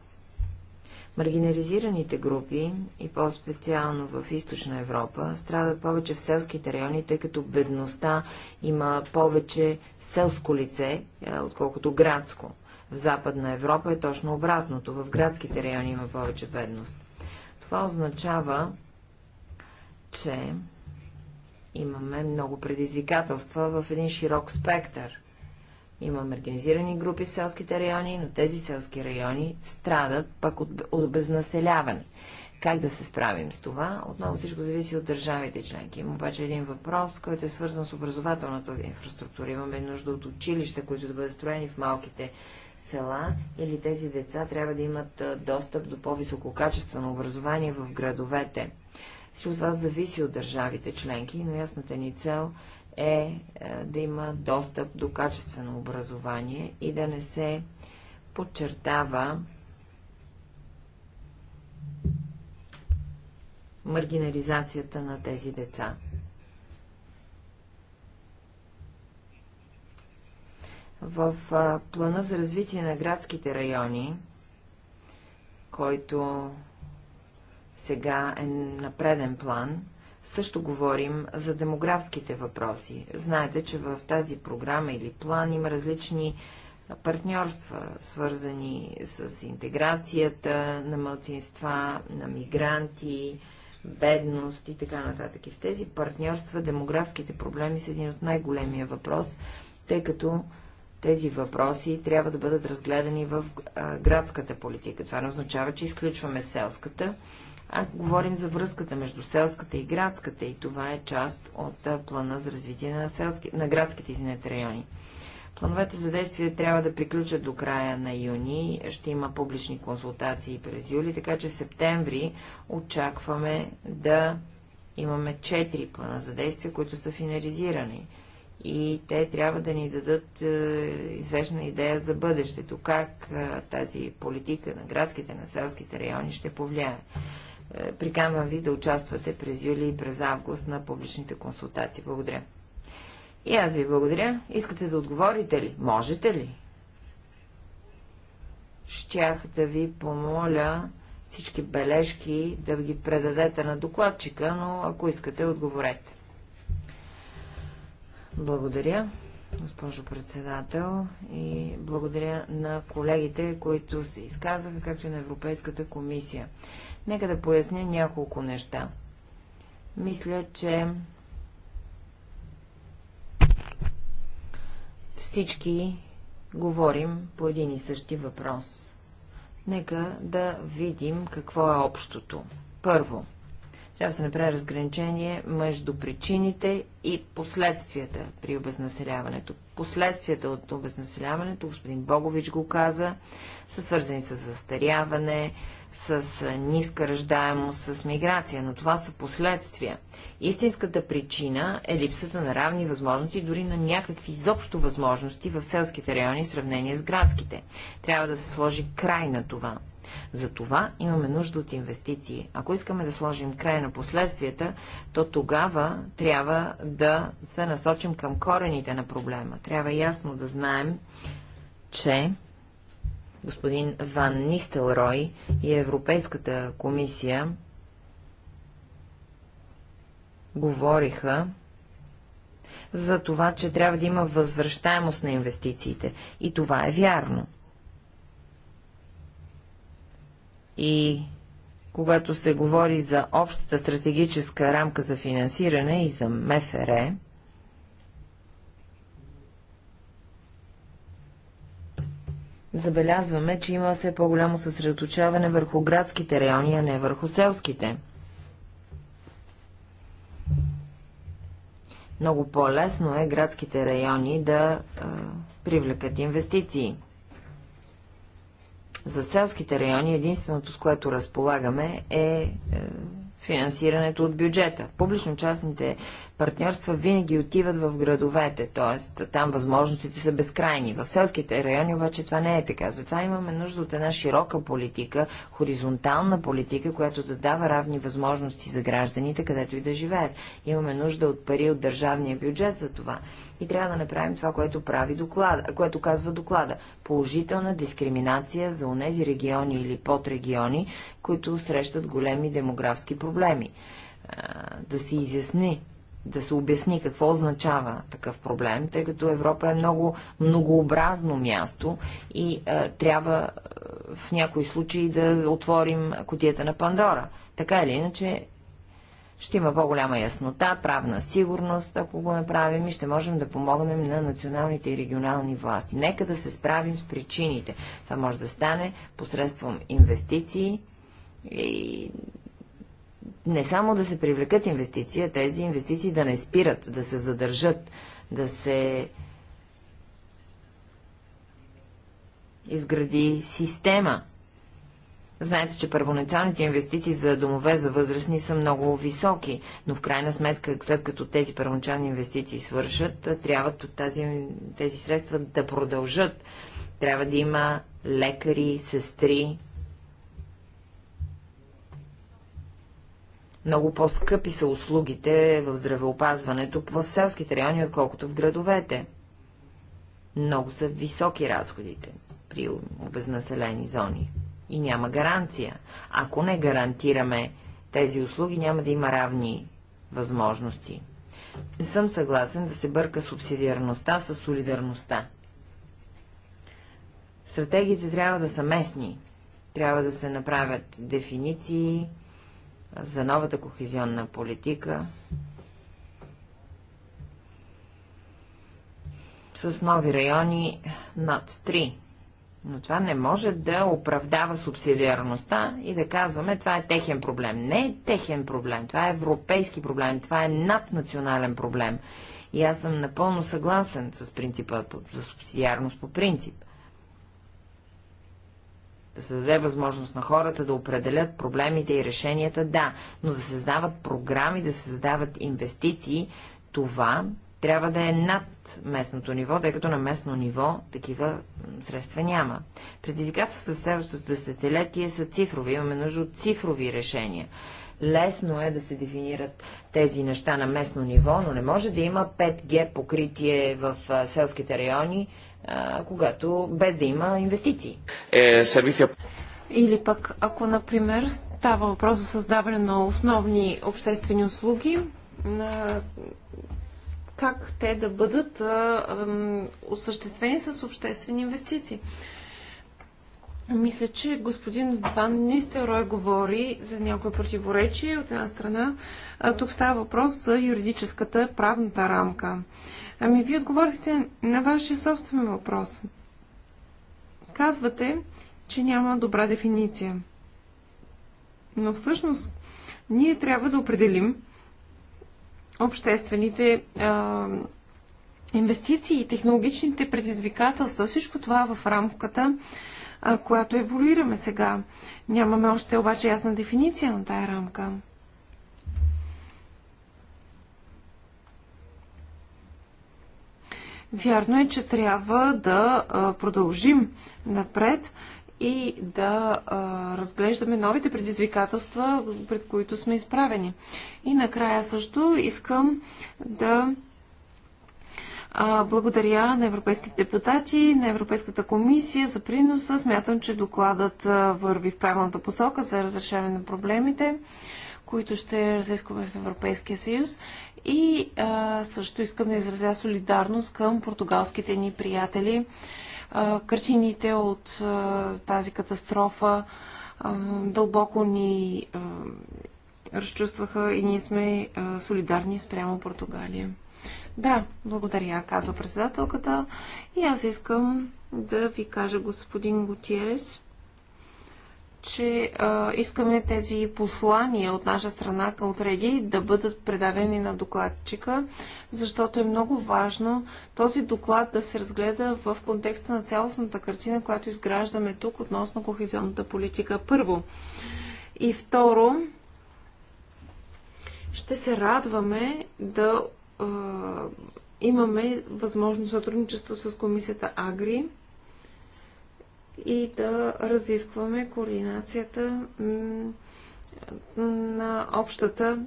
Маргинализираните групи и по-специално в Източна Европа страдат повече в селските райони, тъй като бедността има повече селско лице, е, отколкото градско. В Западна Европа е точно обратното. В градските райони има повече бедност. Това означава, че имаме много предизвикателства в един широк спектър. Има организирани групи в селските райони, но тези селски райони страдат пък от, от безнаселяване. Как да се справим с това? Отново всичко зависи от държавите членки. Има обаче един въпрос, който е свързан с образователната инфраструктура. Имаме нужда от училища, които да бъдат строени в малките села или тези деца трябва да имат достъп до по-висококачествено образование в градовете. Всичко това зависи от държавите членки, но ясната ни цел е, е да има достъп до качествено образование и да не се подчертава маргинализацията на тези деца. В плана за развитие на градските райони, който сега е на преден план, също говорим за демографските въпроси. Знаете, че в тази програма или план има различни партньорства, свързани с интеграцията на мълцинства, на мигранти, бедност и така нататък. И в тези партньорства демографските проблеми са един от най-големия въпрос, тъй като тези въпроси трябва да бъдат разгледани в градската политика. Това не означава, че изключваме селската, а говорим за връзката между селската и градската и това е част от плана за развитие на, селски, на градските извинете, райони. Плановете за действие трябва да приключат до края на юни. Ще има публични консултации през юли, така че в септември очакваме да имаме четири плана за действие, които са финализирани. И те трябва да ни дадат е, известна идея за бъдещето, как е, тази политика на градските, на селските райони ще повлияе. Приканвам ви да участвате през юли и през август на публичните консултации. Благодаря. И аз ви благодаря. Искате да отговорите ли? Можете ли? Щях да ви помоля всички бележки да ги предадете на докладчика, но ако искате, отговорете. Благодаря, госпожо председател, и благодаря на колегите, които се изказаха, както и на Европейската комисия. Нека да поясня няколко неща. Мисля, че всички говорим по един и същи въпрос. Нека да видим какво е общото. Първо, трябва да се направи разграничение между причините и последствията при обезнаселяването. Последствията от обезнаселяването, господин Богович го каза, са свързани с застаряване, с ниска ръждаемост, с миграция, но това са последствия. Истинската причина е липсата на равни възможности, дори на някакви изобщо възможности в селските райони в сравнение с градските. Трябва да се сложи край на това. За това имаме нужда от инвестиции. Ако искаме да сложим край на последствията, то тогава трябва да се насочим към корените на проблема. Трябва ясно да знаем, че господин Ван Нистелрой и Европейската комисия говориха за това, че трябва да има възвръщаемост на инвестициите. И това е вярно. И когато се говори за общата стратегическа рамка за финансиране и за МФР, забелязваме, че има все по-голямо съсредоточаване върху градските райони, а не върху селските. Много по-лесно е градските райони да а, привлекат инвестиции. За селските райони единственото, с което разполагаме, е, е финансирането от бюджета. Публично-частните партньорства винаги отиват в градовете, т.е. там възможностите са безкрайни. В селските райони обаче това не е така. Затова имаме нужда от една широка политика, хоризонтална политика, която да дава равни възможности за гражданите, където и да живеят. Имаме нужда от пари от държавния бюджет за това. И трябва да направим това, което, прави доклада, което казва доклада. Положителна дискриминация за онези региони или подрегиони, които срещат големи демографски проблеми да се изясни да се обясни какво означава такъв проблем, тъй като Европа е много многообразно място и е, трябва е, в някои случаи да отворим котията на Пандора. Така или иначе, ще има по-голяма яснота, правна сигурност, ако го направим и ще можем да помогнем на националните и регионални власти. Нека да се справим с причините. Това може да стане посредством инвестиции и не само да се привлекат инвестиции, а тези инвестиции да не спират, да се задържат, да се изгради система. Знаете, че първоначалните инвестиции за домове за възрастни са много високи, но в крайна сметка, след като тези първоначални инвестиции свършат, трябва тази, тези средства да продължат. Трябва да има лекари, сестри, Много по-скъпи са услугите в здравеопазването в селските райони, отколкото в градовете. Много са високи разходите при обезнаселени зони. И няма гаранция. Ако не гарантираме тези услуги, няма да има равни възможности. Не съм съгласен да се бърка субсидиарността с солидарността. Стратегиите трябва да са местни. Трябва да се направят дефиниции за новата кохезионна политика с нови райони над 3. Но това не може да оправдава субсидиарността и да казваме, това е техен проблем. Не е техен проблем, това е европейски проблем, това е наднационален проблем. И аз съм напълно съгласен с принципа за субсидиарност по принцип да се даде възможност на хората да определят проблемите и решенията, да, но да се създават програми, да се създават инвестиции, това трябва да е над местното ниво, тъй като на местно ниво такива средства няма. Предизвикателства със следващото десетилетие са цифрови. Имаме нужда от цифрови решения. Лесно е да се дефинират тези неща на местно ниво, но не може да има 5G покритие в селските райони, когато без да има инвестиции. Е, сервисия... Или пък, ако, например, става въпрос за създаване на основни обществени услуги, на как те да бъдат а, а, осъществени с обществени инвестиции. Мисля, че господин Ван Нистерой говори за някои противоречие. От една страна, тук става въпрос за юридическата правната рамка. Ами, вие отговорихте на вашия собствен въпрос. Казвате, че няма добра дефиниция. Но всъщност ние трябва да определим обществените а, инвестиции и технологичните предизвикателства. Всичко това е в рамката, а, която еволюираме сега. Нямаме още обаче ясна дефиниция на тая рамка. Вярно е, че трябва да продължим напред и да разглеждаме новите предизвикателства, пред които сме изправени. И накрая също искам да благодаря на европейските депутати, на Европейската комисия за приноса. Смятам, че докладът върви в правилната посока за разрешаване на проблемите, които ще разискваме в Европейския съюз. И а, също искам да изразя солидарност към португалските ни приятели. А, картините от а, тази катастрофа а, дълбоко ни а, разчувстваха и ние сме а, солидарни спрямо Португалия. Да, благодаря, казва председателката. И аз искам да ви кажа господин Гутиерес, че а, искаме тези послания от наша страна към отреди да бъдат предадени на докладчика, защото е много важно този доклад да се разгледа в контекста на цялостната картина, която изграждаме тук относно кохезионната политика. Първо. И второ, ще се радваме да а, имаме възможно сътрудничество с комисията Агри и да разискваме координацията на общата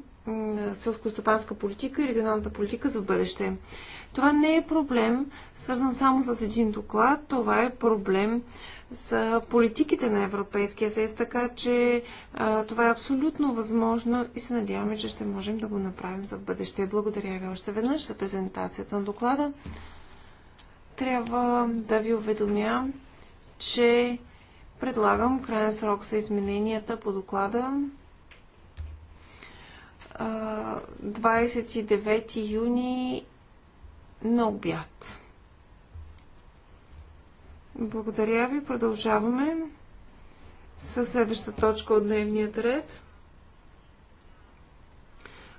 селскостопанска политика и регионалната политика за бъдеще. Това не е проблем, свързан само с един доклад. Това е проблем с политиките на Европейския съюз, така че а, това е абсолютно възможно и се надяваме, че ще можем да го направим за бъдеще. Благодаря ви още веднъж за презентацията на доклада. Трябва да ви уведомя, че предлагам крайен срок за измененията по доклада 29 юни на обяд. Благодаря ви. Продължаваме с следващата точка от дневния ред.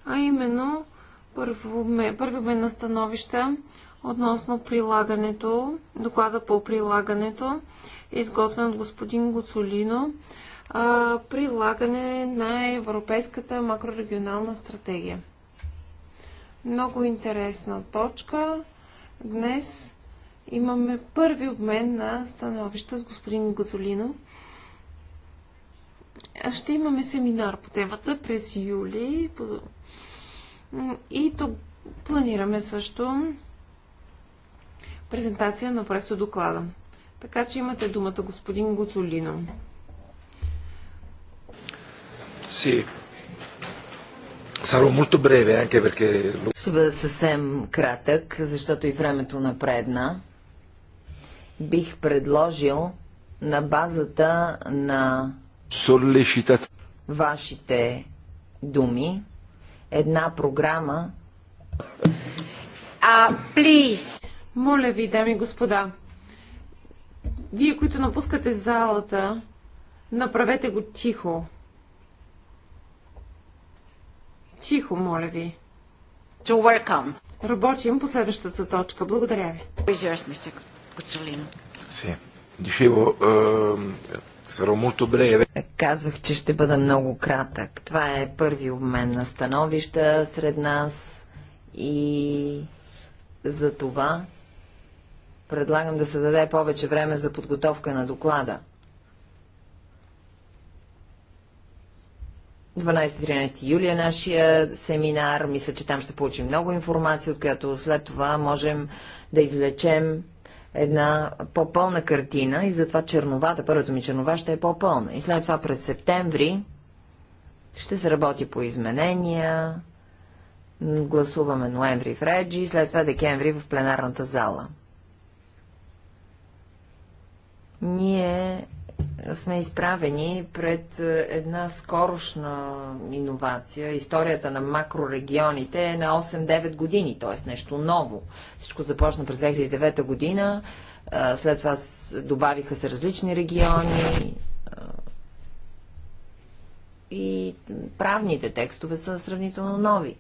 А именно първи ме на становища относно прилагането, доклада по прилагането изготвен от господин Гоцолино, прилагане на Европейската макрорегионална стратегия. Много интересна точка. Днес имаме първи обмен на становища с господин Газолино. Ще имаме семинар по темата през юли. И тук планираме също презентация на проекта доклада. Така че имате думата, господин Гуцулино. Си. Саро, много бреве, анке, перке... Ще бъда съвсем кратък, защото и времето напредна. Бих предложил на базата на вашите думи една програма. А, uh, Моля ви, дами и господа, вие, които напускате залата, направете го тихо. Тихо, моля ви. To work on. Работим по следващата точка. Благодаря ви. Sì, dicevo, sarò molto Казвах, че ще бъда много кратък. Това е първи обмен на становища сред нас и за това Предлагам да се даде повече време за подготовка на доклада. 12-13 юли е нашия семинар. Мисля, че там ще получим много информация, от която след това можем да извлечем една по-пълна картина и затова черновата, първата ми чернова ще е по-пълна. И след това през септември ще се работи по изменения, гласуваме ноември в Реджи, след това декември в пленарната зала ние сме изправени пред е, една скорошна иновация. Историята на макрорегионите е на 8-9 години, т.е. нещо ново. Всичко започна през 2009 година, след това добавиха се различни региони и правните текстове са сравнително нови.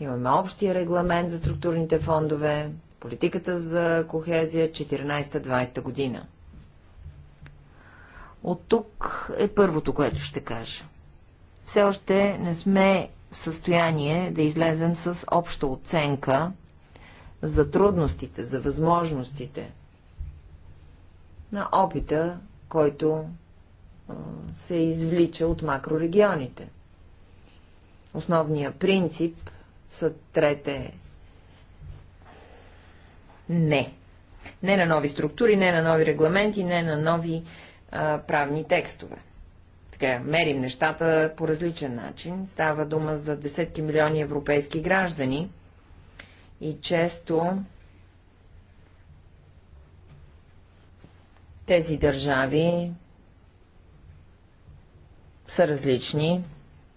Имаме общия регламент за структурните фондове, политиката за кохезия 14-20 година. От тук е първото, което ще кажа. Все още не сме в състояние да излезем с обща оценка за трудностите, за възможностите на опита, който се извлича от макрорегионите. Основният принцип са трете не. Не на нови структури, не на нови регламенти, не на нови а, правни текстове. Така, мерим нещата по различен начин. Става дума за десетки милиони европейски граждани и често тези държави са различни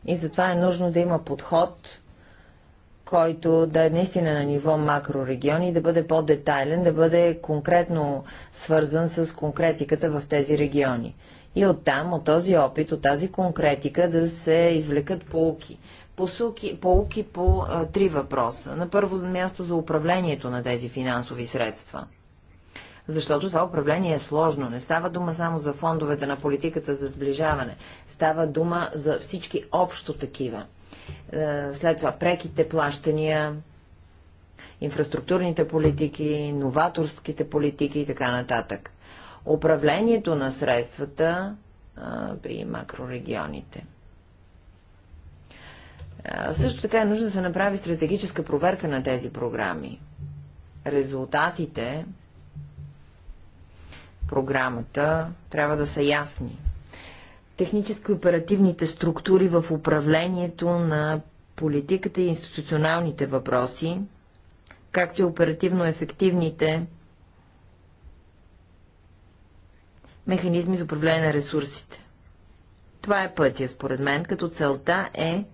и затова е нужно да има подход, който да е наистина на ниво макрорегион и да бъде по-детайлен, да бъде конкретно свързан с конкретиката в тези региони. И оттам, от този опит, от тази конкретика да се извлекат полуки. Посуки, полуки по а, три въпроса. На първо място за управлението на тези финансови средства. Защото това управление е сложно. Не става дума само за фондовете на политиката за сближаване. Става дума за всички общо такива е, след това преките плащания, инфраструктурните политики, новаторските политики и така нататък. Управлението на средствата а, е, при макрорегионите. А, е, също така е нужно да се направи стратегическа проверка на тези програми. Резултатите, програмата трябва да са ясни технически оперативните структури в управлението на политиката и институционалните въпроси, както и оперативно ефективните механизми за управление на ресурсите. Това е пътя, според мен, като целта е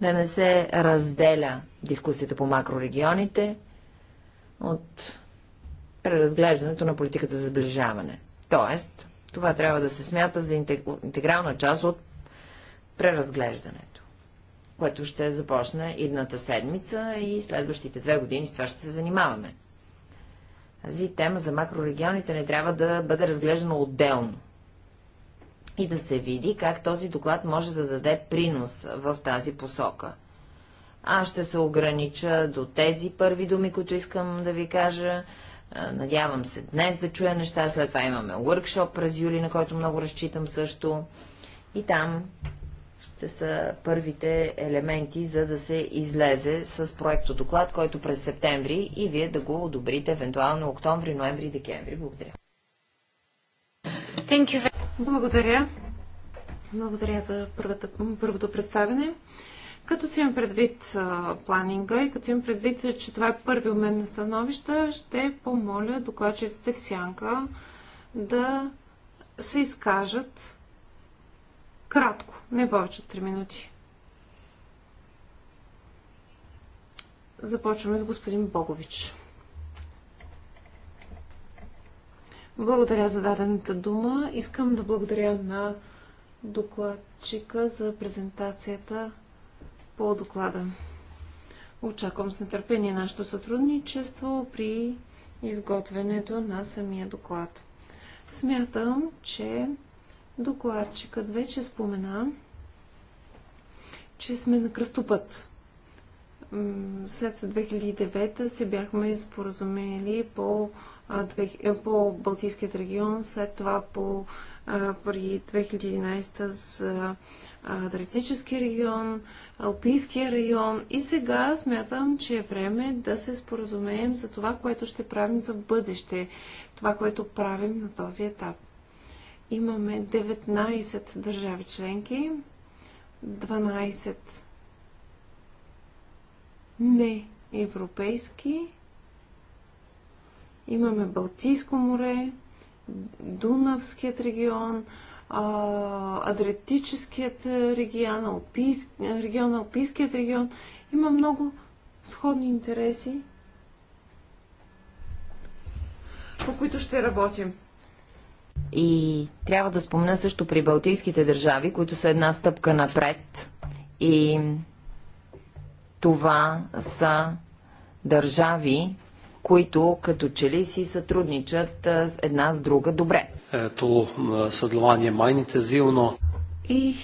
да не се разделя дискусията по макрорегионите от преразглеждането на политиката за сближаване. Тоест, това трябва да се смята за интегрална част от преразглеждането, което ще започне идната седмица и следващите две години с това ще се занимаваме. Тази тема за макрорегионите не трябва да бъде разглеждана отделно и да се види как този доклад може да даде принос в тази посока. Аз ще се огранича до тези първи думи, които искам да ви кажа. Надявам се днес да чуя неща, след това имаме уркшоп през юли, на който много разчитам също. И там ще са първите елементи, за да се излезе с проекто доклад, който през септември и вие да го одобрите, евентуално октомври, ноември и декември. Благодаря. Благодаря. Благодаря за първата, първото представене. Като си имам предвид а, планинга и като си имам предвид, че това е първи обмен на становища, ще помоля докладчиците в сянка да се изкажат кратко, не повече от 3 минути. Започваме с господин Богович. Благодаря за дадената дума. Искам да благодаря на докладчика за презентацията по доклада. Очаквам с нетърпение нашето сътрудничество при изготвянето на самия доклад. Смятам, че докладчикът вече спомена, че сме на кръстопът. След 2009 се бяхме споразумели по, е, по Балтийският регион, след това по, при 2011 за Адриатически регион, Алпийския район и сега смятам, че е време да се споразумеем за това, което ще правим за бъдеще, това, което правим на този етап. Имаме 19 държави членки, 12 не европейски, имаме Балтийско море, Дунавският регион, Адриатическият регион, Алпийск, регион, Алпийският регион. Има много сходни интереси, по които ще работим. И трябва да спомня също при Балтийските държави, които са една стъпка напред. И това са държави, които като че ли си сътрудничат една с друга добре. Ето съдлование майните зилно. И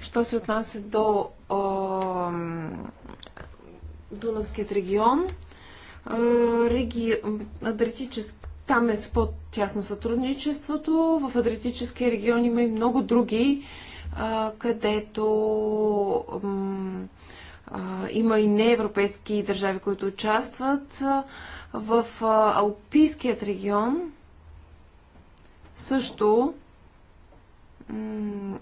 що се отнася до о, Дунавският регион, реги, адретически там е с по-тясно сътрудничеството. В Адриатическия регион има и много други, а, където има и неевропейски държави, които участват. В Алпийският регион също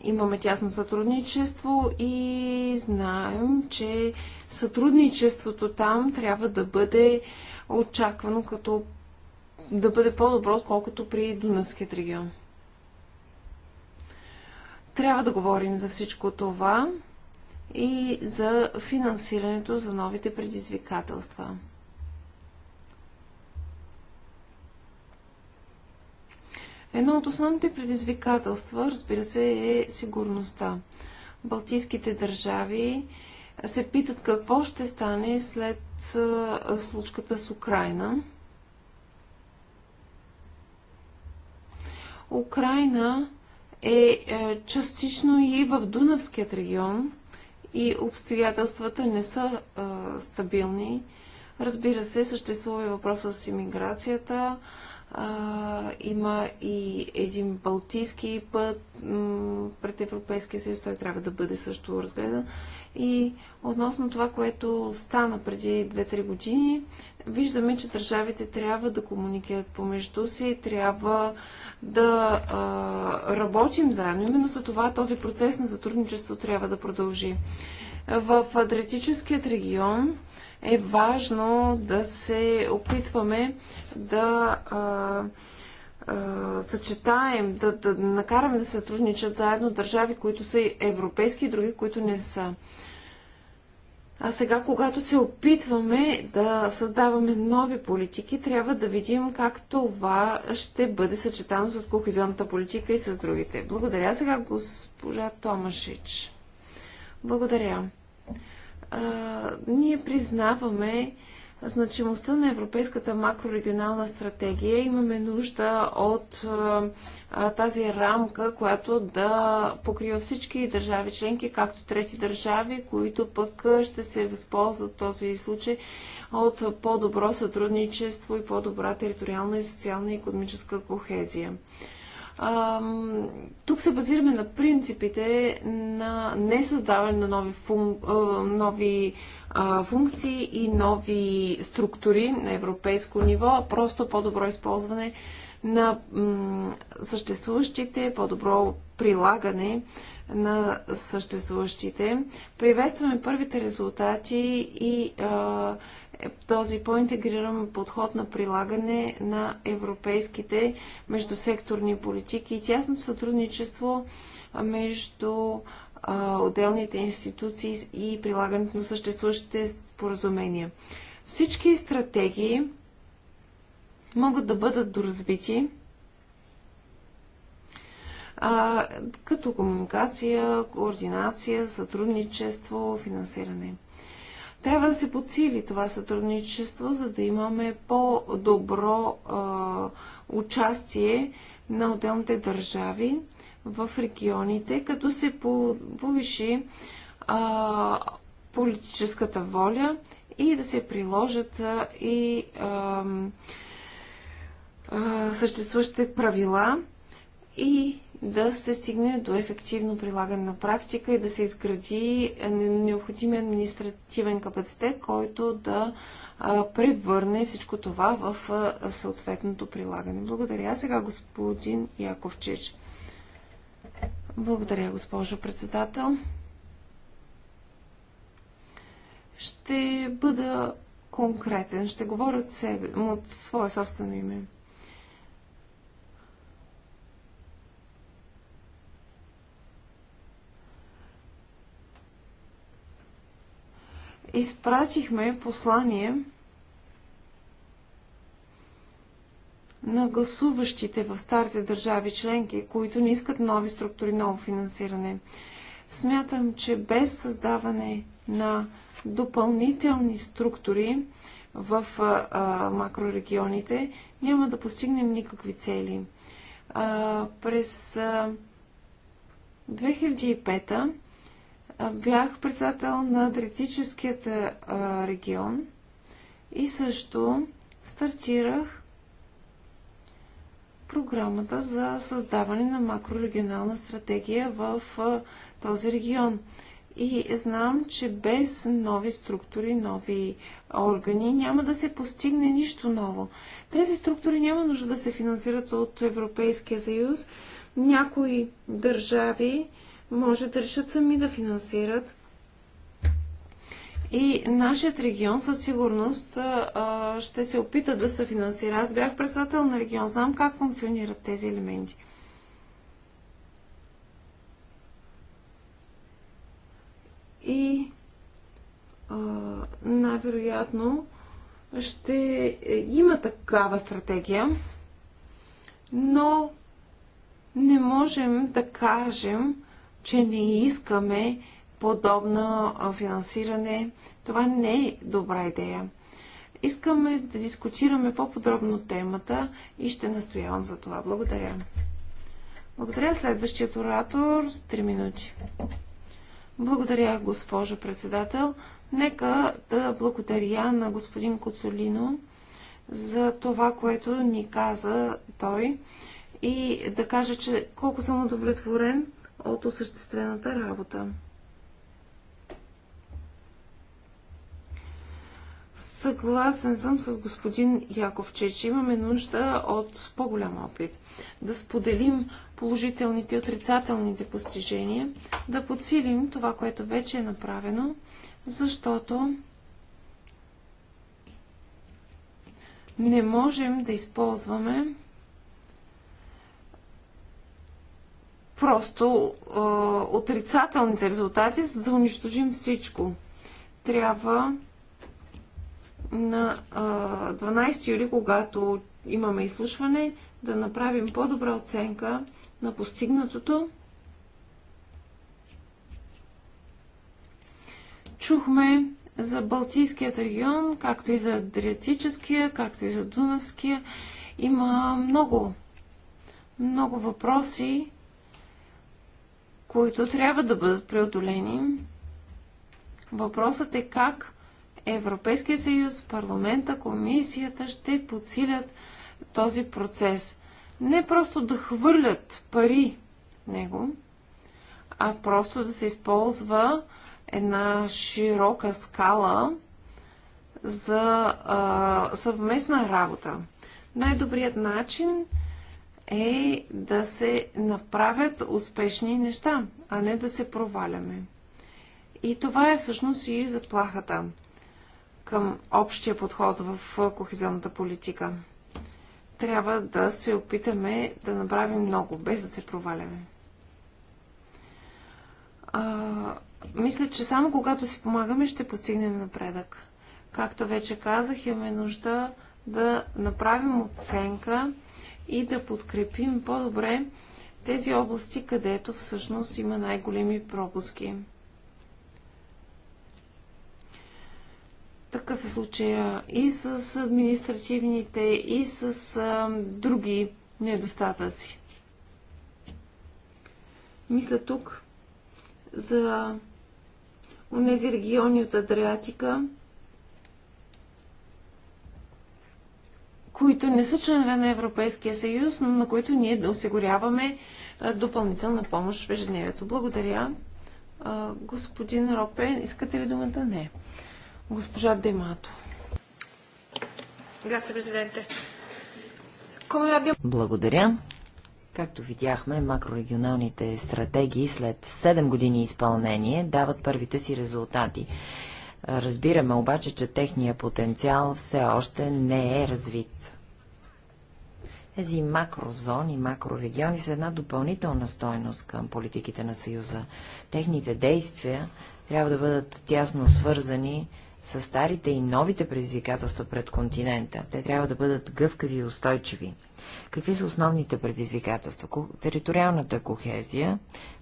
имаме тясно сътрудничество и знаем, че сътрудничеството там трябва да бъде очаквано като да бъде по-добро, отколкото при Дунавският регион. Трябва да говорим за всичко това и за финансирането за новите предизвикателства. Едно от основните предизвикателства, разбира се, е сигурността. Балтийските държави се питат какво ще стане след случката с Украина. Украина е, е частично и в Дунавският регион, и обстоятелствата не са а, стабилни. Разбира се, съществува и въпросът с иммиграцията. има и един балтийски път пред Европейския съюз, той трябва да бъде също разгледан. И относно това, което стана преди 2-3 години, виждаме, че държавите трябва да комуникират помежду си, трябва да а, работим заедно. Именно за това този процес на сътрудничество трябва да продължи. В Адриатическият регион е важно да се опитваме да а, а, съчетаем, да, да накараме да сътрудничат заедно държави, които са европейски и други, които не са. А сега, когато се опитваме да създаваме нови политики, трябва да видим как това ще бъде съчетано с кохезионната политика и с другите. Благодаря сега госпожа Томашич. Благодаря. А, ние признаваме, значимостта на Европейската макрорегионална стратегия имаме нужда от тази рамка, която да покрива всички държави членки, както трети държави, които пък ще се възползват в този случай от по-добро сътрудничество и по-добра териториална и социална и економическа кохезия тук се базираме на принципите на несъздаване на нови, фун, нови функции и нови структури на европейско ниво, а просто по-добро използване на съществуващите, по-добро прилагане на съществуващите. Приветстваме първите резултати и а, този по-интегриран подход на прилагане на европейските междусекторни политики и тясното сътрудничество между а, отделните институции и прилагането на съществуващите споразумения. Всички стратегии могат да бъдат доразвити а, като комуникация, координация, сътрудничество, финансиране. Трябва да се подсили това сътрудничество, за да имаме по-добро участие на отделните държави в регионите, като се повиши а, политическата воля и да се приложат а, и а, съществуващите правила и да се стигне до ефективно прилагане на практика и да се изгради необходимия административен капацитет, който да превърне всичко това в съответното прилагане. Благодаря. Сега господин Яковчич. Благодаря, госпожо председател. Ще бъда конкретен. Ще говоря от, себе, от свое собствено име. изпратихме послание на гласуващите в старите държави членки, които не искат нови структури, ново финансиране. Смятам, че без създаване на допълнителни структури в а, а, макрорегионите няма да постигнем никакви цели. А, през 2005 бях председател на Адриатическият регион и също стартирах програмата за създаване на макрорегионална стратегия в този регион. И знам, че без нови структури, нови органи няма да се постигне нищо ново. Тези структури няма нужда да се финансират от Европейския съюз. Някои държави може да решат сами да финансират. И нашият регион със сигурност ще се опита да се финансира. Аз бях председател на регион, знам как функционират тези елементи. И най-вероятно ще има такава стратегия, но не можем да кажем, че не искаме подобно финансиране. Това не е добра идея. Искаме да дискутираме по-подробно темата и ще настоявам за това. Благодаря. Благодаря. Следващият оратор с 3 минути. Благодаря, госпожо председател. Нека да благодаря на господин Коцолино за това, което ни каза той и да кажа, че колко съм удовлетворен от осъществената работа. Съгласен съм с господин Яковче, че имаме нужда от по-голям опит. Да споделим положителните и отрицателните постижения, да подсилим това, което вече е направено, защото не можем да използваме просто а, отрицателните резултати, за да унищожим всичко. Трябва на а, 12 юли, когато имаме изслушване, да направим по-добра оценка на постигнатото. Чухме за Балтийският регион, както и за Адриатическия, както и за Дунавския. Има много, много въпроси, които трябва да бъдат преодолени. Въпросът е как Европейския съюз, парламента, комисията ще подсилят този процес. Не просто да хвърлят пари в него, а просто да се използва една широка скала за а, съвместна работа. Най-добрият начин е да се направят успешни неща, а не да се проваляме. И това е всъщност и заплахата към общия подход в кохезионната политика. Трябва да се опитаме да направим много, без да се проваляме. А, мисля, че само когато си помагаме, ще постигнем напредък. Както вече казах, имаме нужда да направим оценка и да подкрепим по-добре тези области, където всъщност има най-големи пропуски. Такъв е случая и с административните, и с а, други недостатъци. Мисля тук за тези региони от Адриатика, които не са членове на Европейския съюз, но на които ние да осигуряваме допълнителна помощ в ежедневието. Благодаря. Господин Ропе, искате ли думата? Не. Госпожа Демато. Е Благодаря. Както видяхме, макрорегионалните стратегии след 7 години изпълнение дават първите си резултати. Разбираме обаче, че техния потенциал все още не е развит. Тези макрозони, макрорегиони са една допълнителна стойност към политиките на Съюза. Техните действия трябва да бъдат тясно свързани с старите и новите предизвикателства пред континента. Те трябва да бъдат гъвкави и устойчиви. Какви са основните предизвикателства? Териториалната кохезия,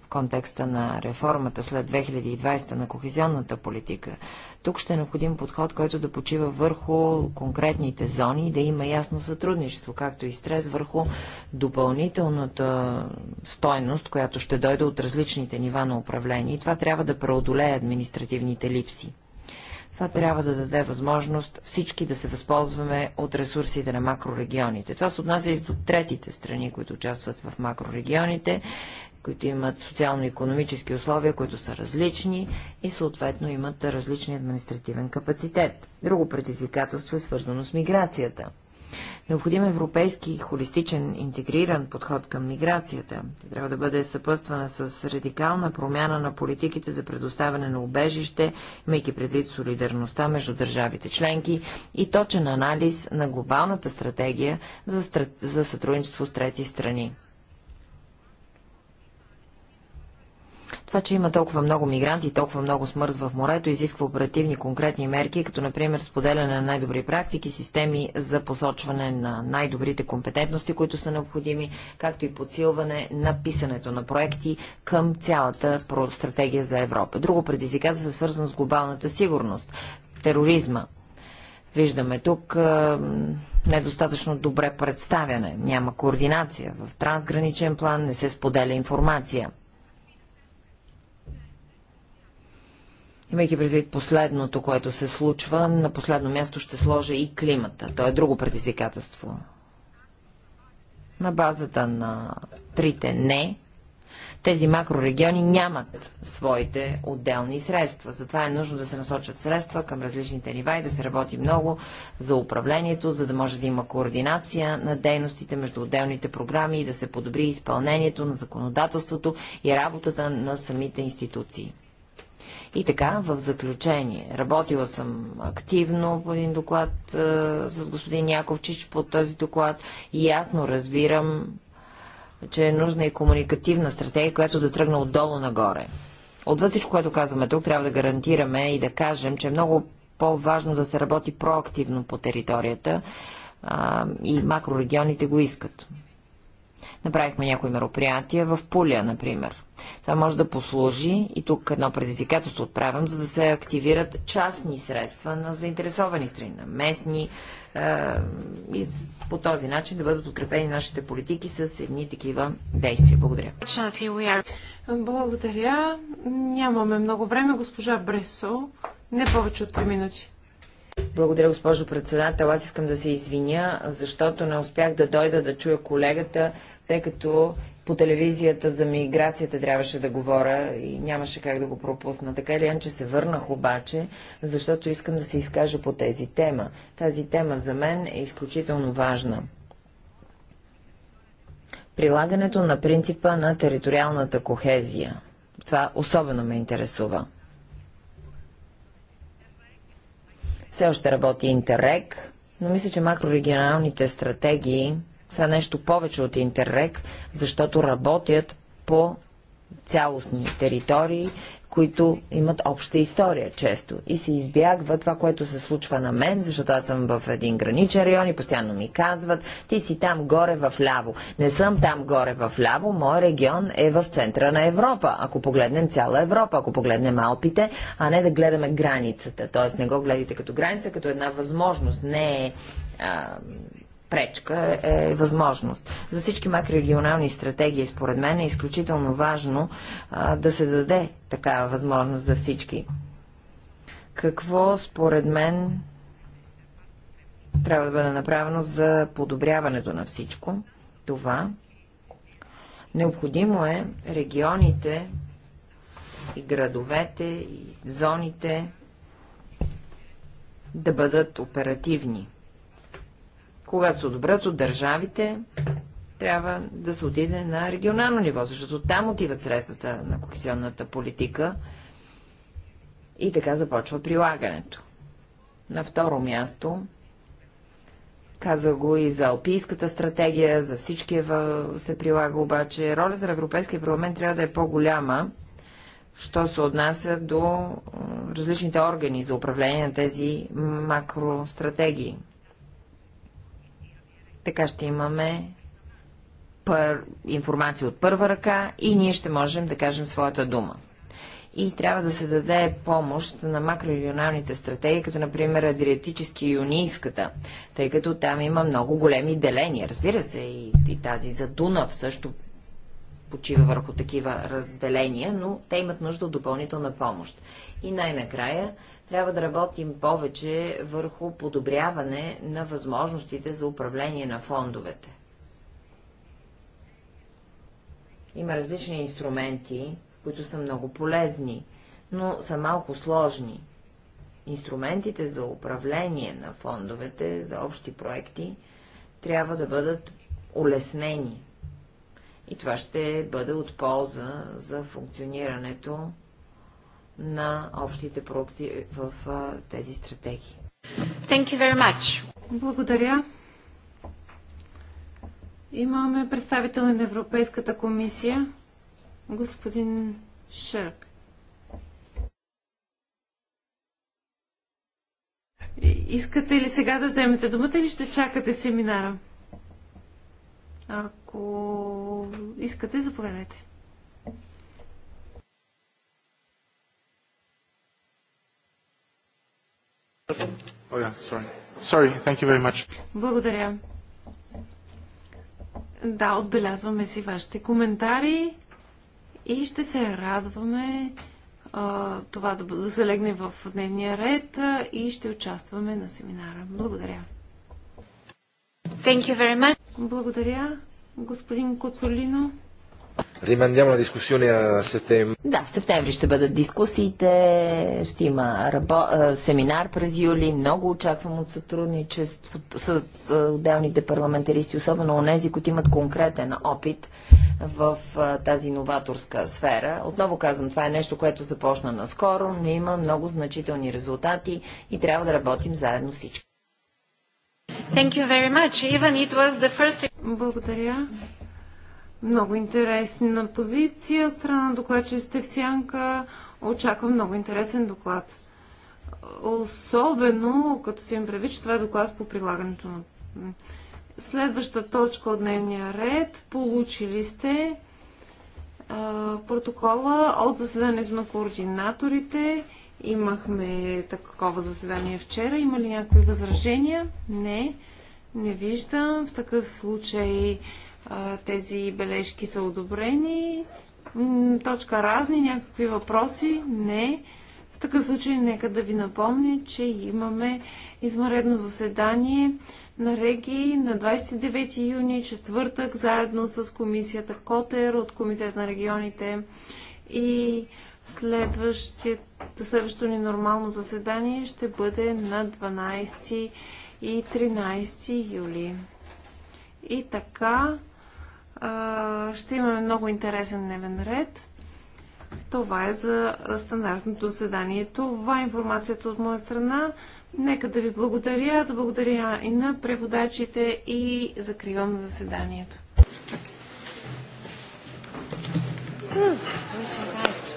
контекста на реформата след 2020 на кохезионната политика. Тук ще е необходим подход, който да почива върху конкретните зони и да има ясно сътрудничество, както и стрес върху допълнителната стойност, която ще дойде от различните нива на управление. И това трябва да преодолее административните липси. Това трябва да даде възможност всички да се възползваме от ресурсите на макрорегионите. Това се отнася и до третите страни, които участват в макрорегионите които имат социално-економически условия, които са различни и съответно имат различни административен капацитет. Друго предизвикателство е свързано с миграцията. Необходим е европейски холистичен интегриран подход към миграцията. Трябва да бъде съпъствана с радикална промяна на политиките за предоставяне на убежище, имайки предвид солидарността между държавите членки и точен анализ на глобалната стратегия за, за сътрудничество с трети страни. Това, че има толкова много мигранти и толкова много смърт в морето, изисква оперативни конкретни мерки, като например споделяне на най-добри практики, системи за посочване на най-добрите компетентности, които са необходими, както и подсилване на писането на проекти към цялата стратегия за Европа. Друго предизвикателство е свързано с глобалната сигурност, тероризма, виждаме тук недостатъчно добре представяне, няма координация. В трансграничен план не се споделя информация. Имайки предвид последното, което се случва, на последно място ще сложа и климата. То е друго предизвикателство. На базата на трите не, тези макрорегиони нямат своите отделни средства. Затова е нужно да се насочат средства към различните нива и да се работи много за управлението, за да може да има координация на дейностите между отделните програми и да се подобри изпълнението на законодателството и работата на самите институции. И така, в заключение, работила съм активно по един доклад а, с господин Яковчич по този доклад и ясно разбирам, че е нужна и комуникативна стратегия, която да тръгне отдолу нагоре. Отвъд всичко, което казваме тук, трябва да гарантираме и да кажем, че е много по-важно да се работи проактивно по територията а, и макрорегионите го искат. Направихме някои мероприятия в Пуля, например. Това може да послужи и тук едно предизвикателство отправям, за да се активират частни средства на заинтересовани страни, на местни е, и по този начин да бъдат укрепени нашите политики с едни такива действия. Благодаря. Благодаря. Нямаме много време. Госпожа Бресо, не повече от 3 минути. Благодаря, госпожо председател. Аз искам да се извиня, защото не успях да дойда да чуя колегата, тъй като по телевизията за миграцията трябваше да говоря и нямаше как да го пропусна. Така или иначе се върнах обаче, защото искам да се изкажа по тези тема. Тази тема за мен е изключително важна. Прилагането на принципа на териториалната кохезия. Това особено ме интересува. Все още работи Интеррек, но мисля, че макрорегионалните стратегии са нещо повече от Интеррек, защото работят по цялостни територии които имат обща история често. И се избягва това, което се случва на мен, защото аз съм в един граничен район и постоянно ми казват, ти си там горе в ляво. Не съм там горе в ляво, мой регион е в центъра на Европа. Ако погледнем цяла Европа, ако погледнем Алпите, а не да гледаме границата. Тоест не го гледайте като граница, като една възможност. Не е а, пречка е, е възможност. За всички макрорегионални стратегии, според мен, е изключително важно а, да се даде такава възможност за всички. Какво, според мен, трябва да бъде направено за подобряването на всичко това? Необходимо е регионите и градовете и зоните да бъдат оперативни когато се одобрят от държавите, трябва да се отиде на регионално ниво, защото там отиват средствата на кохезионната политика и така започва прилагането. На второ място, каза го и за Алпийската стратегия, за всички е се прилага обаче, ролята на Европейския парламент трябва да е по-голяма, що се отнася до различните органи за управление на тези макростратегии. Така ще имаме пър... информация от първа ръка и ние ще можем да кажем своята дума. И трябва да се даде помощ на макрорегионалните стратегии, като например Адриатически и Юнийската, тъй като там има много големи деления. Разбира се, и, и тази за Дунав също почива върху такива разделения, но те имат нужда от допълнителна помощ. И най-накрая трябва да работим повече върху подобряване на възможностите за управление на фондовете. Има различни инструменти, които са много полезни, но са малко сложни. Инструментите за управление на фондовете, за общи проекти, трябва да бъдат улеснени. И това ще бъде от полза за функционирането на общите проекти в тези стратегии. Thank you very much. Благодаря. Имаме представител на Европейската комисия, господин Шерк. Искате ли сега да вземете думата или ще чакате семинара? Ако искате, заповядайте. Oh, Благодаря. Да, отбелязваме си вашите коментари и ще се радваме а, това да залегне в дневния ред а, и ще участваме на семинара. Благодаря. Thank you very much. Благодаря, господин Коцолино. Римандяма на дискусионния септември. Да, септември ще бъдат дискусиите, ще има рабо... Е, семинар през юли. Много очаквам от сътрудничество с отделните парламентаристи, особено нези, които имат конкретен опит в е, тази новаторска сфера. Отново казвам, това е нещо, което започна наскоро, но има много значителни резултати и трябва да работим заедно всички. Thank you very much. Even it was the first... Благодаря. Много интересна позиция от страна на докладчиците в Сянка. Очаквам много интересен доклад. Особено като си им прави, че това е доклад по прилагането на следваща точка от дневния ред. Получили сте а, протокола от заседанието на координаторите. Имахме такова заседание вчера. Има ли някои възражения? Не. Не виждам. В такъв случай тези бележки са одобрени. Точка разни, някакви въпроси? Не. В такъв случай нека да ви напомня, че имаме измаредно заседание на Реги на 29 юни, четвъртък, заедно с комисията Котер от Комитет на регионите и следващото ни нормално заседание ще бъде на 12 и 13 юли. И така, ще имаме много интересен дневен ред. Това е за стандартното заседание. Това е информацията от моя страна. Нека да ви благодаря, да благодаря и на преводачите и закривам заседанието. Good. We survived.